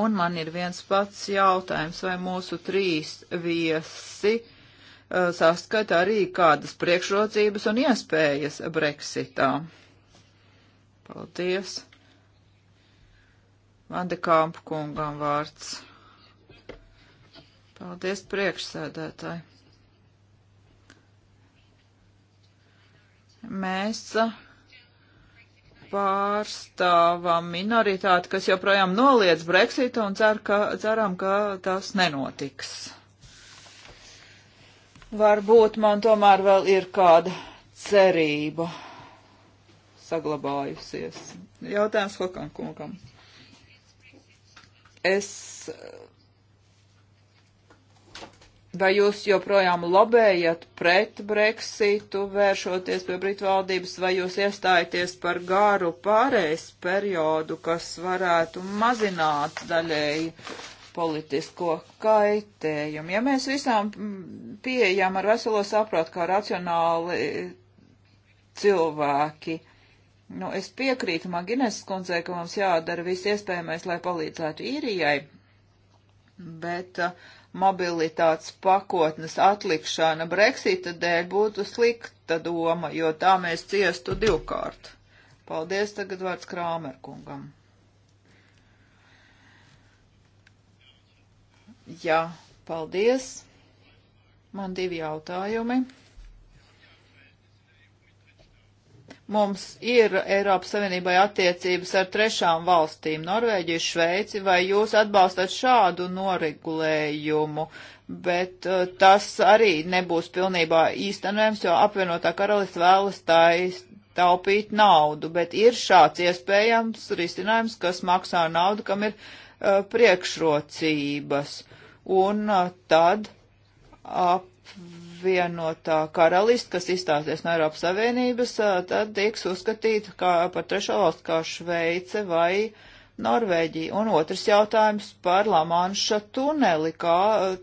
Speaker 1: Un man ir viens pats jautājums, vai mūsu trīs viesi uh, saskata arī kādas priekšrocības un iespējas Brexitā. Paldies. Vandekāmpu kungam vārds. Paldies priekšsēdētāji. Mēs pārstāvam minoritāti, kas joprojām noliedz Brexitu un cer, ka, ceram, ka tas nenotiks. Varbūt man tomēr vēl ir kāda cerība saglabājusies. Jautājums Hokankungam. Es Vai jūs joprojām lobējat pret Brexitu, vēršoties pie Britu valdības, vai jūs iestājaties par garu pārējais periodu, kas varētu mazināt daļēji politisko kaitējumu? Ja mēs visām pieejam ar veselo saprātu kā racionāli cilvēki, nu es piekrītu Magines skundzei, ka mums jādara viss iespējamais, lai palīdzētu īrijai, bet uh, mobilitātes pakotnes atlikšana Brexita dēļ būtu slikta doma, jo tā mēs ciestu divkārt. Paldies tagad vārds Krāmerkungam. Jā, paldies. Man divi jautājumi. mums ir Eiropas Savienībai attiecības ar trešām valstīm, Norvēģiju, Šveici, vai jūs atbalstat šādu noregulējumu, bet uh, tas arī nebūs pilnībā īstenojams, jo apvienotā karalista vēlas tais, taupīt naudu, bet ir šāds iespējams risinājums, kas maksā naudu, kam ir uh, priekšrocības. Un uh, tad ap apvienotā karalista, kas izstāsies no Eiropas Savienības, tad tiks uzskatīta kā par trešo valstu kā Šveice vai Norvēģija. Un otrs jautājums par Lamanša tuneli, kā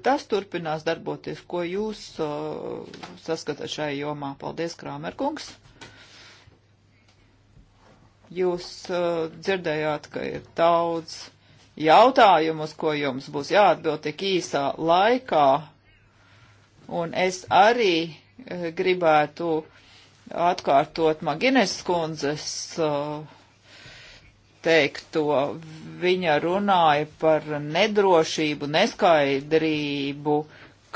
Speaker 1: tas turpinās darboties, ko jūs uh, saskatāt šai jomā. Paldies, Krāmerkungs. Jūs uh, dzirdējāt, ka ir daudz jautājumus, ko jums būs jāatbild tik īsā laikā, Un es arī eh, gribētu atkārtot Magines kundzes eh, teikto. Viņa runāja par nedrošību, neskaidrību,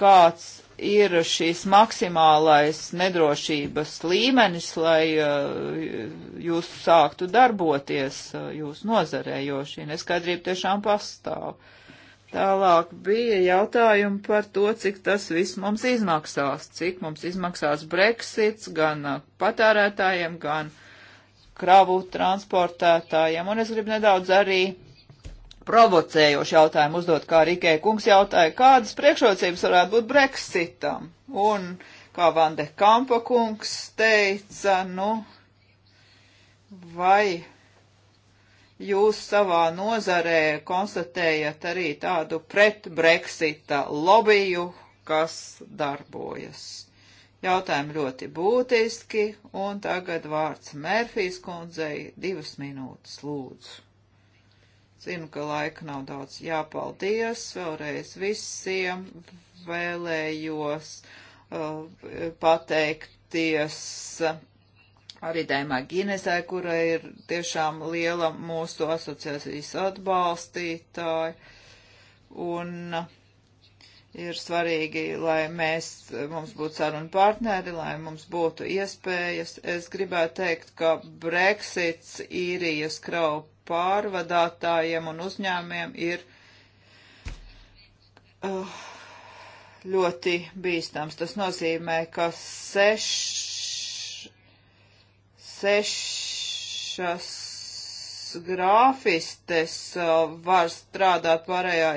Speaker 1: kāds ir šis maksimālais nedrošības līmenis, lai eh, jūs sāktu darboties jūsu nozarē, jo šī neskaidrība tiešām pastāv. Uh, Tālāk bija jautājumi par to, cik tas viss mums izmaksās, cik mums izmaksās Brexits gan uh, patērētājiem, gan kravu transportētājiem. Un es gribu nedaudz arī provocējošu jautājumu uzdot, kā Rikē kungs jautāja, kādas priekšrocības varētu būt Brexitam. Un kā Vande Kampa kungs teica, nu, vai jūs savā nozarē konstatējat arī tādu pret-Brexita lobiju, kas darbojas. Jautājumi ļoti būtiski, un tagad vārds Mērfijas kundzei divas minūtes lūdzu. Zinu, ka laika nav daudz jāpaldies vēlreiz visiem. Vēlējos uh, pateikties. Uh, arī Dēmā Ginesai, kura ir tiešām liela mūsu asociācijas atbalstītāja. Un ir svarīgi, lai mēs, mums būtu saruna partneri, lai mums būtu iespējas. Es gribētu teikt, ka Brexits īrijas kravu pārvadātājiem un uzņēmiem ir. Uh, ļoti bīstams. Tas nozīmē, ka seš, sešas grāfistes uh, var strādāt pārējā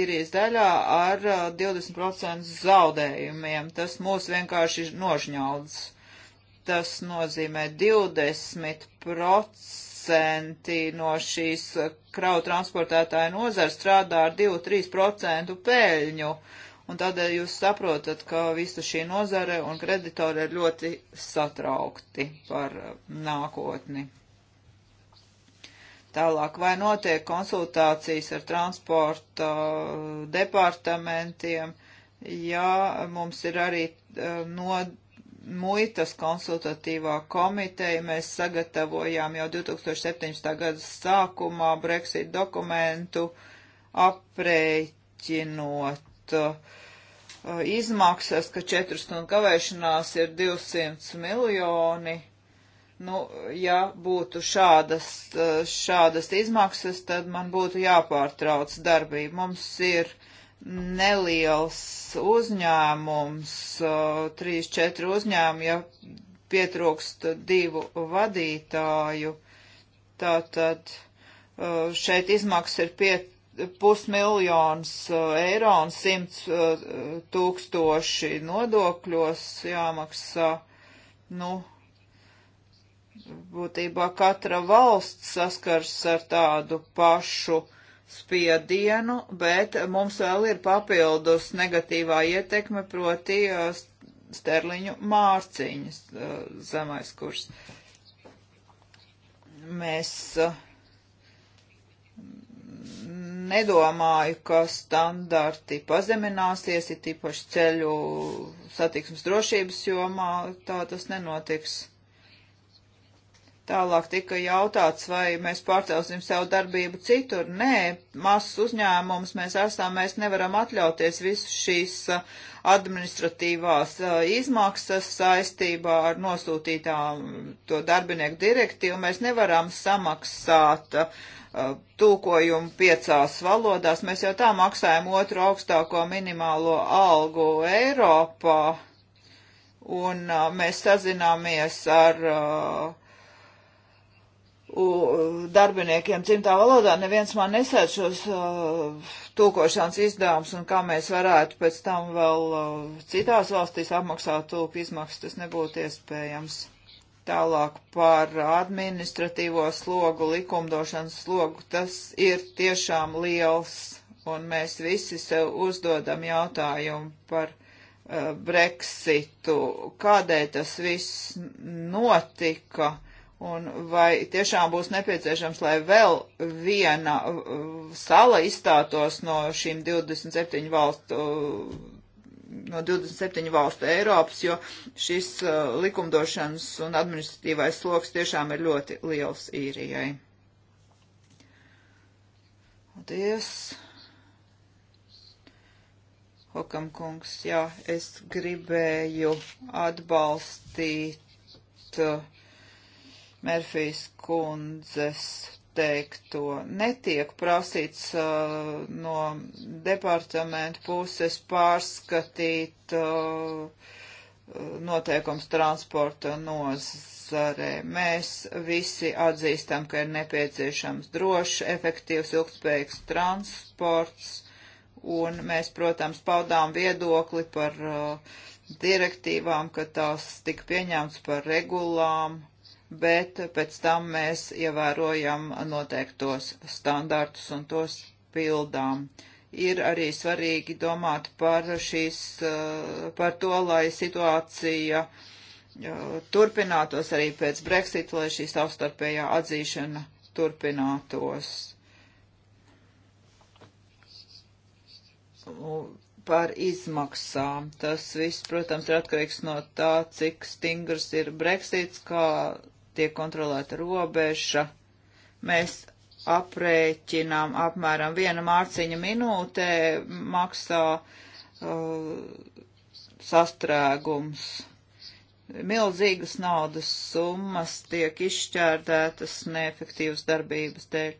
Speaker 1: īrijas daļā ar 20% uh, zaudējumiem. Tas mūs vienkārši nožņauds. Tas nozīmē 20% no šīs krautransportētāja nozara strādā ar 2-3% peļņu. Uh, un tādēļ jūs saprotat, ka visa šī nozare un kreditori ir ļoti satraukti par eh, nākotni. Tālāk, vai notiek konsultācijas ar transporta eh, departamentiem? Jā, mums ir arī eh, no muitas konsultatīvā komiteja. Mēs sagatavojām jau 2017. gada sākumā Brexit dokumentu aprēķinot uh, Uh, izmaksas, ka 4 stundu kavēšanās ir 200 miljoni. Nu, ja būtu šādas, uh, šādas izmaksas, tad man būtu jāpārtrauc darbība. Mums ir neliels uzņēmums, 3-4 uh, uzņēmumi, ja pietrūkst divu vadītāju. Tātad šeit izmaksas ir pusmiljons eh, eiro un simts eh, tūkstoši nodokļos jāmaksā. Nu, būtībā katra valsts saskars ar tādu pašu spiedienu, bet mums vēl ir papildus negatīvā ietekme, proti eh, sterliņu mārciņas zemais kurs. Mēs nedomāju, ka standarti pazemināsies, ir tīpaši ceļu satiksmes drošības jomā, tā tas nenotiks. Tālāk tika jautāts, vai mēs pārcelsim savu darbību citur. Nē, mazs uzņēmums mēs esam, mēs nevaram atļauties visu šīs administratīvās izmaksas saistībā ar nosūtītām to darbinieku direktīvu. Mēs nevaram samaksāt uh, Uh, tūkojumu piecās valodās. Mēs jau tā maksājam otru augstāko minimālo algu Eiropā, un uh, mēs sazināmies ar uh, darbiniekiem dzimtā valodā. Neviens man nesēd šos tūkošanas izdevumus, un kā mēs varētu pēc tam vēl citās valstīs apmaksāt tūku izmaksas, tas nebūtu iespējams. Tālāk par administratīvo slogu, likumdošanas slogu, tas ir tiešām liels, un mēs visi sev uzdodam jautājumu par uh, Brexitu, kādēļ tas viss notika, un vai tiešām būs nepieciešams, lai vēl viena uh, sala izstātos no šīm 27 valstu uh, no 27 valstu Eiropas, jo šis uh, likumdošanas un administratīvais sloks tiešām ir ļoti liels īrijai. Paldies. Hokam kungs, jā, es gribēju atbalstīt uh, Merfijas kundzes noteikto. Netiek prasīts uh, no departamentu puses pārskatīt uh, noteikums transporta nozarē. Mēs visi atzīstam, ka ir nepieciešams drošs, efektīvs, ilgspējīgs transports, un mēs, protams, paudām viedokli par uh, direktīvām, ka tās tika pieņemts par regulām bet pēc tam mēs ievērojam noteiktos standartus un tos pildām. Ir arī svarīgi domāt par, šīs, eh, par to, lai situācija eh, turpinātos arī pēc Brexit, lai šī savstarpējā atzīšana turpinātos. par izmaksām. Tas viss, protams, ir atkarīgs no tā, cik stingrs ir Brexits, kā tiek kontrolēta robeža. Mēs aprēķinām apmēram viena mārciņa minūtē maksā uh, sastrēgums. Milzīgas naudas summas tiek izšķērdētas neefektīvas darbības dēļ.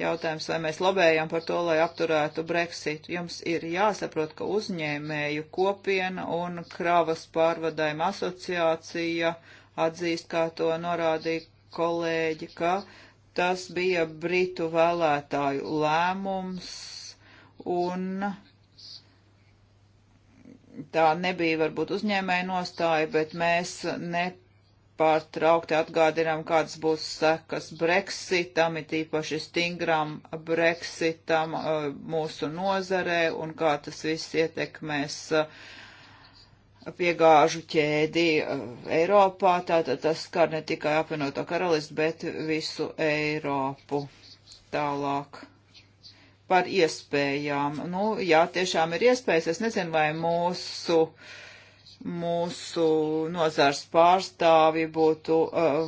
Speaker 1: Jautājums, vai mēs lobējam par to, lai apturētu Brexitu. Jums ir jāsaprot, ka uzņēmēju kopiena un kravas pārvadājuma asociācija uh, atzīst, kā to norādīja kolēģi, ka tas bija Britu vēlētāju lēmums un tā nebija varbūt uzņēmēja nostāja, bet mēs nepārtraukti atgādinām, kādas būs sekas Brexitam, it īpaši stingram Brexitam uh, mūsu nozarē un kā tas viss ietekmēs uh, piegāžu ķēdi eh, Eiropā, tātad tas skar ne tikai apvienoto karalistu, bet visu Eiropu tālāk par iespējām. Nu, jā, tiešām ir iespējas. Es nezinu, vai mūsu uh, mūsu nozars pārstāvi būtu uh,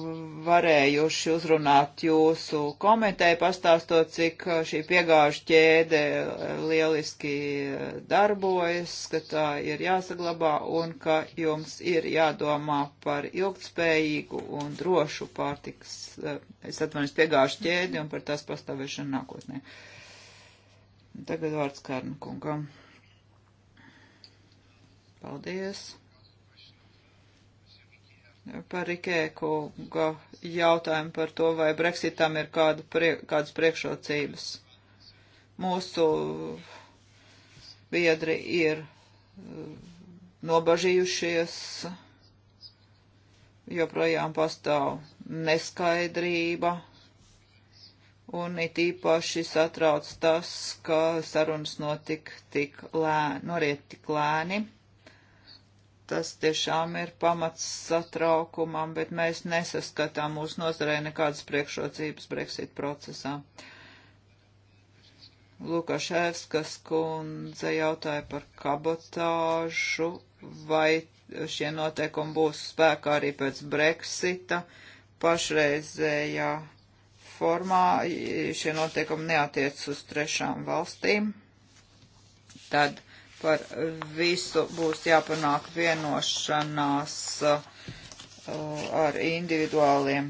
Speaker 1: varējuši uzrunāt jūsu komiteju, pastāstot, cik uh, šī piegāžu ķēde uh, lieliski uh, darbojas, ka tā ir jāsaglabā un ka jums ir jādomā par ilgtspējīgu un drošu pārtiks, uh, es atvainojos, piegāžu ķēdi un par tās pastāvēšanu nākotnē. Tagad vārds Kārnu kungam. Paldies! par Rikēkunga jautājumu par to, vai Brexitam ir kāda prie, kādas priekšrocības. Mūsu biedri ir uh, nobažījušies, joprojām pastāv neskaidrība, un it īpaši satrauc tas, ka sarunas notik tik lēni, noriet tik lēni. Tas tiešām ir pamats satraukumam, bet mēs nesaskatām mūsu nozarei nekādas priekšrocības Brexit procesā. Lukašēvskas kundze jautāja par kabotāžu, vai šie noteikumi būs spēkā arī pēc Brexita pašreizējā formā. Šie noteikumi neatiec uz trešām valstīm. Tad par visu būs jāpanāk vienošanās uh, ar individuāliem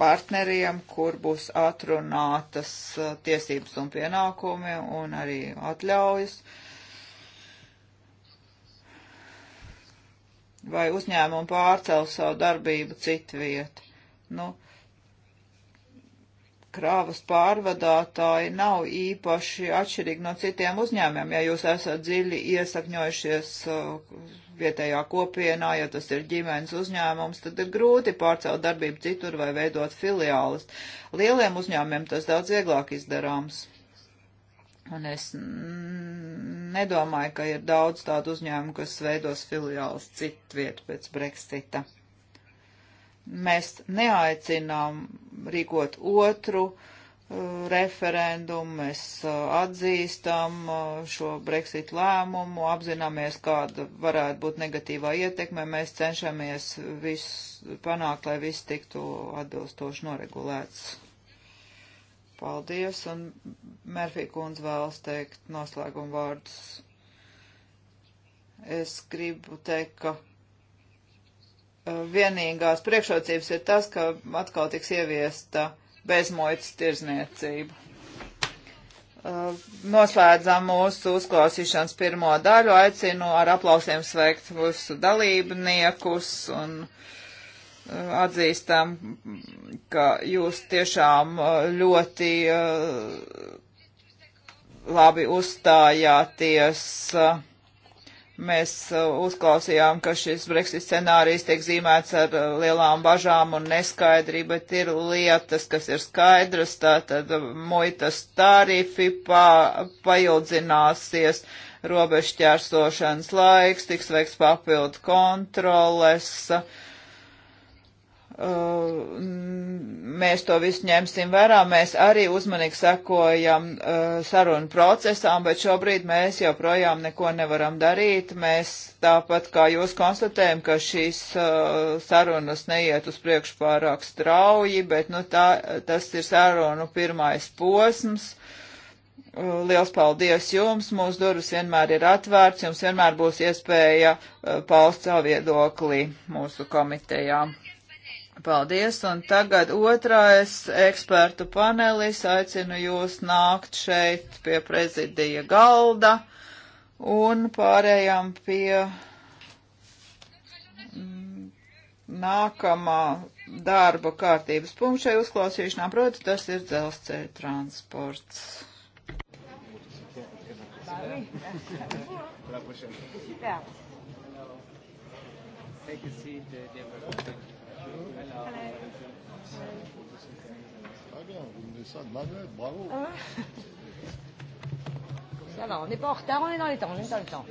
Speaker 1: partneriem, kur būs atrunātas uh, tiesības un pienākumi un arī atļaujas. Vai uzņēmumi pārcel savu darbību citu vietu? Nu, krāvas pārvadātāji nav īpaši atšķirīgi no citiem uzņēmiem. Ja jūs esat dziļi iesakņojušies uh, vietējā kopienā, ja tas ir ģimenes uzņēmums, tad ir grūti pārcelt darbību citur vai veidot filiālis. Lieliem uzņēmumiem tas daudz vieglāk izdarāms. Un es nedomāju, ka ir daudz tādu uzņēmumu, kas veidos filiālis citviet pēc Brexita. Mēs neaicinām rīkot otru uh, referendumu, mēs uh, atzīstam uh, šo Brexit lēmumu, apzināmies, kāda varētu būt negatīvā ietekme, mēs cenšamies visu panākt, lai viss tiktu atbilstoši noregulēts. Paldies, un Merfī kundze vēlas teikt noslēgumu vārdus. Es gribu teikt, ka Eh, vienīgās priekšrocības ir tas, ka atkal tiks ieviesta bezmoitas tirzniecība. Eh, noslēdzam mūsu uzklausīšanas pirmo daļu. Aicinu ar aplausiem sveikt visu dalībniekus un eh, atzīstam, ka jūs tiešām ļoti labi uzstājāties. Mēs uh, uzklausījām, ka šis Brexit scenārijs tiek zīmēts ar uh, lielām bažām un neskaidrību, bet ir lietas, kas ir skaidras, tātad uh, muitas tarifi pa, paildzināsies, robežķērsošanas laiks, tiks veiks papildu kontroles. Uh, Uh, mēs to visu ņemsim vērā, mēs arī uzmanīgi sekojam uh, sarunu procesām, bet šobrīd mēs joprojām neko nevaram darīt. Mēs tāpat kā jūs konstatējam, ka šīs uh, sarunas neiet uz priekšu pārāk strauji, bet nu, tā, tas ir sarunu pirmais posms. Uh, liels paldies jums! Mūsu durvis vienmēr ir atvērts, jums vienmēr būs iespēja uh, paust savu viedoklī mūsu komitejām. Paldies, un tagad otrais ekspertu panelis. Aicinu jūs nākt šeit pie prezidija galda un pārējām pie mm, nākamā darba kārtības punkta šai uzklausīšanā. Protams, tas ir dzelzceļa transports.
Speaker 3: Take a seat, dear. Très bien, vous menez ça de manœuvre, bravo. Ah. Ça va, on n'est pas en retard, on est dans les temps, on est dans le temps.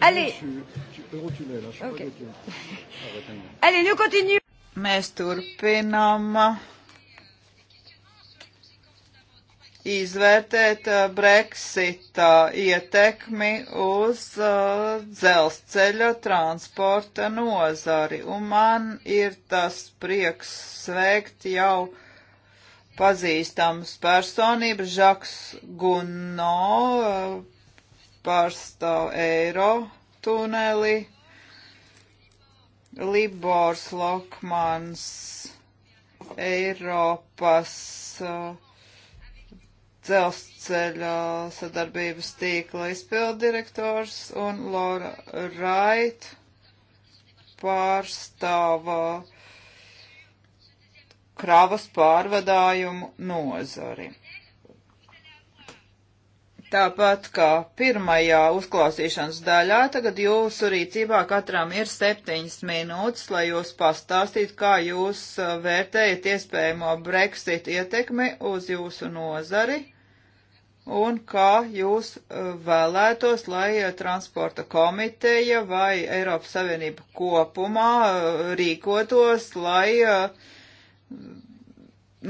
Speaker 3: Allez. Okay. (laughs)
Speaker 1: Allez, nous continuons. Mēs turpinām izvērtēt uh, Brexita ietekmi uz uh, dzelzceļa transporta nozari. Un man ir tas prieks sveikt jau pazīstams personības Žaks Gunno, uh, pārstāv eiro tuneli, Libors Lokmans, Eiropas uh, dzelzceļa sadarbības tīkla izpildirektors un Laura Rait pārstāva uh, kravas pārvadājumu nozari. Tāpat kā pirmajā uzklausīšanas daļā, tagad jūsu rīcībā katram ir septiņas minūtes, lai jūs pastāstītu, kā jūs uh, vērtējat iespējamo Brexit ietekmi uz jūsu nozari un kā jūs uh, vēlētos, lai uh, transporta komiteja vai Eiropas Savienība kopumā rīkotos, lai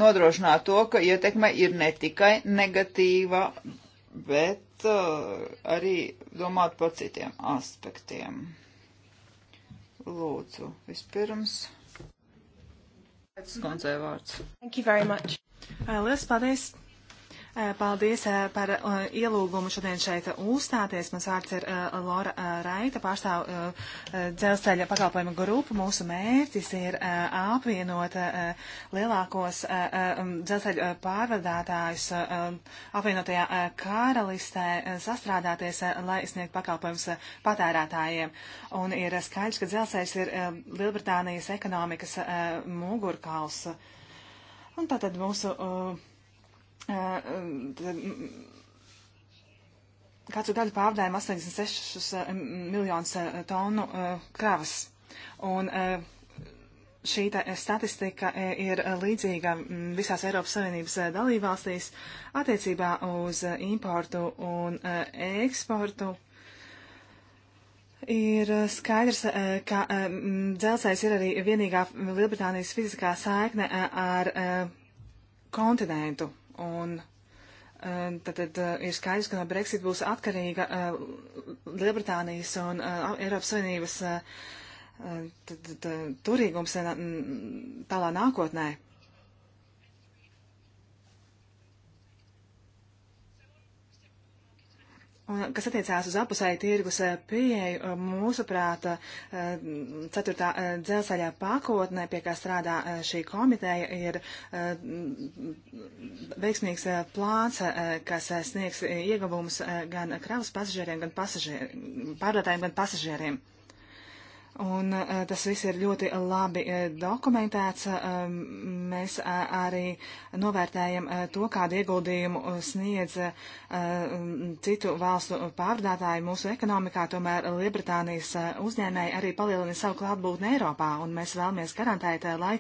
Speaker 1: nodrošinātu to, ka ietekme ir ne tikai negatīva, bet uh, arī domāt par citiem aspektiem. Lūdzu, vispirms. Skundzē vārds.
Speaker 4: Thank you very much. Lielas paldies. Eh, paldies eh, par eh, ielūgumu šodien šeit uzstāties. Mans vārds ir Lora Raita, pārstāv dzelzceļa pakalpojumu grupu. Mūsu mērķis ir apvienot lielākos dzelzceļa pārvadātājus apvienotajā karalistē, sastrādāties, lai sniegt pakalpojums patērētājiem. Un ir skaidrs, ka dzelzceļs ir Lielbritānijas ekonomikas mugurkauls. Un tātad mūsu uh, katru gadu pārvadājam 86 miljonus tonu kravas. Un šī statistika ir līdzīga visās Eiropas Savienības dalībvalstīs attiecībā uz importu un eksportu. Ir skaidrs, ka dzelzceļš ir arī vienīgā Lielbritānijas fiziskā saikne ar kontinentu. Un eh, Tad, tad eh, ir skaidrs, ka no Brexit būs atkarīga eh, Lielbritānijas un Eiropas Savienības tad, tad, turīgums tālā nākotnē. Un, kas attiecās uz apusēju tirgus eh, pieeju, eh, mūsuprāt, eh, ceturtā dzelzceļa pakotnē, pie kā strādā šī komiteja, ir veiksmīgs plāns, kas sniegs ieguvumus gan kravas pasažieriem, gan pasažieriem, pārdotājiem, gan pasažieriem. Un eh, tas viss ir ļoti labi eh, dokumentēts. Eh, mēs arī novērtējam to, kādu ieguldījumu sniedz citu valstu pārdātāji mūsu ekonomikā. Tomēr Liebritānijas uzņēmēji arī palielina savu klātbūtni Eiropā, un mēs vēlamies garantēt, lai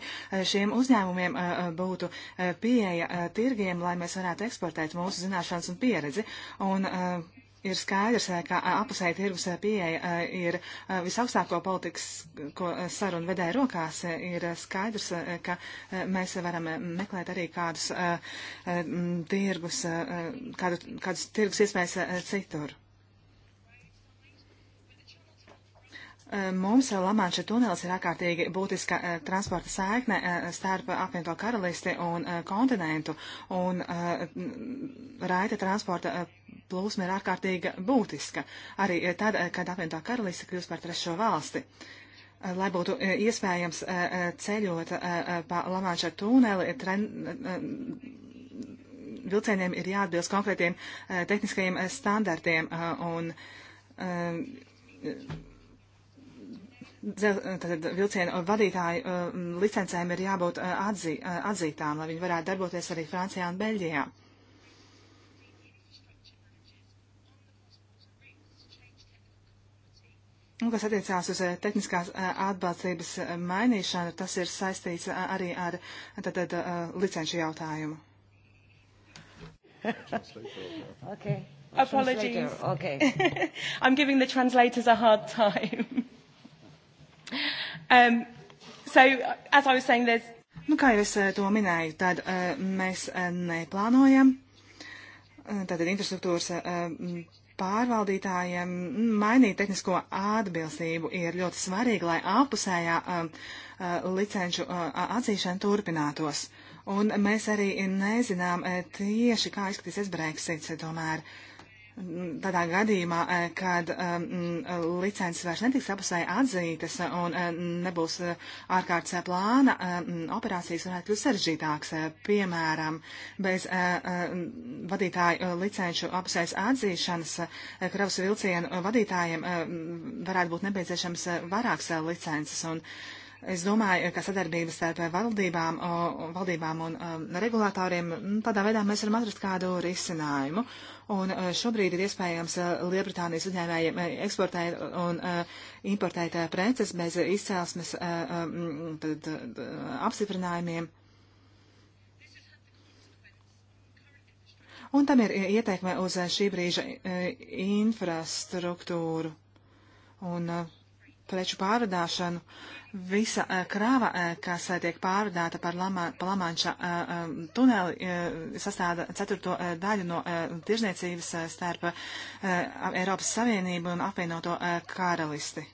Speaker 4: šiem uzņēmumiem būtu pieeja tirgiem, lai mēs varētu eksportēt mūsu zināšanas un pieredzi. Un ir skaidrs, eh, ka eh, apusēja tirgus eh, pieeja ir visaugstāko politikas, ko sarunu vedēja rokās, ir skaidrs, ka mēs varam meklēt arī kādus tirgus, kādu, kādus tirgus iespējas citur. Eh, mums eh, Lamanša tunelis ir ārkārtīgi būtiska eh, transporta saikne starp apvienoto karalisti un kontinentu, un raita transporta plūsma ir ārkārtīgi būtiska, arī tad, kad apvienoto karalisti kļūst par trešo valsti. Lai būtu iespējams ceļot pa Lamanša tuneli, tren, vilcieniem ir jāatbilst konkrētiem tehniskajiem standartiem. Un, Tātad vilcienu vadītāju um, licencēm ir jābūt uh, atzī, uh, atzītām, lai viņi varētu darboties arī Francijā un Beļģijā. Un, kas attiecās uz uh, tehniskās atbalstības mainīšanu, tas ir saistīts arī ar tātad, licenšu jautājumu. (laughs) okay. Apologies. Okay. (laughs) I'm giving the translators a hard time. Um, so, as I was saying, there's... Nu, kā jau es eh, to minēju, tad uh, mēs uh, neplānojam. Tātad infrastruktūras uh, pārvaldītājiem mainīt tehnisko atbilstību ir ļoti svarīgi, lai apusējā uh, uh, licenču uh, atzīšana turpinātos. Un mēs arī nezinām uh, tieši, kā izskatīsies Brexits, tomēr. Uh, tādā gadījumā, eh, kad um, licences vairs netiks apusēji atzītas un um, nebūs eh, ārkārtas plāna, um, operācijas varētu kļūt sarežģītāks. Piemēram, bez mm, vadītāju licenču apusējas atzīšanas kravas vilcienu vadītājiem varētu būt nepieciešams vairākas licences. Un, Es domāju, ka sadarbības starp valdībām, valdībām un um, regulātoriem mm, tādā veidā mēs varam atrast kādu risinājumu. Un uh, šobrīd ir iespējams uh, Lielbritānijas uzņēmējiem uh, eksportēt un importēt preces bez izcelsmes um, apstiprinājumiem. Un tam ir ieteikme uz šī brīža infrastruktūru un preču pārvadāšanu. Uh, visa eh, krāva, eh, kas eh, tiek pārvadāta par Lamanča tuneli, sastāda ceturto daļu no tirzniecības starp Eiropas Savienību un apvienoto karalisti.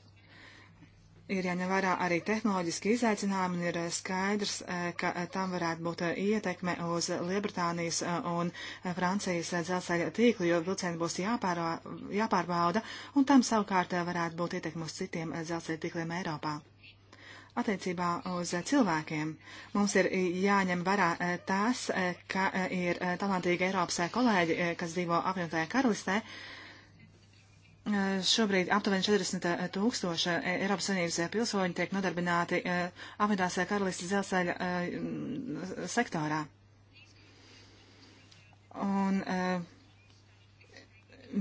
Speaker 4: Ir jāņem vērā arī tehnoloģiski izaicinājumi, un ir skaidrs, ka tam varētu būt ietekme uz Liebritānijas un Francijas dzelzceļa tīklu, jo vilcieni būs jāpārvā, jāpārbauda, un tam savukārt varētu būt ietekme uz citiem dzelzceļa tīkliem Eiropā attiecībā uz eh, cilvēkiem. Mums ir eh, jāņem vērā eh, tas, ka ir talantīgi Eiropas kolēģi, kas dzīvo apvienotajā karalistē. Šobrīd aptuveni 40 tūkstoši Eiropas Savienības pilsoņi tiek nodarbināti apvienotās karalistes dzelzceļa sektorā. Un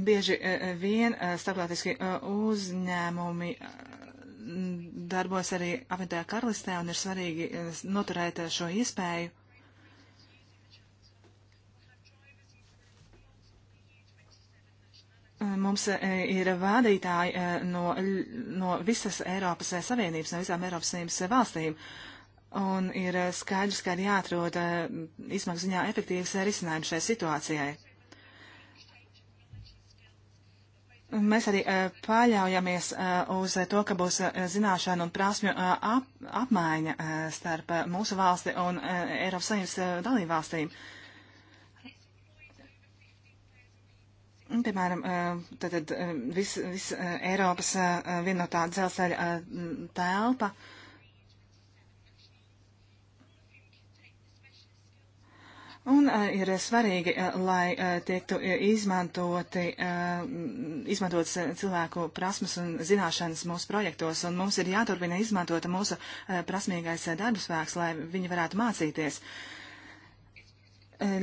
Speaker 4: bieži vien starptautiski uzņēmumi darbojas arī apvienotajā karalistē un ir svarīgi eh, noturēt eh, šo iespēju. Eh, mums ir vādītāji no, no visas Eiropas Savienības, no visām Eiropas Savienības valstīm. Un ir skaidrs, ka ir jāatrod izmaksu ziņā efektīvs risinājums šai situācijai. Mēs arī eh, paļaujamies eh, uz to, ka būs eh, zināšanu un prasmju ap, apmaiņa starp mūsu valsti un Eiropas Savienības dalībvalstīm. Piemēram, tad vis, vis Eiropas vienotā dzelzceļa telpa. Tā Un uh, ir svarīgi, uh, lai uh, tiektu izmantoti, uh, izmantotas cilvēku prasmes un zināšanas mūsu projektos, un mums ir jāturpina izmantot mūsu uh, prasmīgais uh, darbspēks, lai viņi varētu mācīties.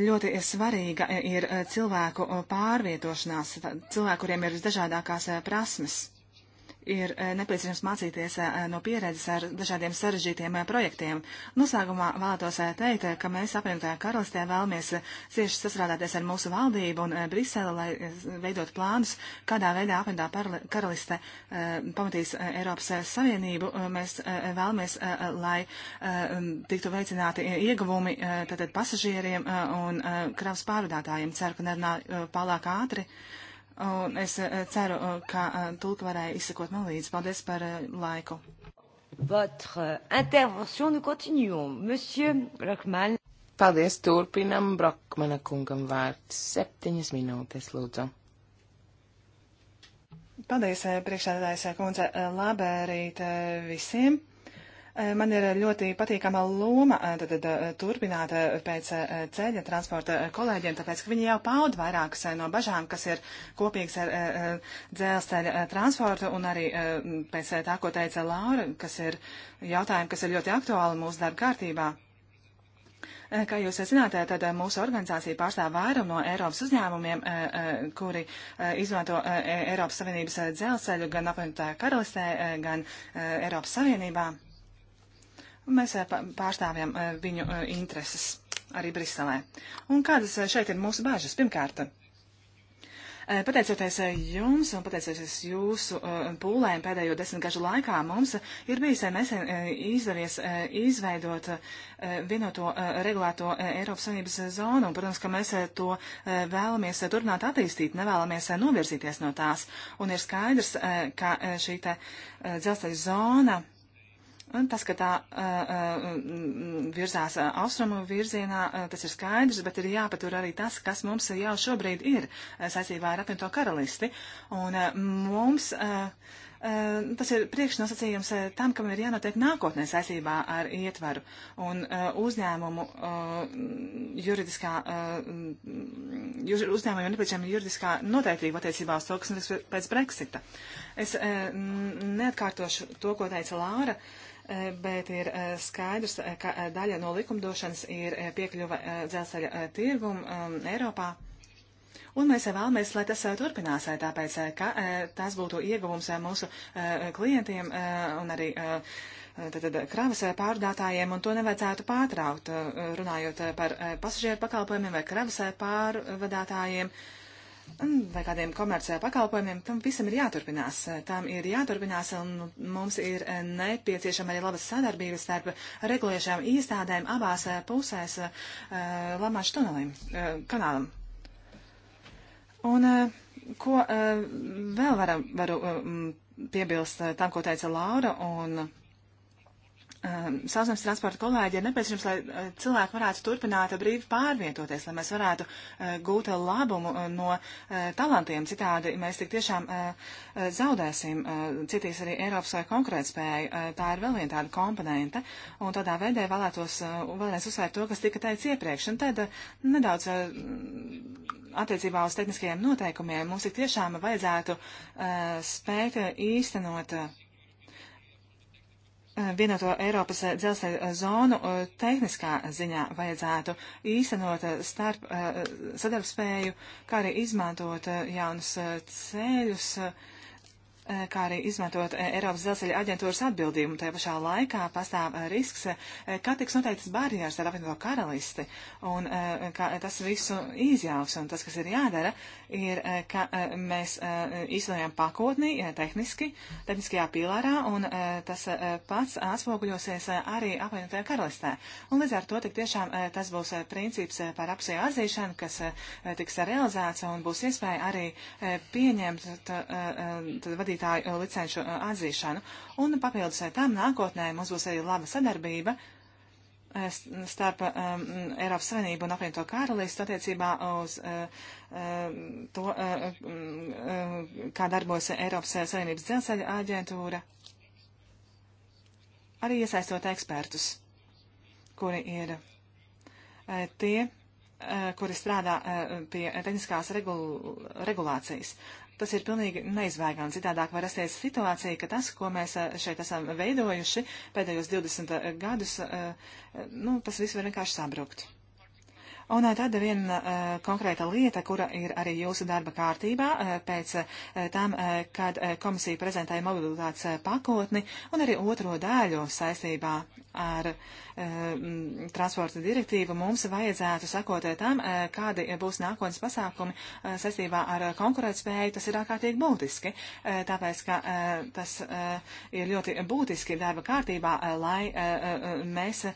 Speaker 4: Ļoti svarīga ir cilvēku pārvietošanās, cilvēku, kuriem ir visdažādākās prasmes ir eh, nepieciešams mācīties eh, no pieredzes ar dažādiem sarežģītiem eh, projektiem. Noslēgumā vēlētos teikt, ka mēs apvienotajā karalistē vēlamies cieši sasrādāties ar mūsu valdību un Briseli, lai veidot plānus, kādā veidā apvienotā karaliste pamatīs Eiropas Savienību. Mēs vēlamies, lai tiktu veicināti ieguvumi tātad pasažieriem un kravas pārvadātājiem. Ceru, ka nerunā pārāk ātri. Un es eh, ceru, eh, ka eh, tulka varēja izsakot man līdzi. Paldies par laiku.
Speaker 2: Votre intervention nous continuons. Monsieur Brockman. Paldies, turpinam Brockmana kungam vārds. Septiņas minūtes, lūdzu.
Speaker 4: Paldies, priekšsēdētājs kundze. Labrīt visiem. Man ir ļoti patīkama loma eh, tad, tad, eh, turpināt eh, pēc ceļa transporta kolēģiem, tāpēc, ka viņi jau pauda vairākas no bažām, kas ir kopīgas ar dzelzceļa transportu un arī pēc tā, ko teica Laura, kas ir jautājumi, kas ir ļoti aktuāli mūsu darba kārtībā. Kā jūs zināt, tad mūsu organizācija pārstāv vairumu no Eiropas uzņēmumiem, kuri izmanto Eiropas Savienības dzelzceļu gan apvienotā karalistē, gan Eiropas Savienībā. Mēs eh, pārstāvjam eh, viņu eh, intereses arī Briselē. Un kādas šeit ir mūsu bāžas? Pirmkārt, Pateicoties jums un pateicoties jūsu pūlēm pēdējo desmitgažu laikā, mums ir bijis nesen izdevies izveidot vienoto regulēto Eiropas Savienības zonu. Un, protams, ka mēs to vēlamies turpināt attīstīt, nevēlamies novirzīties no tās. Un ir skaidrs, ka šī dzelzceļa zona Tas, ka tā uh, virzās austrumu virzienā, tas ir skaidrs, bet ir jāpatur arī tas, kas mums jau šobrīd ir saistībā ar apvienoto karalisti. Un uh, mums uh, tas ir priekšnosacījums tam, kam ir jānotiek nākotnē saistībā ar ietvaru un uzņēmumu juridiskā, uzņēmumu ir nepieciešama juridiskā noteiktība attiecībā uz to, kas notiks pēc Brexita. Es neatkārtošu to, ko teica Lāra. Uh, Eh, bet ir eh, skaidrs, eh, ka daļa no likumdošanas ir piekļuva dzelzceļa tirgumu um, Eiropā. Un mēs vēlamies, lai tas turpinās, tāpēc, ka tas būtu ieguvums mūsu klientiem un arī tātad, kravas pārdātājiem, un to nevajadzētu pārtraukt, runājot par pasažieru pakalpojumiem vai kravas pārvadātājiem. Uh, Mm, vai kādiem komerciālajiem pakalpojumiem, tam visam ir jāturpinās. Tām ir jāturpinās, un mums ir nepieciešama arī labas sadarbības starp regulējušām iestādēm abās eh, pusēs uh, eh, Lamāšu tunelim, uh, kanālam. Un uh, ko vēl varam, varu piebilst tam, ko teica Laura, un Um, sauszemes transporta kolēģi ir nepieciešams, lai uh, cilvēki varētu turpināt brīvi pārvietoties, lai mēs varētu uh, gūt labumu uh, no talantiem. Citādi mēs tik tiešām zaudēsim, citīs arī Eiropas konkurētspēju. Tā ir vēl viena tāda komponente, un tādā veidē vēlētos vēlreiz uzsvērt to, kas tika teikts iepriekš. Un tad nedaudz attiecībā uz tehniskajiem noteikumiem mums tik tiešām vajadzētu spēt īstenot vienoto Eiropas dzelzceļa zonu eh, tehniskā ziņā vajadzētu īstenot eh, starp eh, sadarbspēju, kā arī izmantot jaunus ceļus, uh, Eh, kā arī izmantot eh, Eiropas dzelzceļa aģentūras atbildību. Tajā pašā laikā pastāv eh, risks, kā tiks noteikts barjeras ar apvienoto karalisti, un kā tas visu izjauks, un tas, kas ir jādara, ir, ka mēs izlējām pakotni tehniski, tehniskajā pilārā, un tas pats atspoguļosies arī apvienotajā karalistē. Un līdz ar to tik tiešām tas būs princips par apsēju atzīšanu, kas tiks realizēts, un būs iespēja arī pieņemt, tad vadīt vadītāju eh, licenšu eh, atzīšanu. Un papildus tam nākotnē mums būs arī laba sadarbība eh, starp um, Eiropas Savienību un apvienoto karalistu attiecībā uz uh, uh, to, uh, uh, kā darbos Eiropas Savienības dzelzceļa aģentūra, arī iesaistot ekspertus, kuri ir uh, tie, kuri strādā pie tehniskās regul regulācijas. Tas ir pilnīgi neizbēgami. Citādāk var rasties situācija, ka tas, ko mēs eh, šeit esam veidojuši pēdējos 20 eh, gadus, eh, nu, tas viss var vienkārši sabrukt. Un tāda viena uh, konkrēta lieta, kura ir arī jūsu darba kārtībā uh, pēc uh, tam, kad komisija prezentēja mobilitātes pakotni un arī otro daļu saistībā ar e, transporta direktīvu mums vajadzētu sakot eh, tam, e, kādi būs nākotnes pasākumi e, saistībā ar konkurētspēju. Tas ir ārkārtīgi būtiski, e, tāpēc, ka e, tas e, ir ļoti būtiski darba kārtībā, e, lai e, mēs e,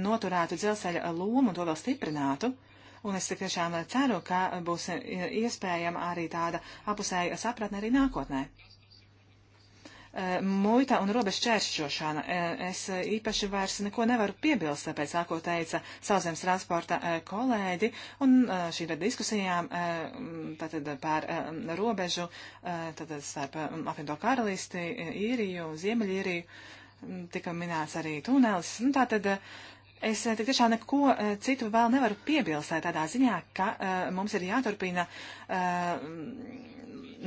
Speaker 4: noturētu dzelzceļa lomu un to vēl stiprinātu. Un es tiešām ceru, ka būs iespējama arī tāda apusēja sapratne arī nākotnē. Eh, muitā un robežu čēršķošana. Eh, es īpaši vairs neko nevaru piebilst, tāpēc sāko teica sauszemes transporta eh, kolēģi un šī gada diskusijām tātad pār robežu, tātad starp apvienoto karalisti, īriju, ziemeļīriju, tika minēts arī tunelis. Nu, tātad, Es tiešām neko citu vēl nevaru piebilst tādā ziņā, ka uh, mums ir jāturpina uh,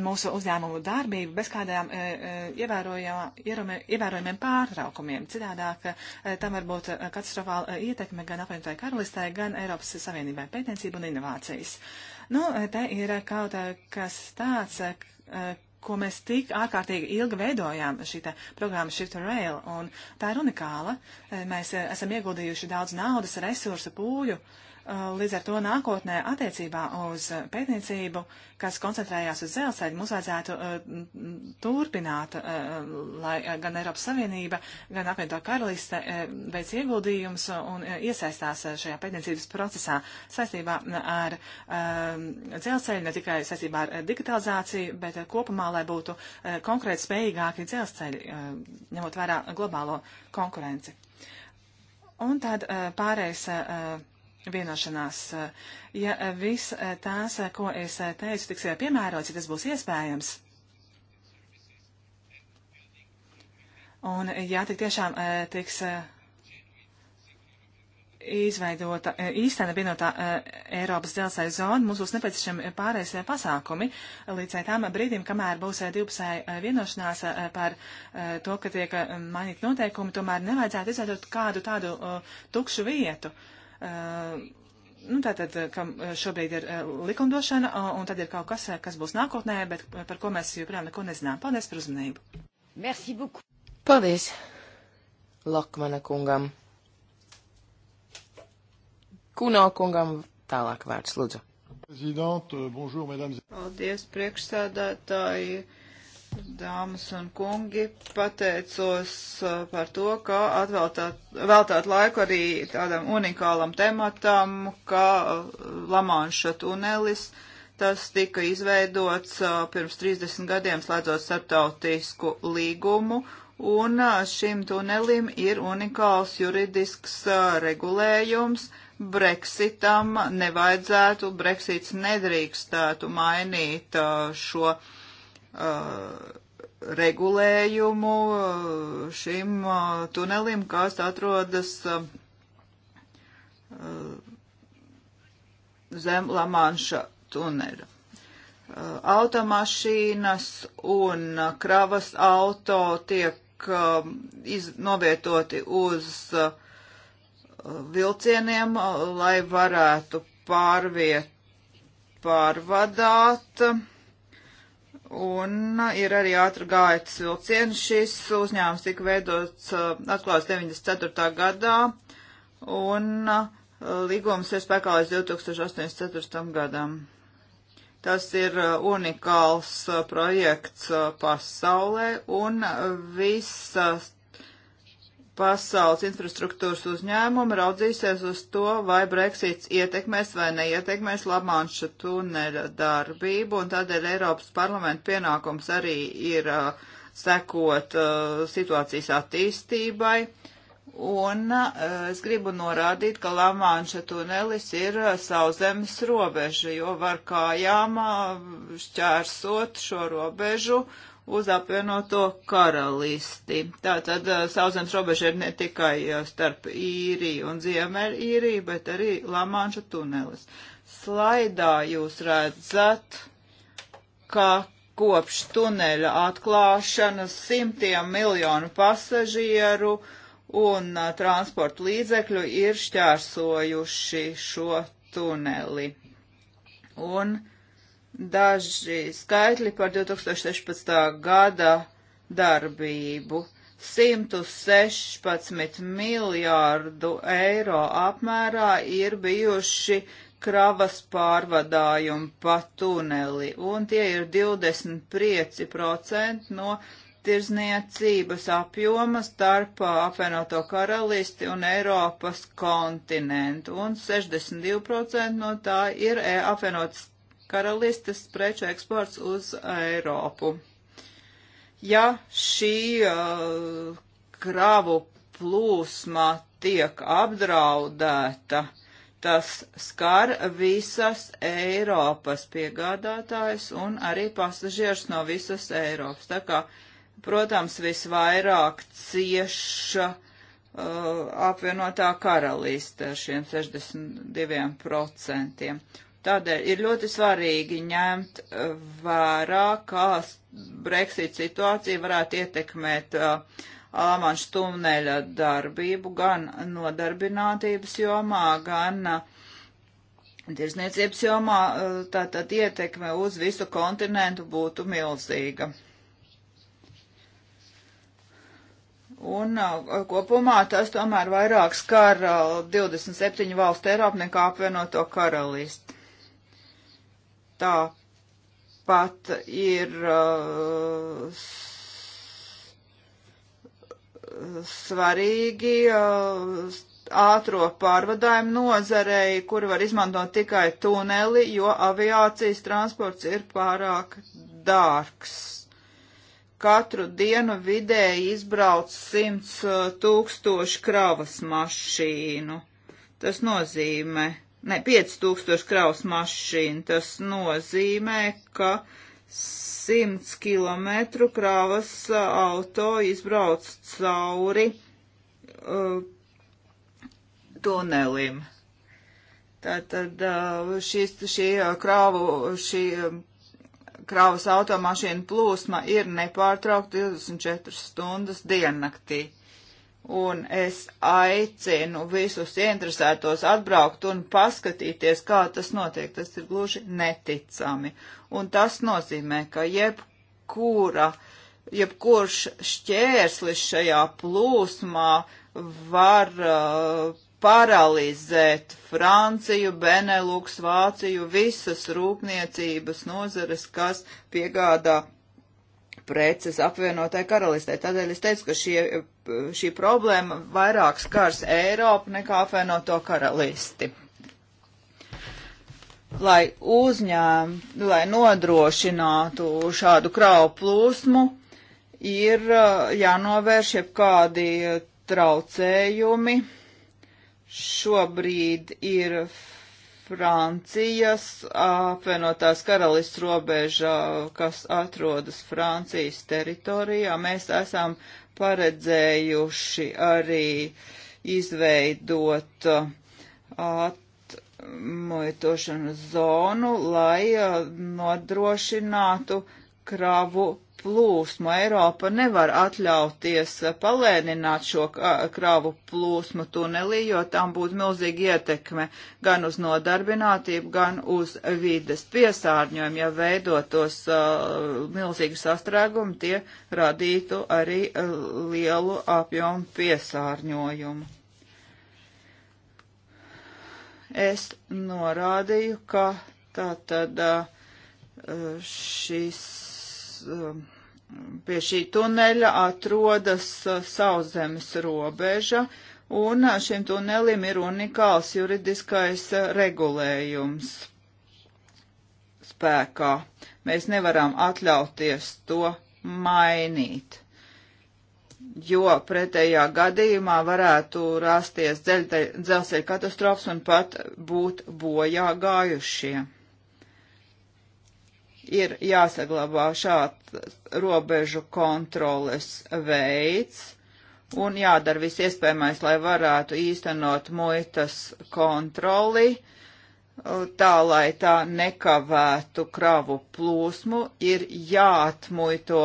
Speaker 4: mūsu uzņēmumu darbību bez kādām e, e, ievērojumiem pārtraukumiem. Citādāk e, tam var būt katastrofāla ietekme gan apvienotāju karalistē, gan Eiropas Savienībai pētniecību un inovācijas. Nu, te ir kaut kas tāds, ko mēs tik ārkārtīgi ilgi veidojām, šī programma Shift to Rail, un tā ir unikāla. Mēs esam ieguldījuši daudz naudas, resursu, pūļu. Uh, Uh, līdz ar to nākotnē attiecībā uz pētniecību, kas koncentrējās uz dzelzceļu, mums vajadzētu uh, turpināt, uh, lai gan Eiropas Savienība, gan apvienotā karaliste veic ieguldījumus un iesaistās šajā pētniecības procesā saistībā ar um, dzelzceļu, ne tikai saistībā ar digitalizāciju, bet kopumā, lai būtu konkrēti spējīgāki dzelzceļi, ņemot vērā globālo konkurenci. Un tad pārējais vienošanās. Ja viss eh, tās, eh, ko es eh, teicu, tiks piemērots, ja tas būs iespējams. Un ja tik tiešām tiks izveidota īstena vienotā Eiropas dzelzceļa zona, mums būs nepieciešami pārējais pasākumi līdz tam brīdim, kamēr būs divpusēja vienošanās par to, ka tiek mainīti noteikumi, tomēr nevajadzētu izveidot kādu tādu tukšu vietu. Uh, Uh, nu, tātad, uh, kam uh, šobrīd ir likumdošana, un tad ir kaut kas, kas būs nākotnē, bet par ko mēs joprojām neko nezinām. Paldies par uzmanību. Merci beaucoup.
Speaker 2: Paldies Lakmana kungam. Kuno kungam tālāk vērts, lūdzu. Paldies,
Speaker 1: priekšsēdētāji. Dāmas un kungi, pateicos uh, par to, ka atveltāt, veltāt laiku arī tādam unikālam tematam, kā uh, Lamanša tunelis. Tas tika izveidots uh, pirms 30 gadiem, slēdzot starptautisku līgumu, un šim tunelim ir unikāls juridisks regulējums. Brexitam nevajadzētu, Brexits nedrīkstētu mainīt šo regulējumu Uh, regulējumu uh, šim uh, tunelim, kas atrodas zem Lamanša tunera. Automašīnas un kravas auto tiek iz, novietoti uz vilcieniem, lai varētu pārviet, pārvadāt uh, Un uh, ir arī ātri gājis vilciens. Šis uzņēmums tika veidots, uh, atklāts 94. gadā, un uh, līgums ir spēkā līdz 2084. gadam. Tas ir unikāls projekts pasaulē, un visas pasaules infrastruktūras uzņēmumi raudzīsies uz to, vai Brexits ietekmēs vai neietekmēs Lamanša tuneļa darbību, un tādēļ Eiropas parlamenta pienākums arī ir uh, sekot uh, situācijas attīstībai. Un uh, es gribu norādīt, ka Lamanša tunelis ir uh, sauzemes robeža, jo var kājām uh, šķērsot šo robežu uz apvienoto karalisti. Tātad eh, sauszemes robeža ir ne tikai eh, starp īriju un ziemeļīriju, bet arī Lamāņa tunelis. Slaidā jūs redzat, ka kopš tuneļa atklāšanas simtiem miljonu pasažieru un eh, transporta līdzekļu ir šķērsojuši šo tuneli. Un uh, daži skaitļi par 2016. gada darbību. 116 miljārdu eiro apmērā ir bijuši kravas pārvadājumi pa tuneli, un tie ir 25% no tirzniecības apjoma starp uh, apvienoto karalisti un Eiropas kontinentu, un 62% no tā ir uh, apvienotas karalistes preču eksports uz Eiropu. Ja šī uh, kravu plūsma tiek apdraudēta, tas skar visas Eiropas piegādātājs un arī pasažieris no visas Eiropas. Tā kā, protams, visvairāk cieša uh, apvienotā karalīste ar šiem 62%. Tādēļ ir ļoti svarīgi ņemt eh, vērā, kā Brexit situācija varētu ietekmēt uh, eh, Āmanšu tuneļa darbību gan nodarbinātības jomā, gan eh, tirzniecības jomā, tātad ietekme uz visu kontinentu būtu milzīga. Un kopumā tas tomēr vairāk skar 27 valstu Eiropu nekā apvienoto karalisti. Tāpat ir uh, svarīgi uh, ātro pārvadājumu nozarei, kur var izmantot tikai tuneli, jo aviācijas transports ir pārāk dārgs. Katru dienu vidēji izbrauc simts uh, tūkstoši kravas mašīnu. Tas nozīmē, ne 5000 kraus mašīnu. Tas nozīmē, ka 100 km krāvas auto izbrauc cauri uh, tunelim. Tātad uh, šis, šī uh, krāvu, šī um, krāvas automašīnu plūsma ir nepārtraukta 24 stundas diennaktī. Uh, un es aicinu visus interesētos atbraukt un paskatīties, kā tas notiek. Tas ir gluži neticami. Un tas nozīmē, ka jebkura, jebkurš šķērslis šajā plūsmā var uh, paralizēt Franciju, Beneluks, Vāciju, visas rūpniecības nozares, kas piegādā preces apvienotai karalistē. Tādēļ es teicu, ka šie, šī problēma vairāk skars Eiropu nekā apvienoto karalisti. Lai uzņēm, lai nodrošinātu šādu kravu plūsmu, ir uh, jānovērš jebkādi traucējumi. Šobrīd ir Francijas apvienotās karalists robeža, kas atrodas Francijas teritorijā. Mēs esam paredzējuši arī izveidot uh, atmuitošanas zonu, lai uh, nodrošinātu kravu plūsmu. Eiropa nevar atļauties eh, palēnināt šo eh, kravu plūsmu tunelī, jo tam būtu milzīga ietekme gan uz nodarbinātību, gan uz vides piesārņojumu. Ja veidotos uh, milzīgi sastrēgumi, tie radītu arī lielu apjomu piesārņojumu. Es norādīju, ka tātad uh, šis um, pie šī tuneļa atrodas uh, sauszemes robeža, un uh, šim tunelim ir unikāls juridiskais uh, regulējums spēkā. Mēs nevaram atļauties to mainīt, jo pretējā gadījumā varētu rasties dzelzceļa katastrofas un pat būt bojā gājušie ir jāsaglabā šāds robežu kontroles veids un jādara viss iespējamais, lai varētu īstenot muitas kontroli tā, lai tā nekavētu kravu plūsmu, ir jāatmuito,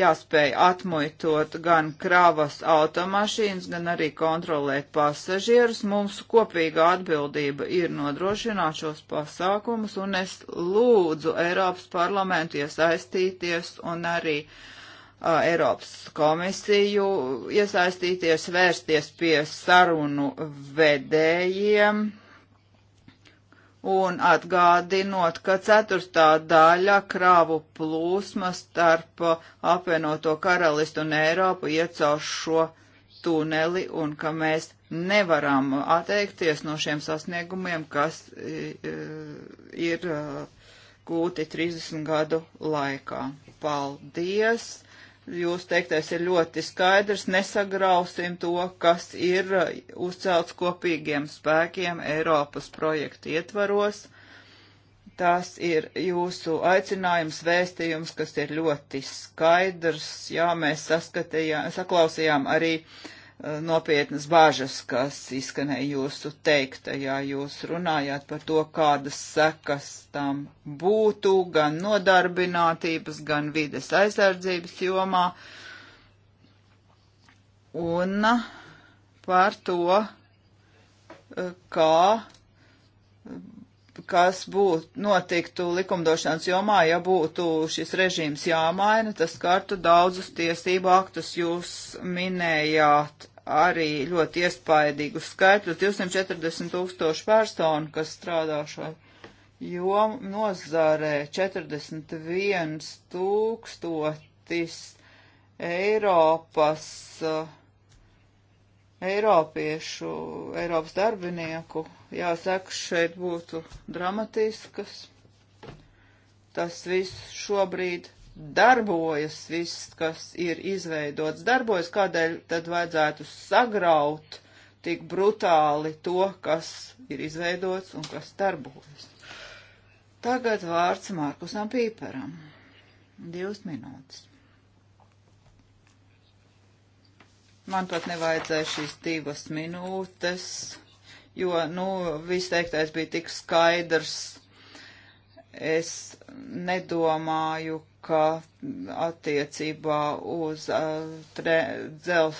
Speaker 1: jāspēj atmuitot gan kravas automašīnas, gan arī kontrolēt pasažierus. Mums kopīga atbildība ir nodrošināt šos pasākumus, un es lūdzu Eiropas parlamentu iesaistīties un arī uh, Eiropas komisiju iesaistīties, vērsties pie sarunu vedējiem un atgādinot, ka ceturtā daļa krāvu plūsmas starp apvienoto karalistu un Eiropu iet caur šo tuneli un ka mēs nevaram atteikties no šiem sasniegumiem, kas e, e, ir e, gūti 30 gadu laikā. Paldies! Jūs teiktais ir ļoti skaidrs, nesagrausim to, kas ir uh, uzcelts kopīgiem spēkiem Eiropas projektu ietvaros. Tas ir jūsu aicinājums, vēstījums, kas ir ļoti skaidrs. Jā, mēs saklausījām arī uh, Eh, nopietnas bāžas, kas izskanēja jūsu teiktajā. Jūs runājāt par to, kādas sekas tam būtu gan nodarbinātības, gan vides aizsardzības jomā. Un eh, par to, eh, kā, kas būtu notiktu likumdošanas jomā, ja būtu šis režīms jāmaina, tas kartu daudzus tiesību aktus jūs minējāt arī ļoti iespaidīgus skaitļus - 240 tūkstoši personu, kas strādā šai jom nozarē 41 tūkstotis Eiropas, eh, Eiropiešu, Eiropas darbinieku. Jāsaka, šeit būtu dramatiskas. Tas viss šobrīd darbojas, viss, kas ir izveidots, darbojas, kādēļ tad vajadzētu sagraut tik brutāli to, kas ir izveidots un kas darbojas. Tagad vārds Markusam Pīperam. Divas minūtes. Man pat nevajadzēja šīs divas minūtes, jo, nu, viss teiktais bija tik skaidrs. Es nedomāju, ka attiecībā uz tre, dzels,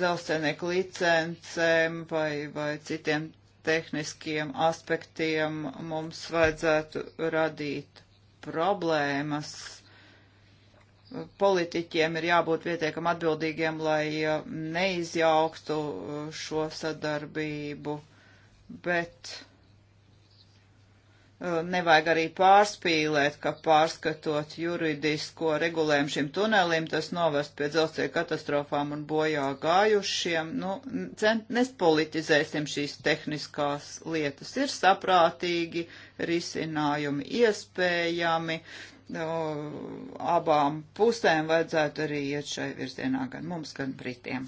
Speaker 1: dzelzcenieku licencēm vai, vai citiem tehniskiem aspektiem mums vajadzētu radīt problēmas politiķiem ir jābūt pietiekam atbildīgiem, lai neizjauktu šo sadarbību, bet Eh, nevajag arī pārspīlēt, ka pārskatot juridisko regulējumu šim tunelim, tas novest pie dzelzceļa katastrofām un bojā gājušiem. Nu, cent, nespolitizēsim šīs tehniskās lietas. Ir saprātīgi, risinājumi iespējami. No, eh, abām pusēm vajadzētu arī iet šai virzienā, gan mums, gan Britiem.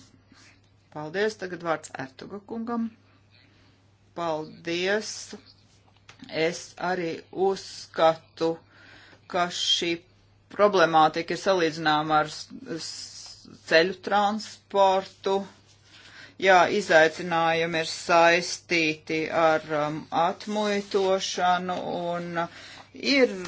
Speaker 1: Paldies, tagad vārds Ertuga kungam. Paldies Es arī uzskatu, ka šī problemātika ir salīdzināma ar ceļu transportu. Jā, izaicinājumi ir saistīti ar um, atmuitošanu un ir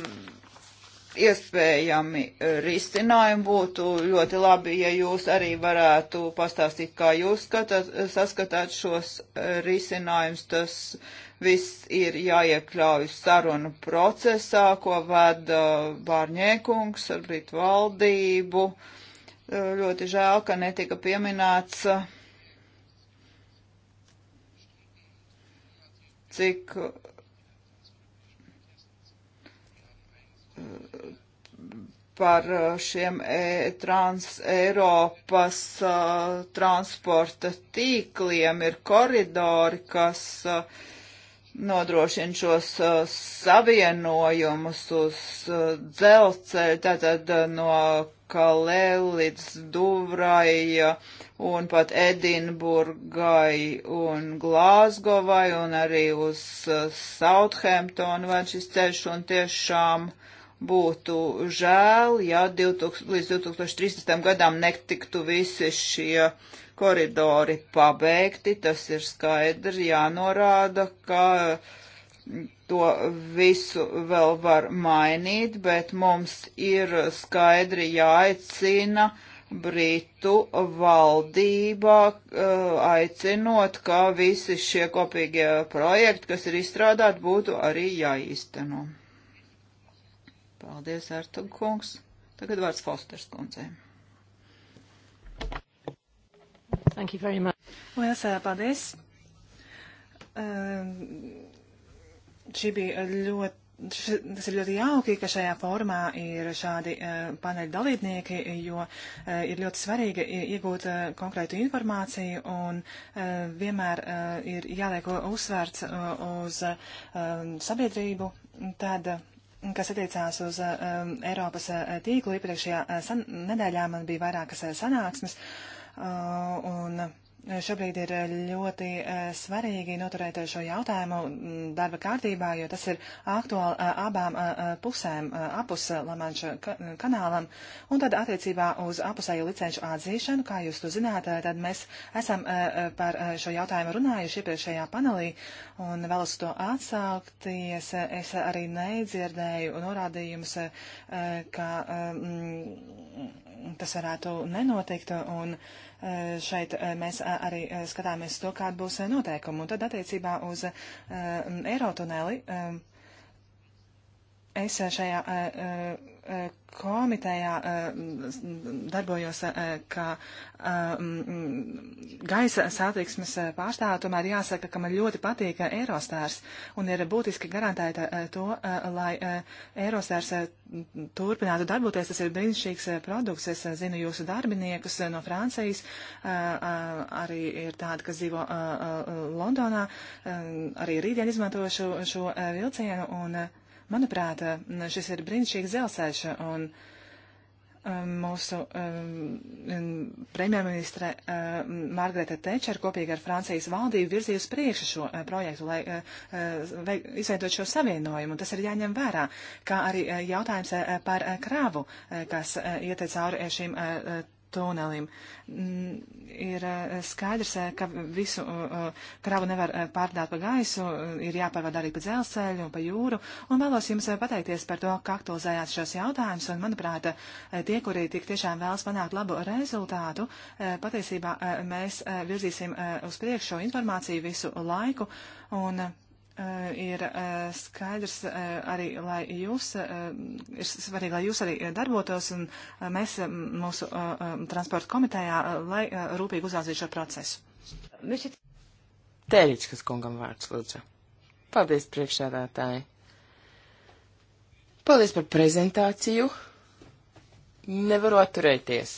Speaker 1: iespējami eh, risinājumi. Būtu ļoti labi, ja jūs arī varētu pastāstīt, kā jūs skatāt, saskatāt šos eh, risinājumus. Tas viss ir jāiekļauj sarunu procesā, ko vada Bārņēkungs ar Britu valdību. Eh, ļoti žēl, ka netika pieminēts, cik par eh, šiem e, trans Eiropas uh, transporta tīkliem ir koridori, kas uh, nodrošina šos uh, savienojumus uz dzelceļu, tātad no Kalē līdz Duvrai un pat Edinburgai un Glāzgovai un arī uz Southamptonu vai šis ceļš un tiešām uh, būtu žēl, ja 2000, līdz 2030. gadam netiktu visi šie koridori pabeigti. Tas ir skaidri jānorāda, ka to visu vēl var mainīt, bet mums ir skaidri jāaicina Britu valdībā, eh, aicinot, ka visi šie kopīgie projekti, kas ir izstrādāti, būtu arī jāīsteno. Paldies, Ertug kungs. Tagad vārds Fosters kundzei.
Speaker 4: Thank you very much. Lielas paldies. Uh, šī bija ļoti. Šis, tas ir ļoti jauki, ka šajā formā ir šādi uh, paneļa dalībnieki, jo uh, ir ļoti svarīgi iegūt uh, konkrētu informāciju un uh, vienmēr uh, ir jāliek uzsvērts uh, uz uh, sabiedrību. Tad uh, kas attiecās uz eh, um, Eiropas eh, tīklu. Iepriekšējā eh, san, nedēļā man bija vairākas sanāksmes. Uh, un, uh, Šobrīd ir eh, ļoti eh, svarīgi noturēt eh, šo jautājumu mm, darba kārtībā, jo tas ir aktuāli abām pusēm, apus Lamanša kanālam. Un tad attiecībā uz apusēju licenču atzīšanu, kā jūs to zināt, tad mēs esam par šo jautājumu runājuši iepriekšējā panelī un vēlos to atsaukties. Es arī nedzirdēju norādījumus, ka mm, tas varētu nenotikt, un e, šeit e, mēs e, arī skatāmies to, kāda būs noteikuma. Un tad attiecībā uz Eirotuneli es šajā komitejā eh, darbojos eh, kā eh, gaisa satiksmes pārstāvja, tomēr jāsaka, ka man ļoti patīk Eurostars un ir būtiski garantēt to, lai Eurostars turpinātu darboties. Tas ir brīnišķīgs produkts. Es zinu jūsu darbiniekus no Francijas, arī ir tādi, kas dzīvo Londonā. Arī rītdien izmantošu šo vilcienu. Un, Manuprāt, šis ir brīnišķīgs dzelzceļš, un um, mūsu um, premjerministre um, Margareta Tečer kopīgi ar Francijas valdību virzīja uz priekšu šo uh, projektu, lai uh, uh, izveidot šo savienojumu. Tas ir jāņem vērā, kā arī jautājums par krāvu, kas iet cauri šīm tunelim. Mm, ir eh, skaidrs, eh, ka visu eh, kravu nevar pārdāt pa gaisu, ir jāpārvada arī pa dzelzceļu un pa jūru. Un vēlos jums pateikties par to, ka aktualizējāt šos jautājumus. Un, manuprāt, tie, kuri tik tiešām vēlas panākt labu rezultātu, patiesībā mēs virzīsim uz priekšu šo informāciju visu laiku. Un, uh, Eh, ir eh, skaidrs eh, arī, lai jūs, ir svarīgi, lai jūs arī darbotos un mēs mūsu transporta komitejā, lai rūpīgi uzrādzītu šo
Speaker 2: procesu. Tēļičkas kungam vārds lūdzu. Paldies priekšsēdētāji. Paldies par prezentāciju. Nevaru atturēties.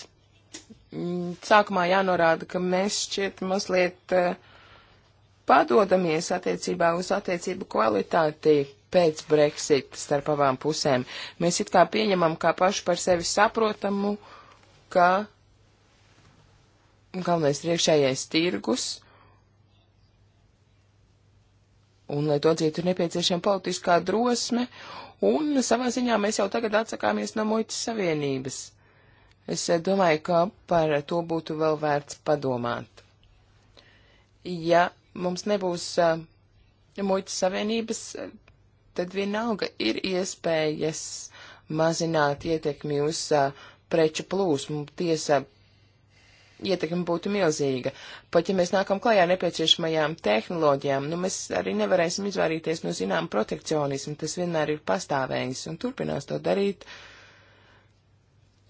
Speaker 2: Sākumā jānorāda, ka mēs šķiet mazliet uh, padodamies attiecībā uz attiecību kvalitāti pēc Brexit starp abām pusēm. Mēs it kā pieņemam kā pašu par sevi saprotamu, ka galvenais ir iekšējais tirgus, un lai to dzīvotu ir nepieciešama politiskā drosme, un savā ziņā mēs jau tagad atsakāmies no muitas savienības. Es eh, domāju, ka par to būtu vēl vērts padomāt. Ja mums nebūs uh, muitas savienības, eh, tad vienalga ir iespējas mazināt ietekmi uz uh, preču plūsmu. Tiesa, ietekme būtu milzīga. Pat ja mēs nākam klajā nepieciešamajām tehnoloģijām, nu mēs arī nevarēsim izvairīties no zinām protekcionismu, tas vienmēr ir pastāvējis un turpinās to darīt.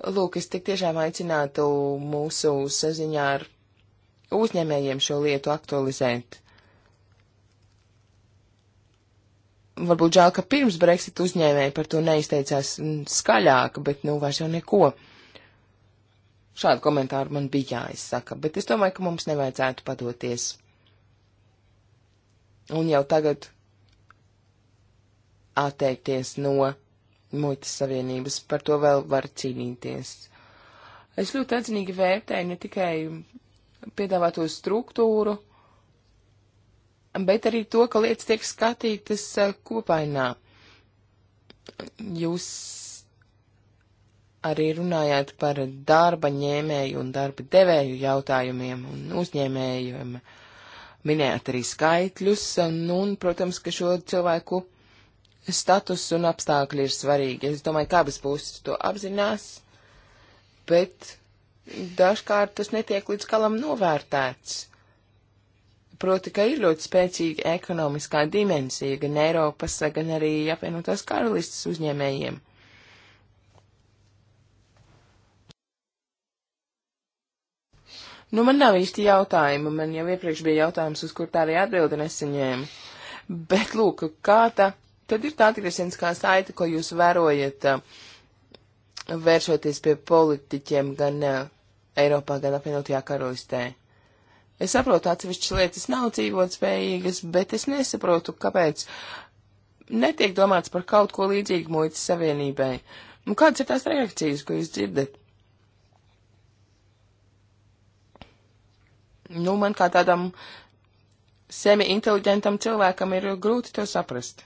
Speaker 2: Lūk, es tik tiešām aicinātu mūsu saziņā ar uzņēmējiem šo lietu aktualizēt. Varbūt žēl, ka pirms Brexit uzņēmēji par to neizteicās skaļāk, bet nu vairs jau neko. Šādu komentāru man bija jāizsaka, bet es domāju, ka mums nevajadzētu padoties. Un jau tagad atteikties no muitas savienības, par to vēl var cīnīties. Es ļoti atzinīgi vērtēju ne tikai piedāvāto struktūru, bet arī to, ka lietas tiek skatītas eh, kopainā. Jūs arī runājāt par darba ņēmēju un darba devēju jautājumiem un uzņēmējiem. Minējāt arī skaitļus, eh, un, nu, un, protams, ka šo cilvēku status un apstākļi ir svarīgi. Es domāju, ka abas puses to apzinās, bet dažkārt tas netiek līdz galam novērtēts. Proti, ka ir ļoti spēcīga ekonomiskā dimensija gan Eiropas, gan arī apvienotās karalistas uzņēmējiem. Nu, man nav īsti jautājuma, man jau iepriekš bija jautājums, uz kur tā arī atbildi nesaņēma. Bet, lūk, kā tā, tad ir tā atgriezieniskā saita, ko jūs vērojat, uh, vēršoties pie politiķiem gan uh, Eiropā, gan apvienotajā karalistē. Es saprotu, atsevišķas lietas nav dzīvot spējīgas, bet es nesaprotu, kāpēc netiek domāts par kaut ko līdzīgu muitas savienībai. Un nu, kādas ir tās reakcijas, ko jūs dzirdat? Nu, man kā tādam semi-inteliģentam cilvēkam ir grūti to saprast.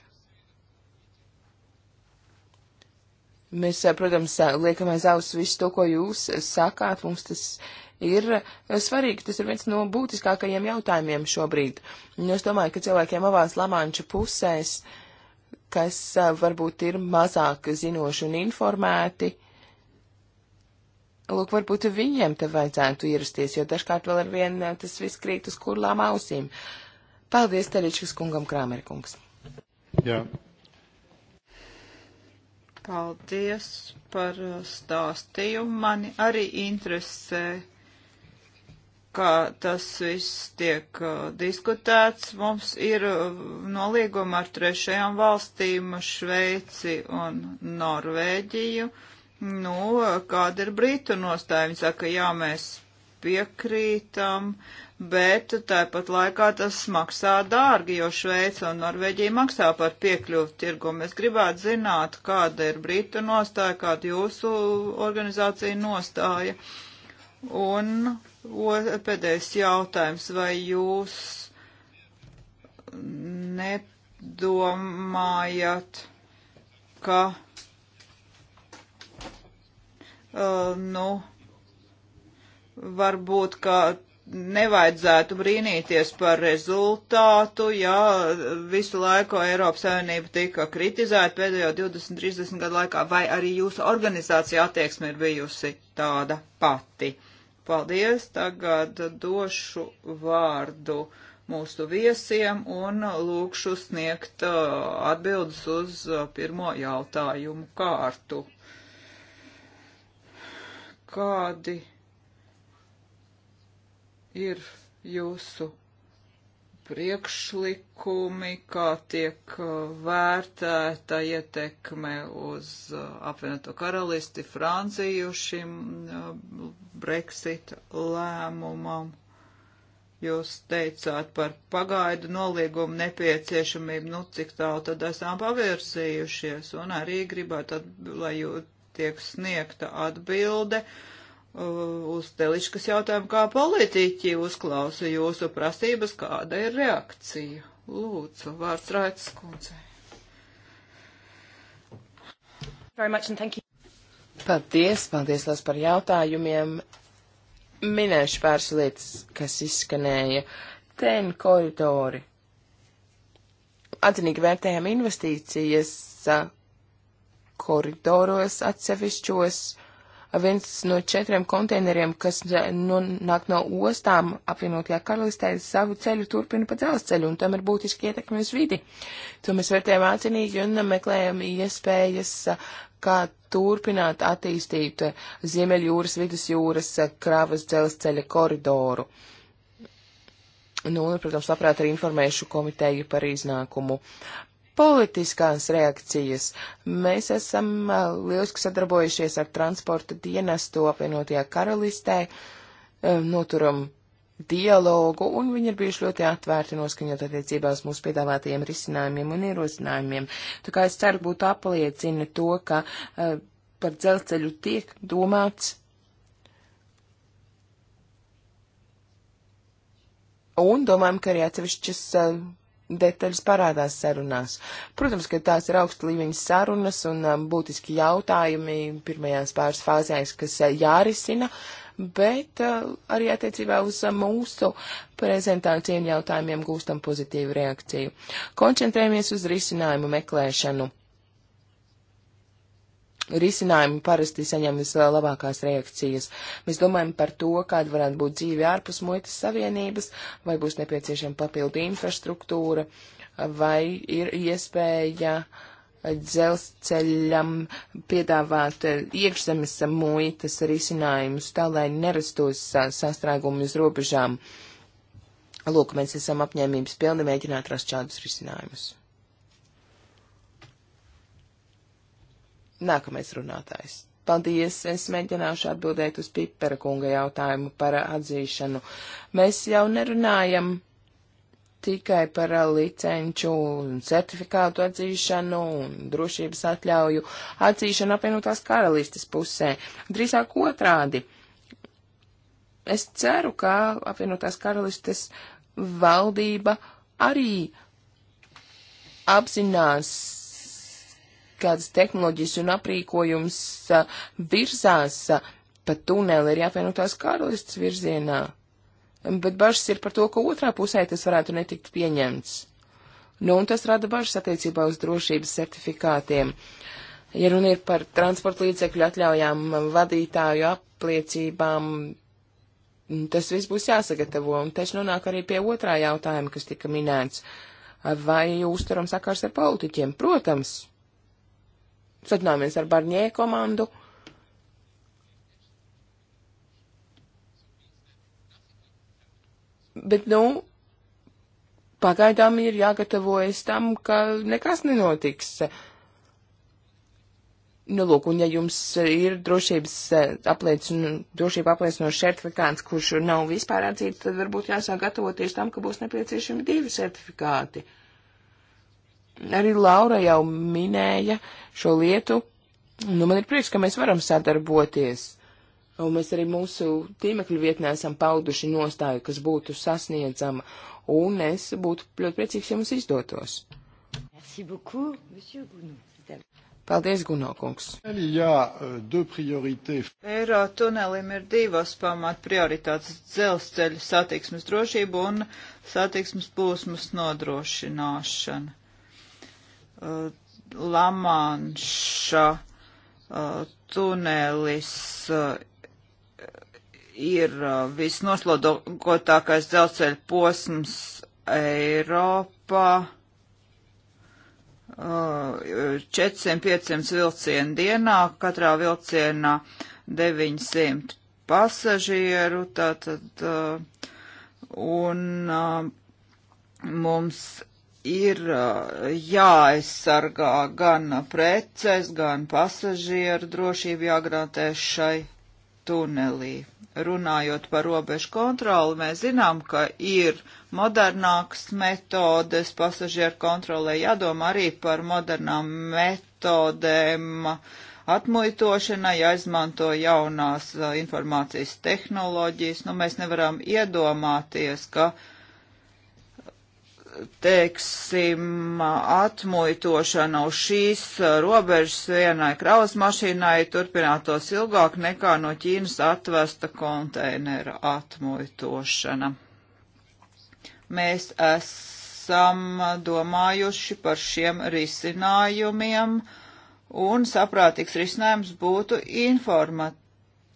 Speaker 2: Mēs, eh, protams, eh, liekam aiz auss visu to, ko jūs eh, sakāt. Mums tas ir svarīgi. Tas ir viens no būtiskākajiem jautājumiem šobrīd. Un es domāju, ka cilvēkiem abās Lamanča pusēs, kas varbūt ir mazāk zinoši un informēti, lūk, varbūt viņiem te vajadzētu ierasties, jo dažkārt vēl ar vien tas viss krīt uz kurlām ausīm. Paldies, Teličkas kungam, Krāmerkungs.
Speaker 3: Jā,
Speaker 1: Paldies par uh, stāstījumu. Mani arī interesē, kā tas viss tiek uh, diskutēts. Mums ir uh, nolīguma ar trešajām valstīm Šveici un Norvēģiju. Nu, kāda ir Brītu nostāja? Viņi saka, jā, mēs piekrītam. Uh, bet tāpat laikā tas maksā dārgi, jo Šveica un Norvēģija maksā par piekļuvu tirgumu. Es gribētu zināt, kāda ir Britu nostāja, kāda jūsu organizācija nostāja. Un o, pēdējais jautājums, vai jūs nedomājat, ka, uh, nu, varbūt, ka nevajadzētu brīnīties par rezultātu, ja visu laiku Eiropas Savienība tika kritizēta pēdējo 20-30 gadu laikā, vai arī jūsu organizācija attieksme ir bijusi tāda pati. Paldies, tagad došu vārdu mūsu viesiem un lūkšu sniegt uh, atbildes uz uh, pirmo jautājumu kārtu. Kādi? ir jūsu priekšlikumi, kā tiek uh, vērtēta ietekme uz uh, apvienoto karalisti Franciju šim uh, Brexit lēmumam. Jūs teicāt par pagaidu noliegumu nepieciešamību, nu cik tālu tad esam pavirsījušies, un arī gribētu, lai jūs tiek sniegta atbilde. Uh, Uh, uz Teliškas jautājumu kā politiķi uzklausa jūsu prasības, kāda ir reakcija. Lūdzu, vārds Raitas kundzei.
Speaker 2: Paldies, paldies tās par jautājumiem. Minēšu pāris lietas, kas izskanēja. Ten koridori. Atzinīgi vērtējam investīcijas koridoros atsevišķos viens no četriem konteineriem, kas eh, nonāk nu, no ostām apvienotajā karalistē, savu ceļu turpina pa dzelzceļu, un tam ir būtiski ietekmi uz vidi. To mēs vērtējam atcinīgi un meklējam iespējas, kā turpināt attīstīt Ziemeļjūras, Vidusjūras kravas dzelzceļa koridoru. Nu, un, protams, labprāt arī informēšu komiteju par iznākumu politiskās reakcijas. Mēs esam lieliski sadarbojušies ar transporta dienestu apvienotajā karalistē, noturam dialogu, un viņi ir bijuši ļoti atvērti noskaņot attiecībā uz mūsu piedāvātajiem risinājumiem un ierosinājumiem. Tā kā es ceru, būtu apliecina to, ka uh, par dzelceļu tiek domāts. Un domājam, ka arī atsevišķas uh, detaļas parādās sarunās. Protams, ka tās ir augsta līmeņa sarunas un um, būtiski jautājumi pirmajās pāris fāzēs, kas uh, jārisina, bet uh, arī attiecībā uz uh, mūsu prezentāciju jautājumiem gūstam pozitīvu reakciju. Koncentrējamies uz risinājumu meklēšanu risinājumi parasti saņem vislabākās reakcijas. Mēs domājam par to, kāda varētu būt dzīve ārpus muitas savienības, vai būs nepieciešama papildu infrastruktūra, vai ir iespēja dzelzceļam piedāvāt iekšzemes muitas risinājumus, tā lai nerastos sastrēgumi uz robežām. Lūk, mēs esam apņēmības pilni mēģināt rast šādus risinājumus. Nākamais runātājs. Paldies, es mēģināšu atbildēt uz Pipera kunga jautājumu par atzīšanu. Mēs jau nerunājam tikai par licenču un certifikātu atzīšanu un drošības atļauju atzīšanu apvienotās karalistes pusē. Drīzāk otrādi. Es ceru, ka apvienotās karalistes valdība arī apzinās kādas tehnoloģijas un aprīkojums virzās pa tuneli, ir jāpienotās karalists virzienā. Bet bažas ir par to, ka otrā pusē tas varētu netikt pieņemts. Nu, un tas rada bažas attiecībā uz drošības certifikātiem. Ja runa ir par transporta līdzekļu atļaujām, vadītāju apliecībām, tas viss būs jāsagatavo. Un tas nonāk arī pie otrā jautājuma, kas tika minēts. Vai uzturam sakars ar politiķiem? Protams. Satinājāmies ar Barņē komandu. Bet, nu, pagaidām ir jāgatavojas tam, ka nekas nenotiks. Nu, lūk, un ja jums ir drošības eh, apliecinu, drošība apliecinošs certifikāts, kurš nav vispār atzīts, tad varbūt jāsāk gatavoties tam, ka būs nepieciešami divi certifikāti. Arī Laura jau minēja, uh, šo lietu. Nu, man ir prieks, ka mēs varam sadarboties. Un mēs arī mūsu tīmekļu vietnē esam pauduši nostāju, kas būtu sasniedzama, un es būtu ļoti priecīgs, ja mums izdotos.
Speaker 3: Beaucoup,
Speaker 1: Gounod.
Speaker 2: Paldies, Gunokungs. Euh,
Speaker 1: Eiro tunelim ir divas pamat prioritātes - dzelzceļa satiksmes drošība un satiksmes plūsmas nodrošināšana. Uh, Lamanša uh, tunelis uh, ir uh, visnoslogotākais dzelzceļa posms Eiropā. 400-500 uh, vilcienu dienā, katrā vilcienā 900 pasažieru, tātad, uh, un mums ir uh, jāaizsargā gan preces, gan pasažieru drošību jāgrātē šai tunelī. Runājot par robežu kontroli, mēs zinām, ka ir modernākas metodes pasažieru kontrolē, jādomā arī par modernām metodēm atmuitošanai, jāizmanto jaunās uh, informācijas tehnoloģijas. Nu, mēs nevaram iedomāties, ka uh, teiksim, atmuitošana uz šīs robežas vienai kravas mašīnai turpinātos ilgāk nekā no Ķīnas atvesta konteinera atmuitošana. Mēs esam domājuši par šiem risinājumiem, un saprātīgs risinājums būtu informat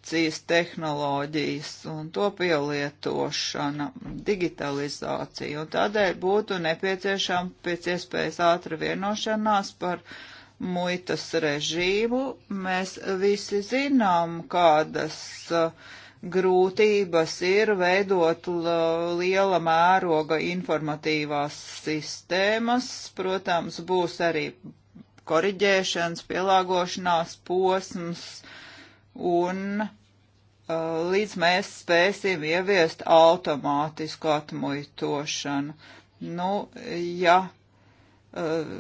Speaker 1: informācijas tehnoloģijas un to pielietošana, digitalizācija, un tādēļ būtu nepieciešama pēc iespējas ātra vienošanās par muitas režīmu. Mēs visi zinām, kādas uh, grūtības ir veidot liela mēroga informatīvās sistēmas. Protams, būs arī koriģēšanas, pielāgošanās posms un Uh, līdz mēs spēsim ieviest automātisku atmuitošanu. Nu, ja uh,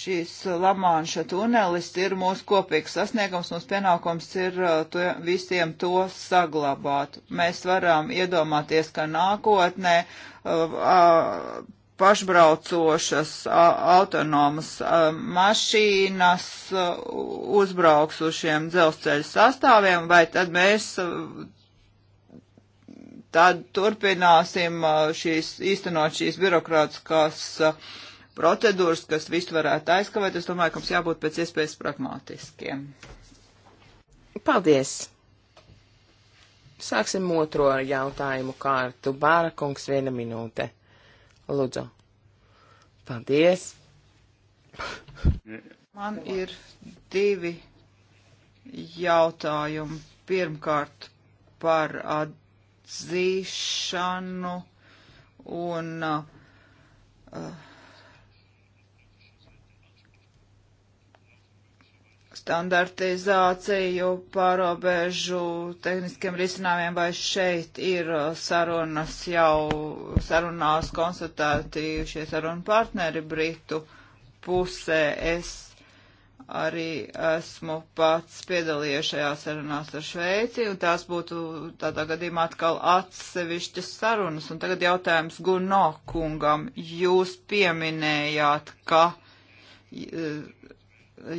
Speaker 1: šīs Lamānša tunelis ir mūsu kopīgs sasniegums, mums pienākums ir uh, to, visiem to saglabāt. Mēs varam iedomāties, ka nākotnē uh, uh, pašbraucošas autonomas mašīnas uzbrauks uz šiem dzelzceļa sastāviem, vai tad mēs tad turpināsim šīs, īstenot šīs birokrātiskās procedūras, kas visu varētu aizkavēt. Es domāju, ka mums jābūt pēc iespējas pragmātiskiem.
Speaker 2: Paldies! Sāksim otro jautājumu kārtu. Bāra kungs, viena minūte. Lūdzu. Paldies. Man ir divi
Speaker 1: jautājumi. Pirmkārt par atzīšanu un uh, standartizāciju pārobežu tehniskiem risinājumiem, vai šeit ir uh, sarunas jau sarunās konstatēti šie sarunu partneri Britu pusē. Es arī esmu pats piedalījies šajā sarunās ar Šveici, un tās būtu tādā gadījumā atkal atsevišķas sarunas. Un tagad jautājums Guno kungam. Jūs pieminējāt, ka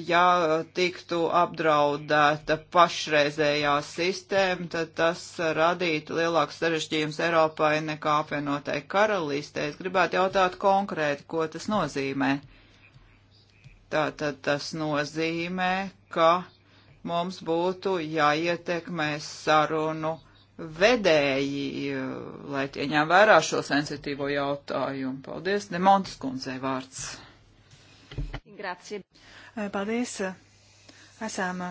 Speaker 1: ja tiktu apdraudēta pašreizējā sistēma, tad tas radītu lielāks sarežģījums Eiropai nekā apvienotai karalistē. Es gribētu jautāt konkrēti, ko tas nozīmē. Tātad tas nozīmē, ka mums būtu jāietekmē sarunu vedēji, lai tie ņem vērā šo sensitīvo jautājumu. Paldies, Demontas kundzei vārds.
Speaker 4: Grazie. Paldies! Esam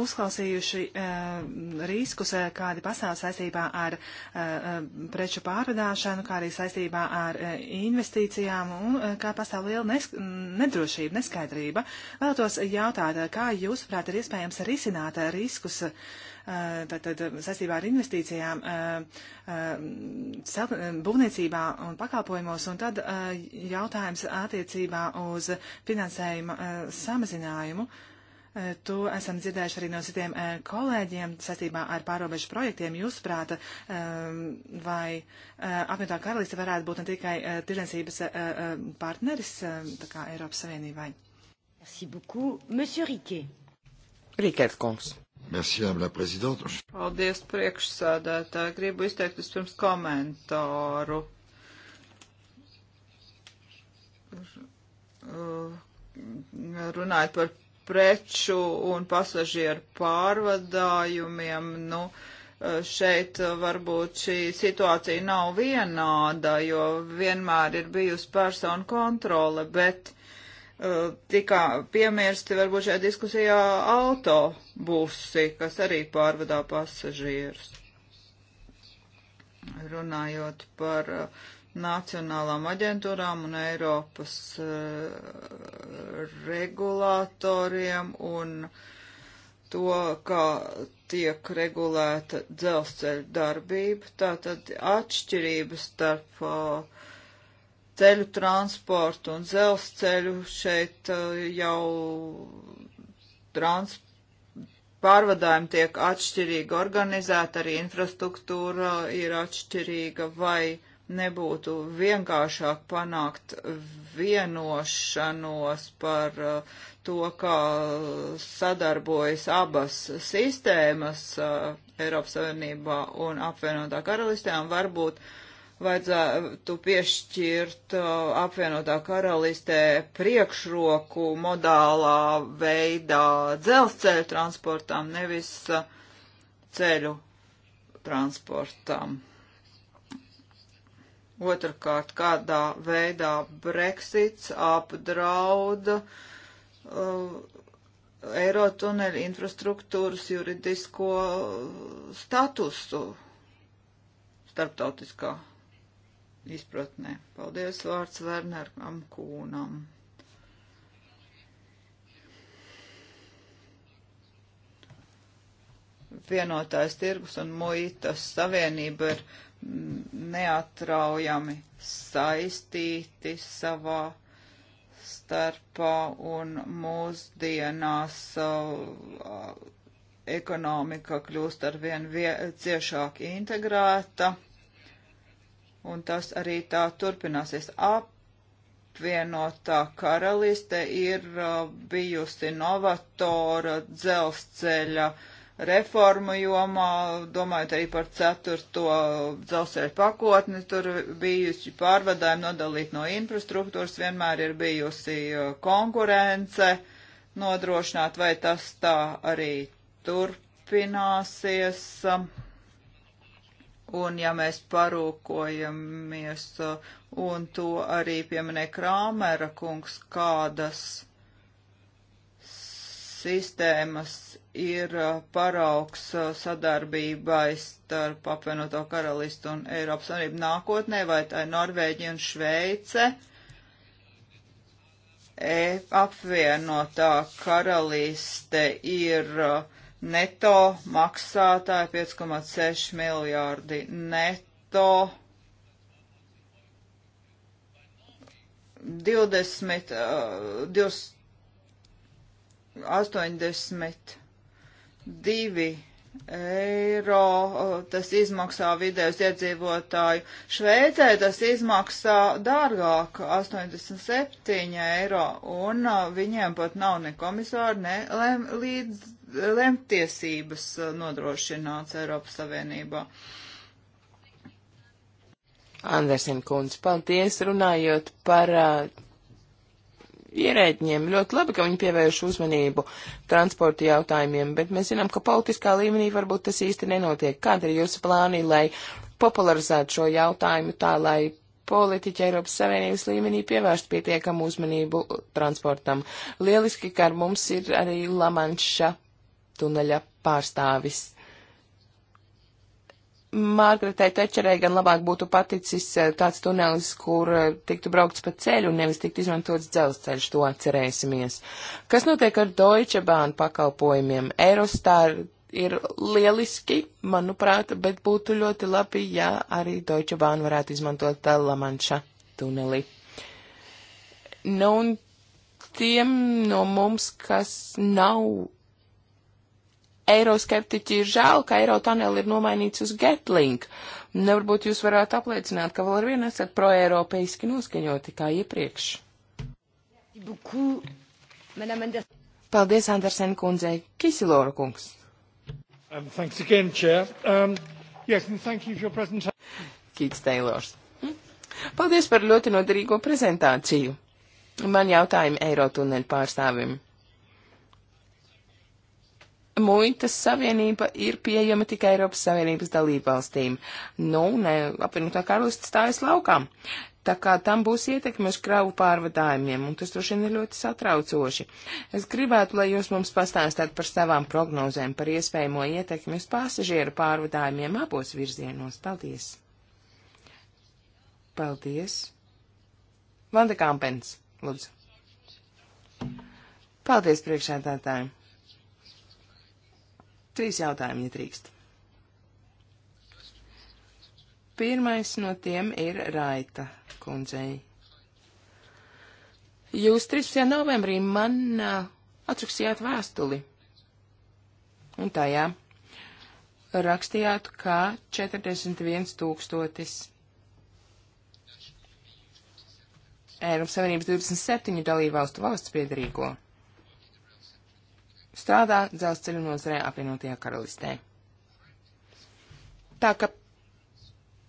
Speaker 4: uzklausījuši riskus, kādi pastāv saistībā ar preču pārvadāšanu, kā arī saistībā ar investīcijām un kā pastāv liela nesk nedrošība, neskaidrība. Vēlētos jautāt, kā jūsuprāt ir iespējams risināt riskus? Uh, tātad eh, saistībā ar investīcijām eh, eh, būvniecībā un pakalpojumos, un tad jautājums attiecībā uz finansējuma samazinājumu. To esam dzirdējuši arī no citiem kolēģiem saistībā ar pārobežu projektiem. Jūs prāta, vai apvienotā karaliste varētu būt ne tikai tirdzniecības partneris tā kā Eiropas Savienībai? Merci beaucoup. Monsieur Riquet. Riquet kungs. Merci, la prezidenta.
Speaker 1: Paldies, priekšsēdētāji. Gribu izteikt vispirms komentāru. Runājot par preču un pasažieru pārvadājumiem, nu, šeit varbūt šī situācija nav vienāda, jo vienmēr ir bijusi persona kontrole, bet tika piemirsti varbūt šajā diskusijā autobusi, kas arī pārvadā pasažierus. Runājot par uh, nacionālām aģentūrām un Eiropas uh, regulātoriem un to, kā tiek regulēta dzelzceļa darbība, tātad atšķirības starp uh, ceļu transportu un dzelzceļu šeit uh, jau trans, pārvadājumi tiek atšķirīgi organizēti, arī infrastruktūra uh, ir atšķirīga, vai nebūtu vienkāršāk panākt vienošanos par uh, to, kā sadarbojas abas sistēmas Eiropas Savienībā un apvienotā karalistē, un varbūt uh, vajadzētu piešķirt apvienotā karalistē priekšroku modālā veidā dzelzceļu transportām, nevis ceļu transportām. Otrakārt, kādā veidā Brexits apdrauda uh, Eirotuneļa infrastruktūras juridisko statusu starptautiskā izpratnē. Paldies vārds Verneram Kūnam. Vienotājs tirgus un muitas savienība ir neatraujami saistīti savā starpā un mūsdienās uh, ekonomika kļūst arvien ciešāk integrēta un tas arī tā turpināsies. Apvienotā karaliste ir uh, bijusi novatora dzelzceļa reformu jomā, domājot arī par ceturto dzelzceļa pakotni, tur bijusi pārvadājumi nodalīt no infrastruktūras, vienmēr ir bijusi uh, konkurence nodrošināt, vai tas tā arī turpināsies. Um, Un ja mēs parūkojamies, un to arī pieminē Krāmera kungs, kādas sistēmas ir paraugs sadarbībai starp apvienoto karalistu un Eiropas Savienību nākotnē, vai tā ir Norvēģija un Šveice. E, apvienotā karaliste ir uh, neto maksātāji 5,6 miljārdi neto. 20, uh, 20, 82 eiro eh, tas izmaksā vidējus iedzīvotāju. Šveicē tas izmaksā dārgāk - 87 eiro, un eh, viņiem pat nav ne komisāri, ne lem, līdz lemtiesības uh, nodrošināts Eiropas Savienībā.
Speaker 2: Andersen kundze, paldies runājot par uh, ierēģiem. Ļoti labi, ka viņi pievērš uzmanību transporta jautājumiem, bet mēs zinām, ka politiskā līmenī varbūt tas īsti nenotiek. Kāda ir jūsu plāni, lai popularizētu šo jautājumu tā, lai politiķi Eiropas Savienības līmenī pievērst pietiekamu uzmanību transportam. Lieliski, ka ar mums ir arī Lamanša tuneļa pārstāvis. Mārgaretai Tečerei gan labāk būtu paticis tāds eh, tunelis, kur eh, tiktu braukts pa ceļu un nevis tiktu izmantots dzelzceļš, to atcerēsimies. Kas notiek ar Deutsche Bahn pakalpojumiem? Eurostar ir lieliski, manuprāt, bet būtu ļoti labi, ja arī Deutsche Bahn varētu izmantot eh, Lamanša tuneli. Nu, un tiem no mums, kas nav eiroskeptiķi ir žēl, ka eiro tuneli ir nomainīts uz Getlink. Nevarbūt jūs varētu apliecināt, ka vēl ar vienu esat proeiropeiski noskaņoti kā iepriekš. Paldies, Andersen kundzei. Kisilora kungs. Um, thanks again, Chair. Um, yes, and thank you for your presentation. Keats Taylors. Hm? Paldies par ļoti noderīgo prezentāciju. Man jautājumi Eirotuneļu pārstāvim muitas savienība ir pieejama tikai Eiropas Savienības dalībvalstīm. Nu, ne, apvienotā karalista stājas laukām. Tā kā tam būs ietekme uz kravu pārvadājumiem, un tas droši vien ir ļoti satraucoši. Es gribētu, lai jūs mums pastāstāt par savām prognozēm, par iespējamo ietekmi uz pasažieru pārvadājumiem abos virzienos. Paldies! Paldies! Vanda Kampens, lūdzu. Paldies priekšētātājiem! Trīs jautājumi, ja drīkst. Pirmais no tiem ir Raita kundzei. Jūs 13. novembrī man uh, atrakstījāt vēstuli. Un tajā rakstījāt, kā 41 tūkstotis Eiropas Savienības 27 dalībvalstu valsts piedarīgo strādā dzelzceļu nozarē apvienotajā karalistē. Tā ka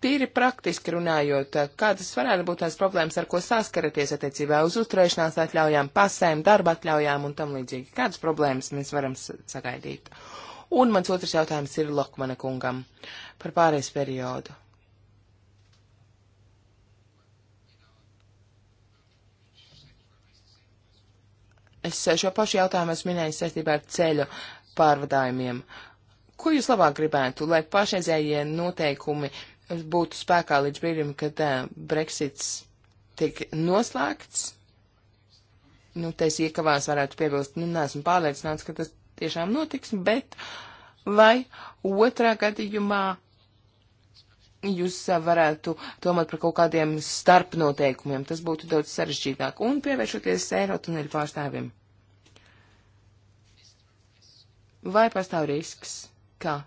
Speaker 2: tīri praktiski runājot, kādas varētu būt tās problēmas, ar ko saskaraties attiecībā uz uzturēšanās atļaujām, pasēm, darba atļaujām un tam līdzīgi? Kādas problēmas mēs varam sagaidīt? Un mans otrs jautājums ir Lokmana kungam par pārējais periodu. Es šo pašu jautājumu esmu minējis saistībā ar ceļu pārvadājumiem. Ko jūs labāk gribētu, lai pašreizējie noteikumi būtu spēkā līdz brīdim, kad uh, Brexits tiek noslēgts? Nu, te es iekavās varētu piebilst, nu, neesmu pārliecināts, ka tas tiešām notiks, bet vai otrā gadījumā jūs varētu domāt par kaut kādiem starpnoteikumiem. Tas būtu daudz sarežģītāk. Un pievēršoties Eirotuneļu pārstāvjiem. Vai pastāv risks? Kā?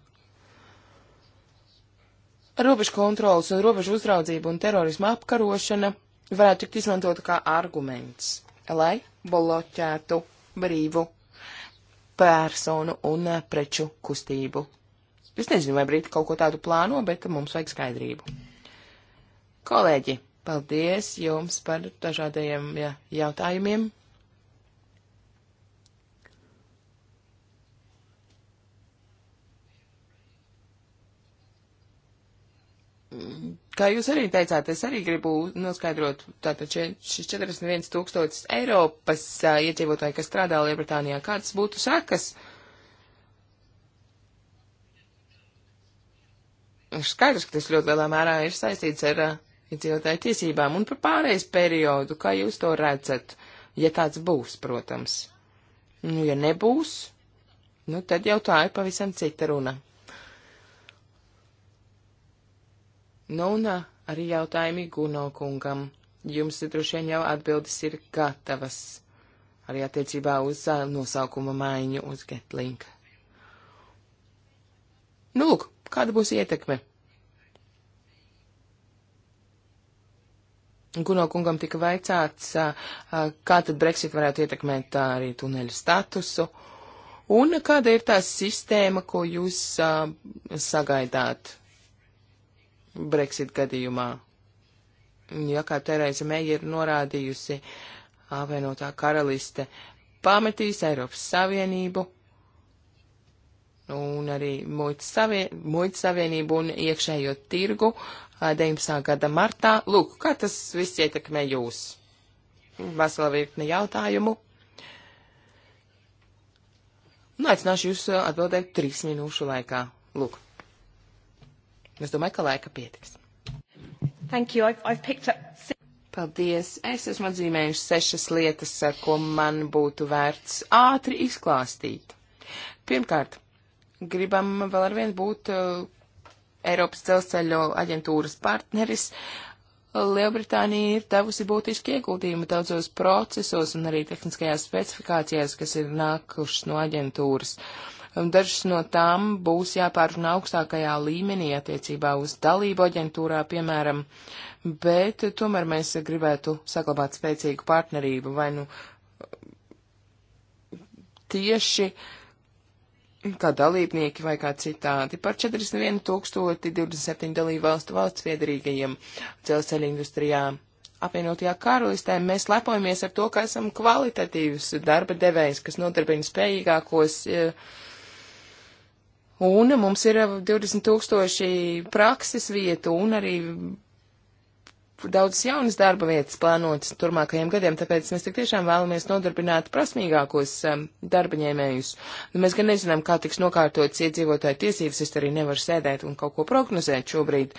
Speaker 2: Robežu kontrols un robežu uzraudzība un terorisma apkarošana varētu tikt izmantota kā arguments, lai bloķētu brīvu personu un preču kustību Es nezinu, vai Briti kaut ko tādu plāno, bet mums vajag skaidrību. Kolēģi, paldies jums par dažādajiem jā, jautājumiem. Kā jūs arī teicāt, es arī gribu noskaidrot, tātad šis 41 tūkstotis Eiropas iedzīvotāji, kas strādā Lielbritānijā, kādas būtu sekas? Uh, Skaidrs, ka tas ļoti lielā mērā ir saistīts ar eh, iedzīvotāju tiesībām un par pārējais periodu, kā jūs to redzat, ja tāds būs, protams. Nu, ja nebūs, nu, tad jau tā ir pavisam cita runa. Nu, un eh, arī jautājumi Guno kungam. Jums droši vien jau atbildes ir gatavas arī attiecībā uz eh, nosaukuma maiņu uz Getlink. Nu, lūk, kāda būs ietekme. Guno kungam tika vaicāts, kā tad Brexit varētu ietekmēt arī tuneļu statusu, un kāda ir tā sistēma, ko jūs sagaidāt Brexit gadījumā? Ja kā Tereza Meija ir norādījusi, apvienotā karaliste pametīs Eiropas Savienību, un arī muitas savien, savienību un iekšējo tirgu 19. gada martā. Lūk, kā tas viss ietekmē jūs? Vesela virkne jautājumu. Un nu, aicināšu jūs atbildēt trīs minūšu laikā. Lūk. Es domāju, ka laika pietiks. Thank you. I've, I've picked up... Paldies. Es esmu atzīmējuši sešas lietas, ko man būtu vērts ātri izklāstīt. Pirmkārt, gribam vēl arvien būt uh, Eiropas dzelzceļu aģentūras partneris. Lielbritānija ir devusi būtiski ieguldījumu daudzos procesos un arī tehniskajās specifikācijās, kas ir nākušas no aģentūras. Dažas no tām būs jāpārunā augstākajā līmenī attiecībā uz dalību aģentūrā, piemēram, bet tomēr mēs gribētu saglabāt spēcīgu partnerību vai nu tieši uh, kā dalībnieki vai kā citādi, par 41,027 dalību valstu valsts viedrīgajiem dzelzceļa industrijā. Apvienotajā karalistē mēs lepojamies ar to, ka esam kvalitatīvs darba devējs, kas nodarbina spējīgākos. E, un mums ir 20 e, tūkstoši prakses vietu un arī daudz jaunas darba vietas plānotas turmākajiem gadiem, tāpēc mēs tik tiešām vēlamies nodarbināt prasmīgākos um, darbaņēmējus. Nu, mēs gan nezinām, kā tiks nokārtotas iedzīvotāju tiesības, es arī nevaru sēdēt un kaut ko prognozēt šobrīd,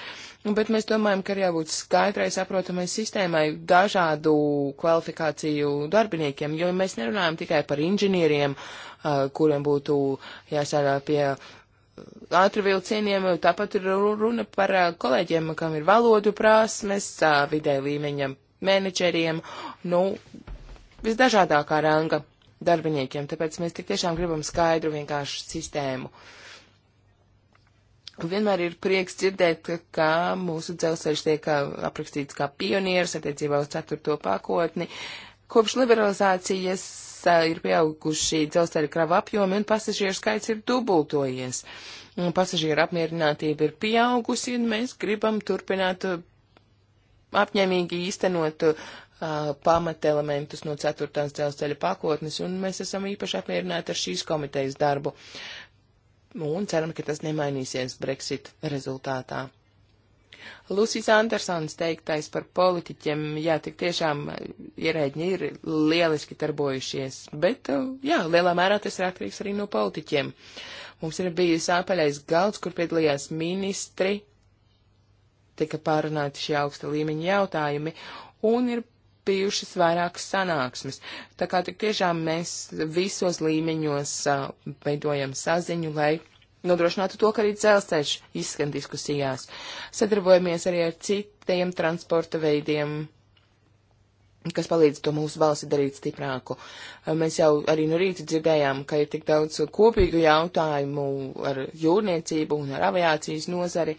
Speaker 2: nu, bet mēs domājam, ka ir jābūt skaidrai, saprotamai sistēmai dažādu kvalifikāciju darbiniekiem, jo mēs nerunājam tikai par inženieriem, uh, kuriem būtu jāsādā pie uh, ātri vilcieniem, tāpat ir runa par kolēģiem, kam ir valodu prasmes, vidē līmeņam menedžeriem, nu, visdažādākā ranga darbiniekiem, tāpēc mēs tik tiešām gribam skaidru vienkāršu sistēmu. Vienmēr ir prieks dzirdēt, ka mūsu dzelzceļš tiek aprakstīts kā pionieris attiecībā uz ceturto pakotni. Kopš liberalizācijas ir pieauguši dzelzceļa krava apjomi un pasažieru skaits ir dubultojies. Pasažieru apmierinātība ir pieaugusi un mēs gribam turpināt uh, apņēmīgi īstenot uh, pamatelementus no ceturtās dzelzceļa pakotnes un mēs esam īpaši apmierināti ar šīs komitejas darbu. Un ceram, ka tas nemainīsies Brexit rezultātā. Lūsijas Andersons teiktais par politiķiem, jā, tik tiešām ierēģi ir lieliski darbojušies, bet, uh, jā, lielā mērā tas ir atkarīgs arī no politiķiem. Mums ir bijis apaļais galds, kur piedalījās ministri, tika pārunāti šie augsta līmeņa jautājumi, un ir bijušas vairākas sanāksmes. Tā kā tik tiešām mēs visos līmeņos uh, veidojam saziņu, lai nodrošinātu to, ka arī dzelzceļš izskan diskusijās. Sadarbojamies arī ar citiem transporta veidiem kas palīdz to mūsu balsi darīt stiprāku. Mēs jau arī no rīta dzirdējām, ka ir tik daudz kopīgu jautājumu ar jūrniecību un ar aviācijas nozari.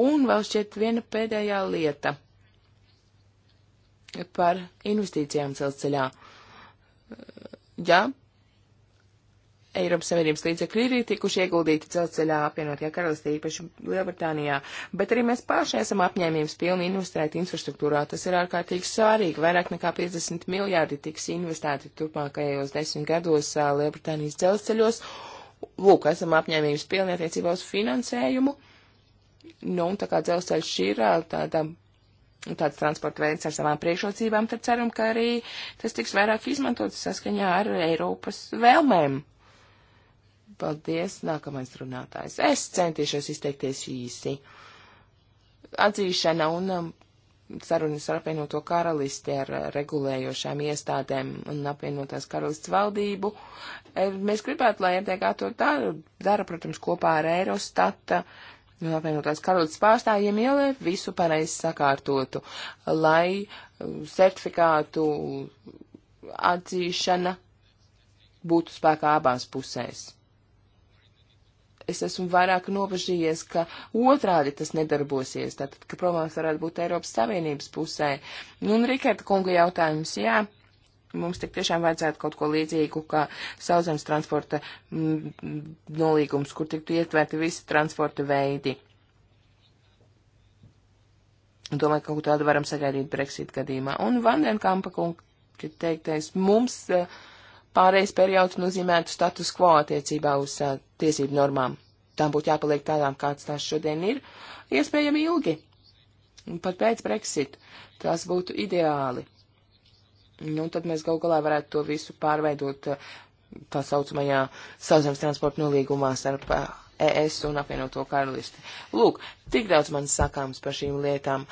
Speaker 2: Un vēl šķiet viena pēdējā lieta par investīcijām celceļā. Ja Eiropas Savienības līdzekļi ir tikuši ieguldīti dzelzceļā apvienotajā karalistē, īpaši Lielbritānijā, bet arī mēs paši esam apņēmības pilni investēt infrastruktūrā. Tas ir ārkārtīgi svārīgi. Vairāk nekā 50 miljārdi tiks investēti turpmākajos desmit gados Lielbritānijas dzelzceļos. Lūk, esam apņēmības pilni attiecībā uz finansējumu. Nu, un tā kā dzelzceļš ir tāda tāds transporta veids ar savām priekšrocībām, tad ceram, ka arī tas tiks vairāk izmantots saskaņā ar Eiropas vēlmēm. Paldies, nākamais runātājs. Es centīšos izteikties īsi. Atzīšana un um, sarunas ar apvienoto karalisti, ar uh, regulējošām iestādēm un apvienotās karalists valdību. Er, mēs gribētu, lai MTK to dara, dara, protams, kopā ar Eirostata un uh, apvienotās karalists pārstāvjiem, ja lai visu pareizi sakārtotu, lai uh, certifikātu atzīšana būtu spēkā abās pusēs es esmu vairāk nobežījies, ka otrādi tas nedarbosies, tātad, ka problēmas varētu būt Eiropas Savienības pusē. Nu, un Rikarda kunga jautājums, jā. Mums tik tiešām vajadzētu kaut ko līdzīgu, kā sauszemes transporta mm, nolīgums, kur tiktu ietverti visi transporta veidi. Domāju, ka kaut ko tādu varam sagaidīt Brexit gadījumā. Un Vandenkampa kunga teiktais, mums uh, pārējais periods nozīmētu status quo attiecībā uz uh, tiesību normām. Tām būtu jāpaliek tādām, kāds tās šodien ir, iespējami ilgi. Un pat pēc Brexit tas būtu ideāli. Nu, tad mēs gal galā varētu to visu pārveidot uh, tā saucamajā sauszemes transporta nolīgumā starp uh, ES un apvienoto karalisti. Lūk, tik daudz man sakāms par šīm lietām.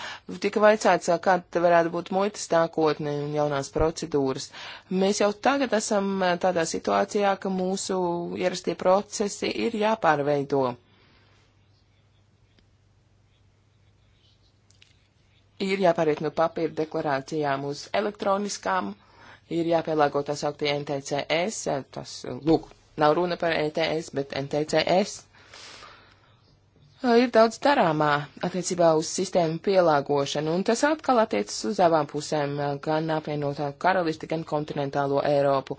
Speaker 2: Tika vaicāts, kāda varētu būt muitas nākotne un jaunās procedūras. Mēs jau tagad esam tādā situācijā, ka mūsu ierastie procesi ir jāpārveido. Ir jāpāriet no papīra deklarācijām uz elektroniskām, ir jāpielāgo tās augtie NTCS, tas, lūk, nav runa par ETS, bet NTCS. Eh, ir daudz darāmā attiecībā uz sistēmu pielāgošanu, un tas atkal attiecas uz abām pusēm, eh, gan apvienotā karalisti, gan kontinentālo Eiropu.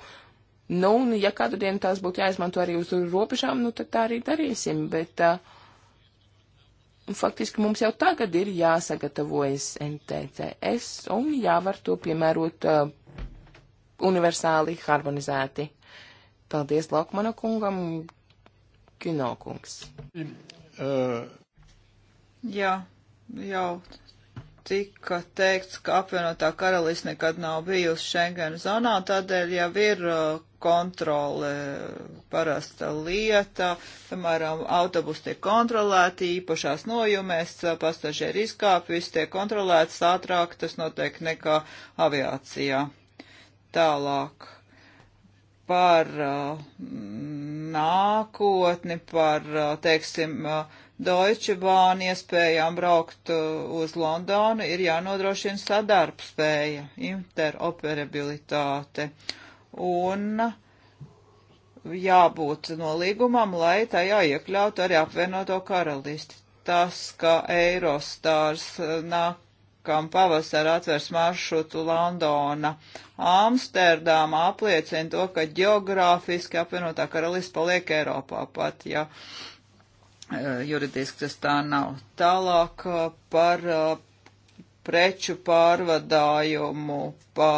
Speaker 2: Nu, un ja kādu dienu tās būtu jāizmanto arī uz robežām, nu, tad tā arī darīsim, bet uh, faktiski mums jau tagad ir jāsagatavojas NTCS un jāvar to piemērot uh, universāli harmonizēti. Paldies Laukmana kungam, Kino kungs. Mm. Uh,
Speaker 1: Jā, jau tika teikts, ka apvienotā karalis nekad nav bijusi Schengen zonā, tādēļ jau ir uh, kontrole uh, parasta lieta, piemēram, autobus tiek kontrolēti īpašās nojumēs, uh, pasažieri izkāpj, viss tiek kontrolēts ātrāk, tas notiek nekā aviācijā. Tālāk par mm, nākotni, par, teiksim, Deutsche Bahn iespējām braukt uz Londonu, ir jānodrošina sadarbspēja, interoperabilitāte. Un jābūt nolīgumam, lai tajā iekļautu arī apvienoto karalisti. Tas, ka Eirostars nāk kam pavasar atvers maršrutu Londona. Amsterdāma apliecina to, ka geogrāfiski apvienotā karalists paliek Eiropā pat, ja e, juridiski tas tā nav. Tālāk e, par e, preču pārvadājumu pa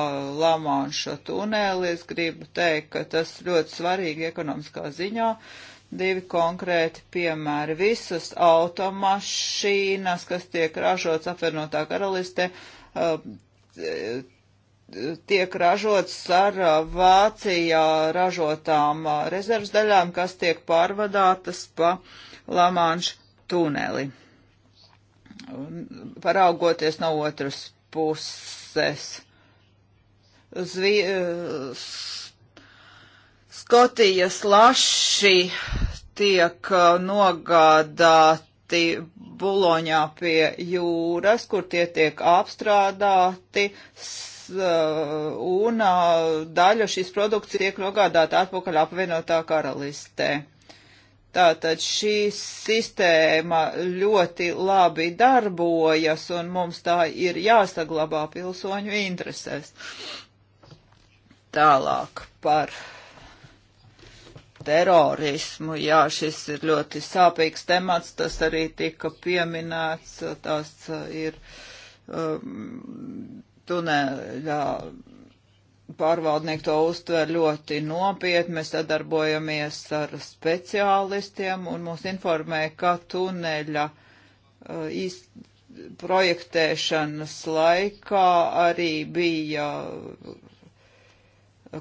Speaker 1: Lamanša tuneli. Es gribu teikt, ka tas ļoti svarīgi ekonomiskā ziņā. Uh, divi konkrēti piemēri. Visas automašīnas, kas tiek ražotas apvienotā karalistē, uh, tiek ražotas ar uh, Vācijā ražotām uh, rezerves daļām, kas tiek pārvadātas pa Lamanšu tuneli. Paraugoties no otras puses. Zvi Skotijas laši tiek uh, nogādāti Buloņā pie jūras, kur tie tiek apstrādāti, uh, un uh, daļa šīs produkts tiek nogādāta atpakaļ apvienotā karalistē. Tātad šī sistēma ļoti labi darbojas, un mums tā ir jāsaglabā pilsoņu interesēs. Tālāk par terorismu. Jā, šis ir ļoti sāpīgs temats, tas arī tika pieminēts, tas uh, ir um, tuneļā pārvaldnieki to uztver ļoti nopietni, mēs sadarbojamies ar speciālistiem un mūs informē, ka tuneļa uh, īst, projektēšanas laikā arī bija uh,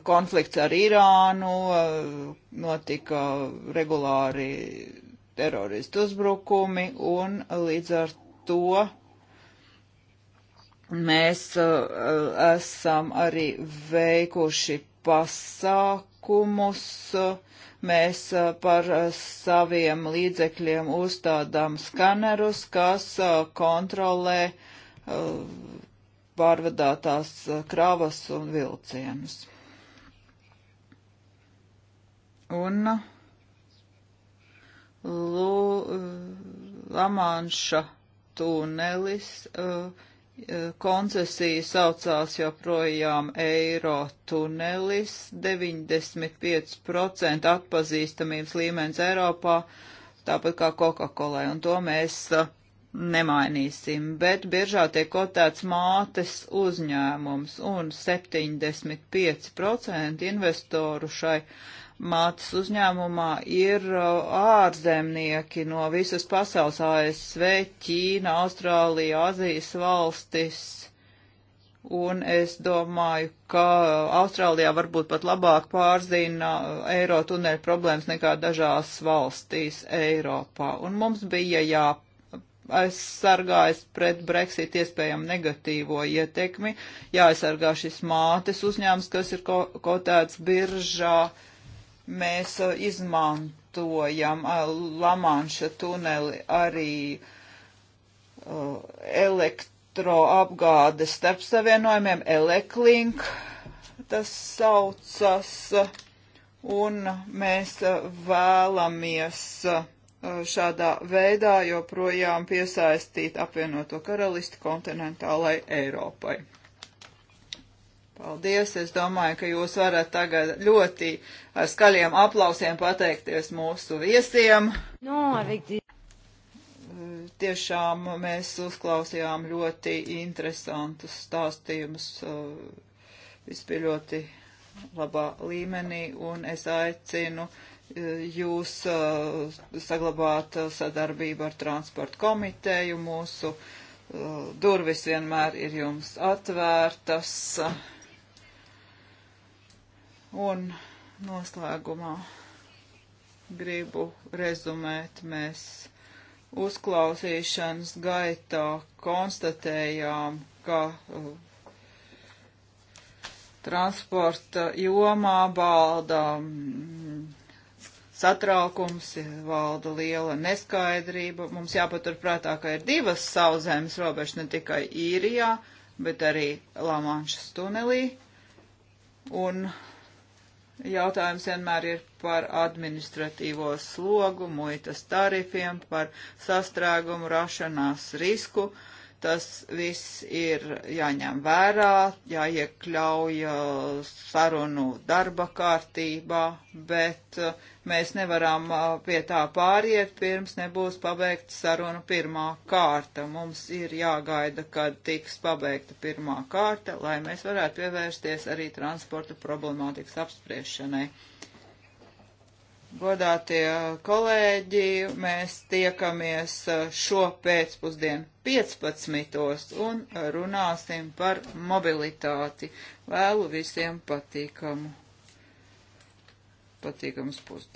Speaker 1: konflikts ar Irānu, eh, notika regulāri teroristu uzbrukumi un līdz ar to mēs uh, esam arī veikuši pasākumus, mēs uh, par uh, saviem līdzekļiem uzstādām skanerus, kas kontrolē pārvadātās kravas un vilcienus un Lamanša tunelis eh, eh, koncesija saucās joprojām eiro tunelis, 95% atpazīstamības līmenis Eiropā, tāpat kā Coca-Cola, un to mēs eh, nemainīsim, bet biežā tiek kotēts mātes uzņēmums, un 75% investoru šai uh, mātes uzņēmumā ir uh, ārzemnieki no visas pasaules - ASV, Ķīna, Austrālija, Azijas valstis. Un es domāju, ka Austrālijā varbūt pat labāk pārzina uh, eiro tuneļu problēmas nekā dažās valstīs Eiropā. Un mums bija jāaizsargājas pret Brexit iespējam negatīvo ietekmi, jāaizsargā šis mātes uzņēmums, kas ir ko kotēts biržā. Uh, Mēs uh, izmantojam uh, Lamanša tuneli arī uh, elektroapgādes starpsavienojumiem, Eleklink tas saucas, un mēs vēlamies šādā veidā joprojām piesaistīt apvienoto karalisti kontinentālai Eiropai. Paldies! Es domāju, ka jūs varat tagad ļoti ar skaļiem aplausiem pateikties mūsu viesiem. No, Tiešām mēs uzklausījām ļoti interesantus stāstījumus. Uh, Viss bija ļoti labā līmenī, un es aicinu uh, jūs uh, saglabāt sadarbību ar transportu komiteju. Mūsu durvis vienmēr ir jums atvērtas. Un noslēgumā gribu rezumēt mēs uzklausīšanas gaitā konstatējām, ka uh, transporta jomā balda mm, satraukums, valda liela neskaidrība. Mums jāpaturprātā, ka ir divas sauzēmas robežas ne tikai īrijā, bet arī Lamanšas tunelī. Un Jautājums vienmēr ir par administratīvo slogu, muitas tarifiem, par sastrēgumu, rašanās risku. Tas viss ir jāņem vērā, jāiekļauj uh, sarunu darba kārtībā, bet uh, Mēs nevaram pie tā pāriet, pirms nebūs pabeigta saruna pirmā kārta. Mums ir jāgaida, kad tiks pabeigta pirmā kārta, lai mēs varētu pievērsties arī transporta problemātikas apspriešanai. Godātie kolēģi, mēs tiekamies šo pēcpusdienu 15. un runāsim par mobilitāti. Vēlu visiem patīkamu! patīkams pusdienas.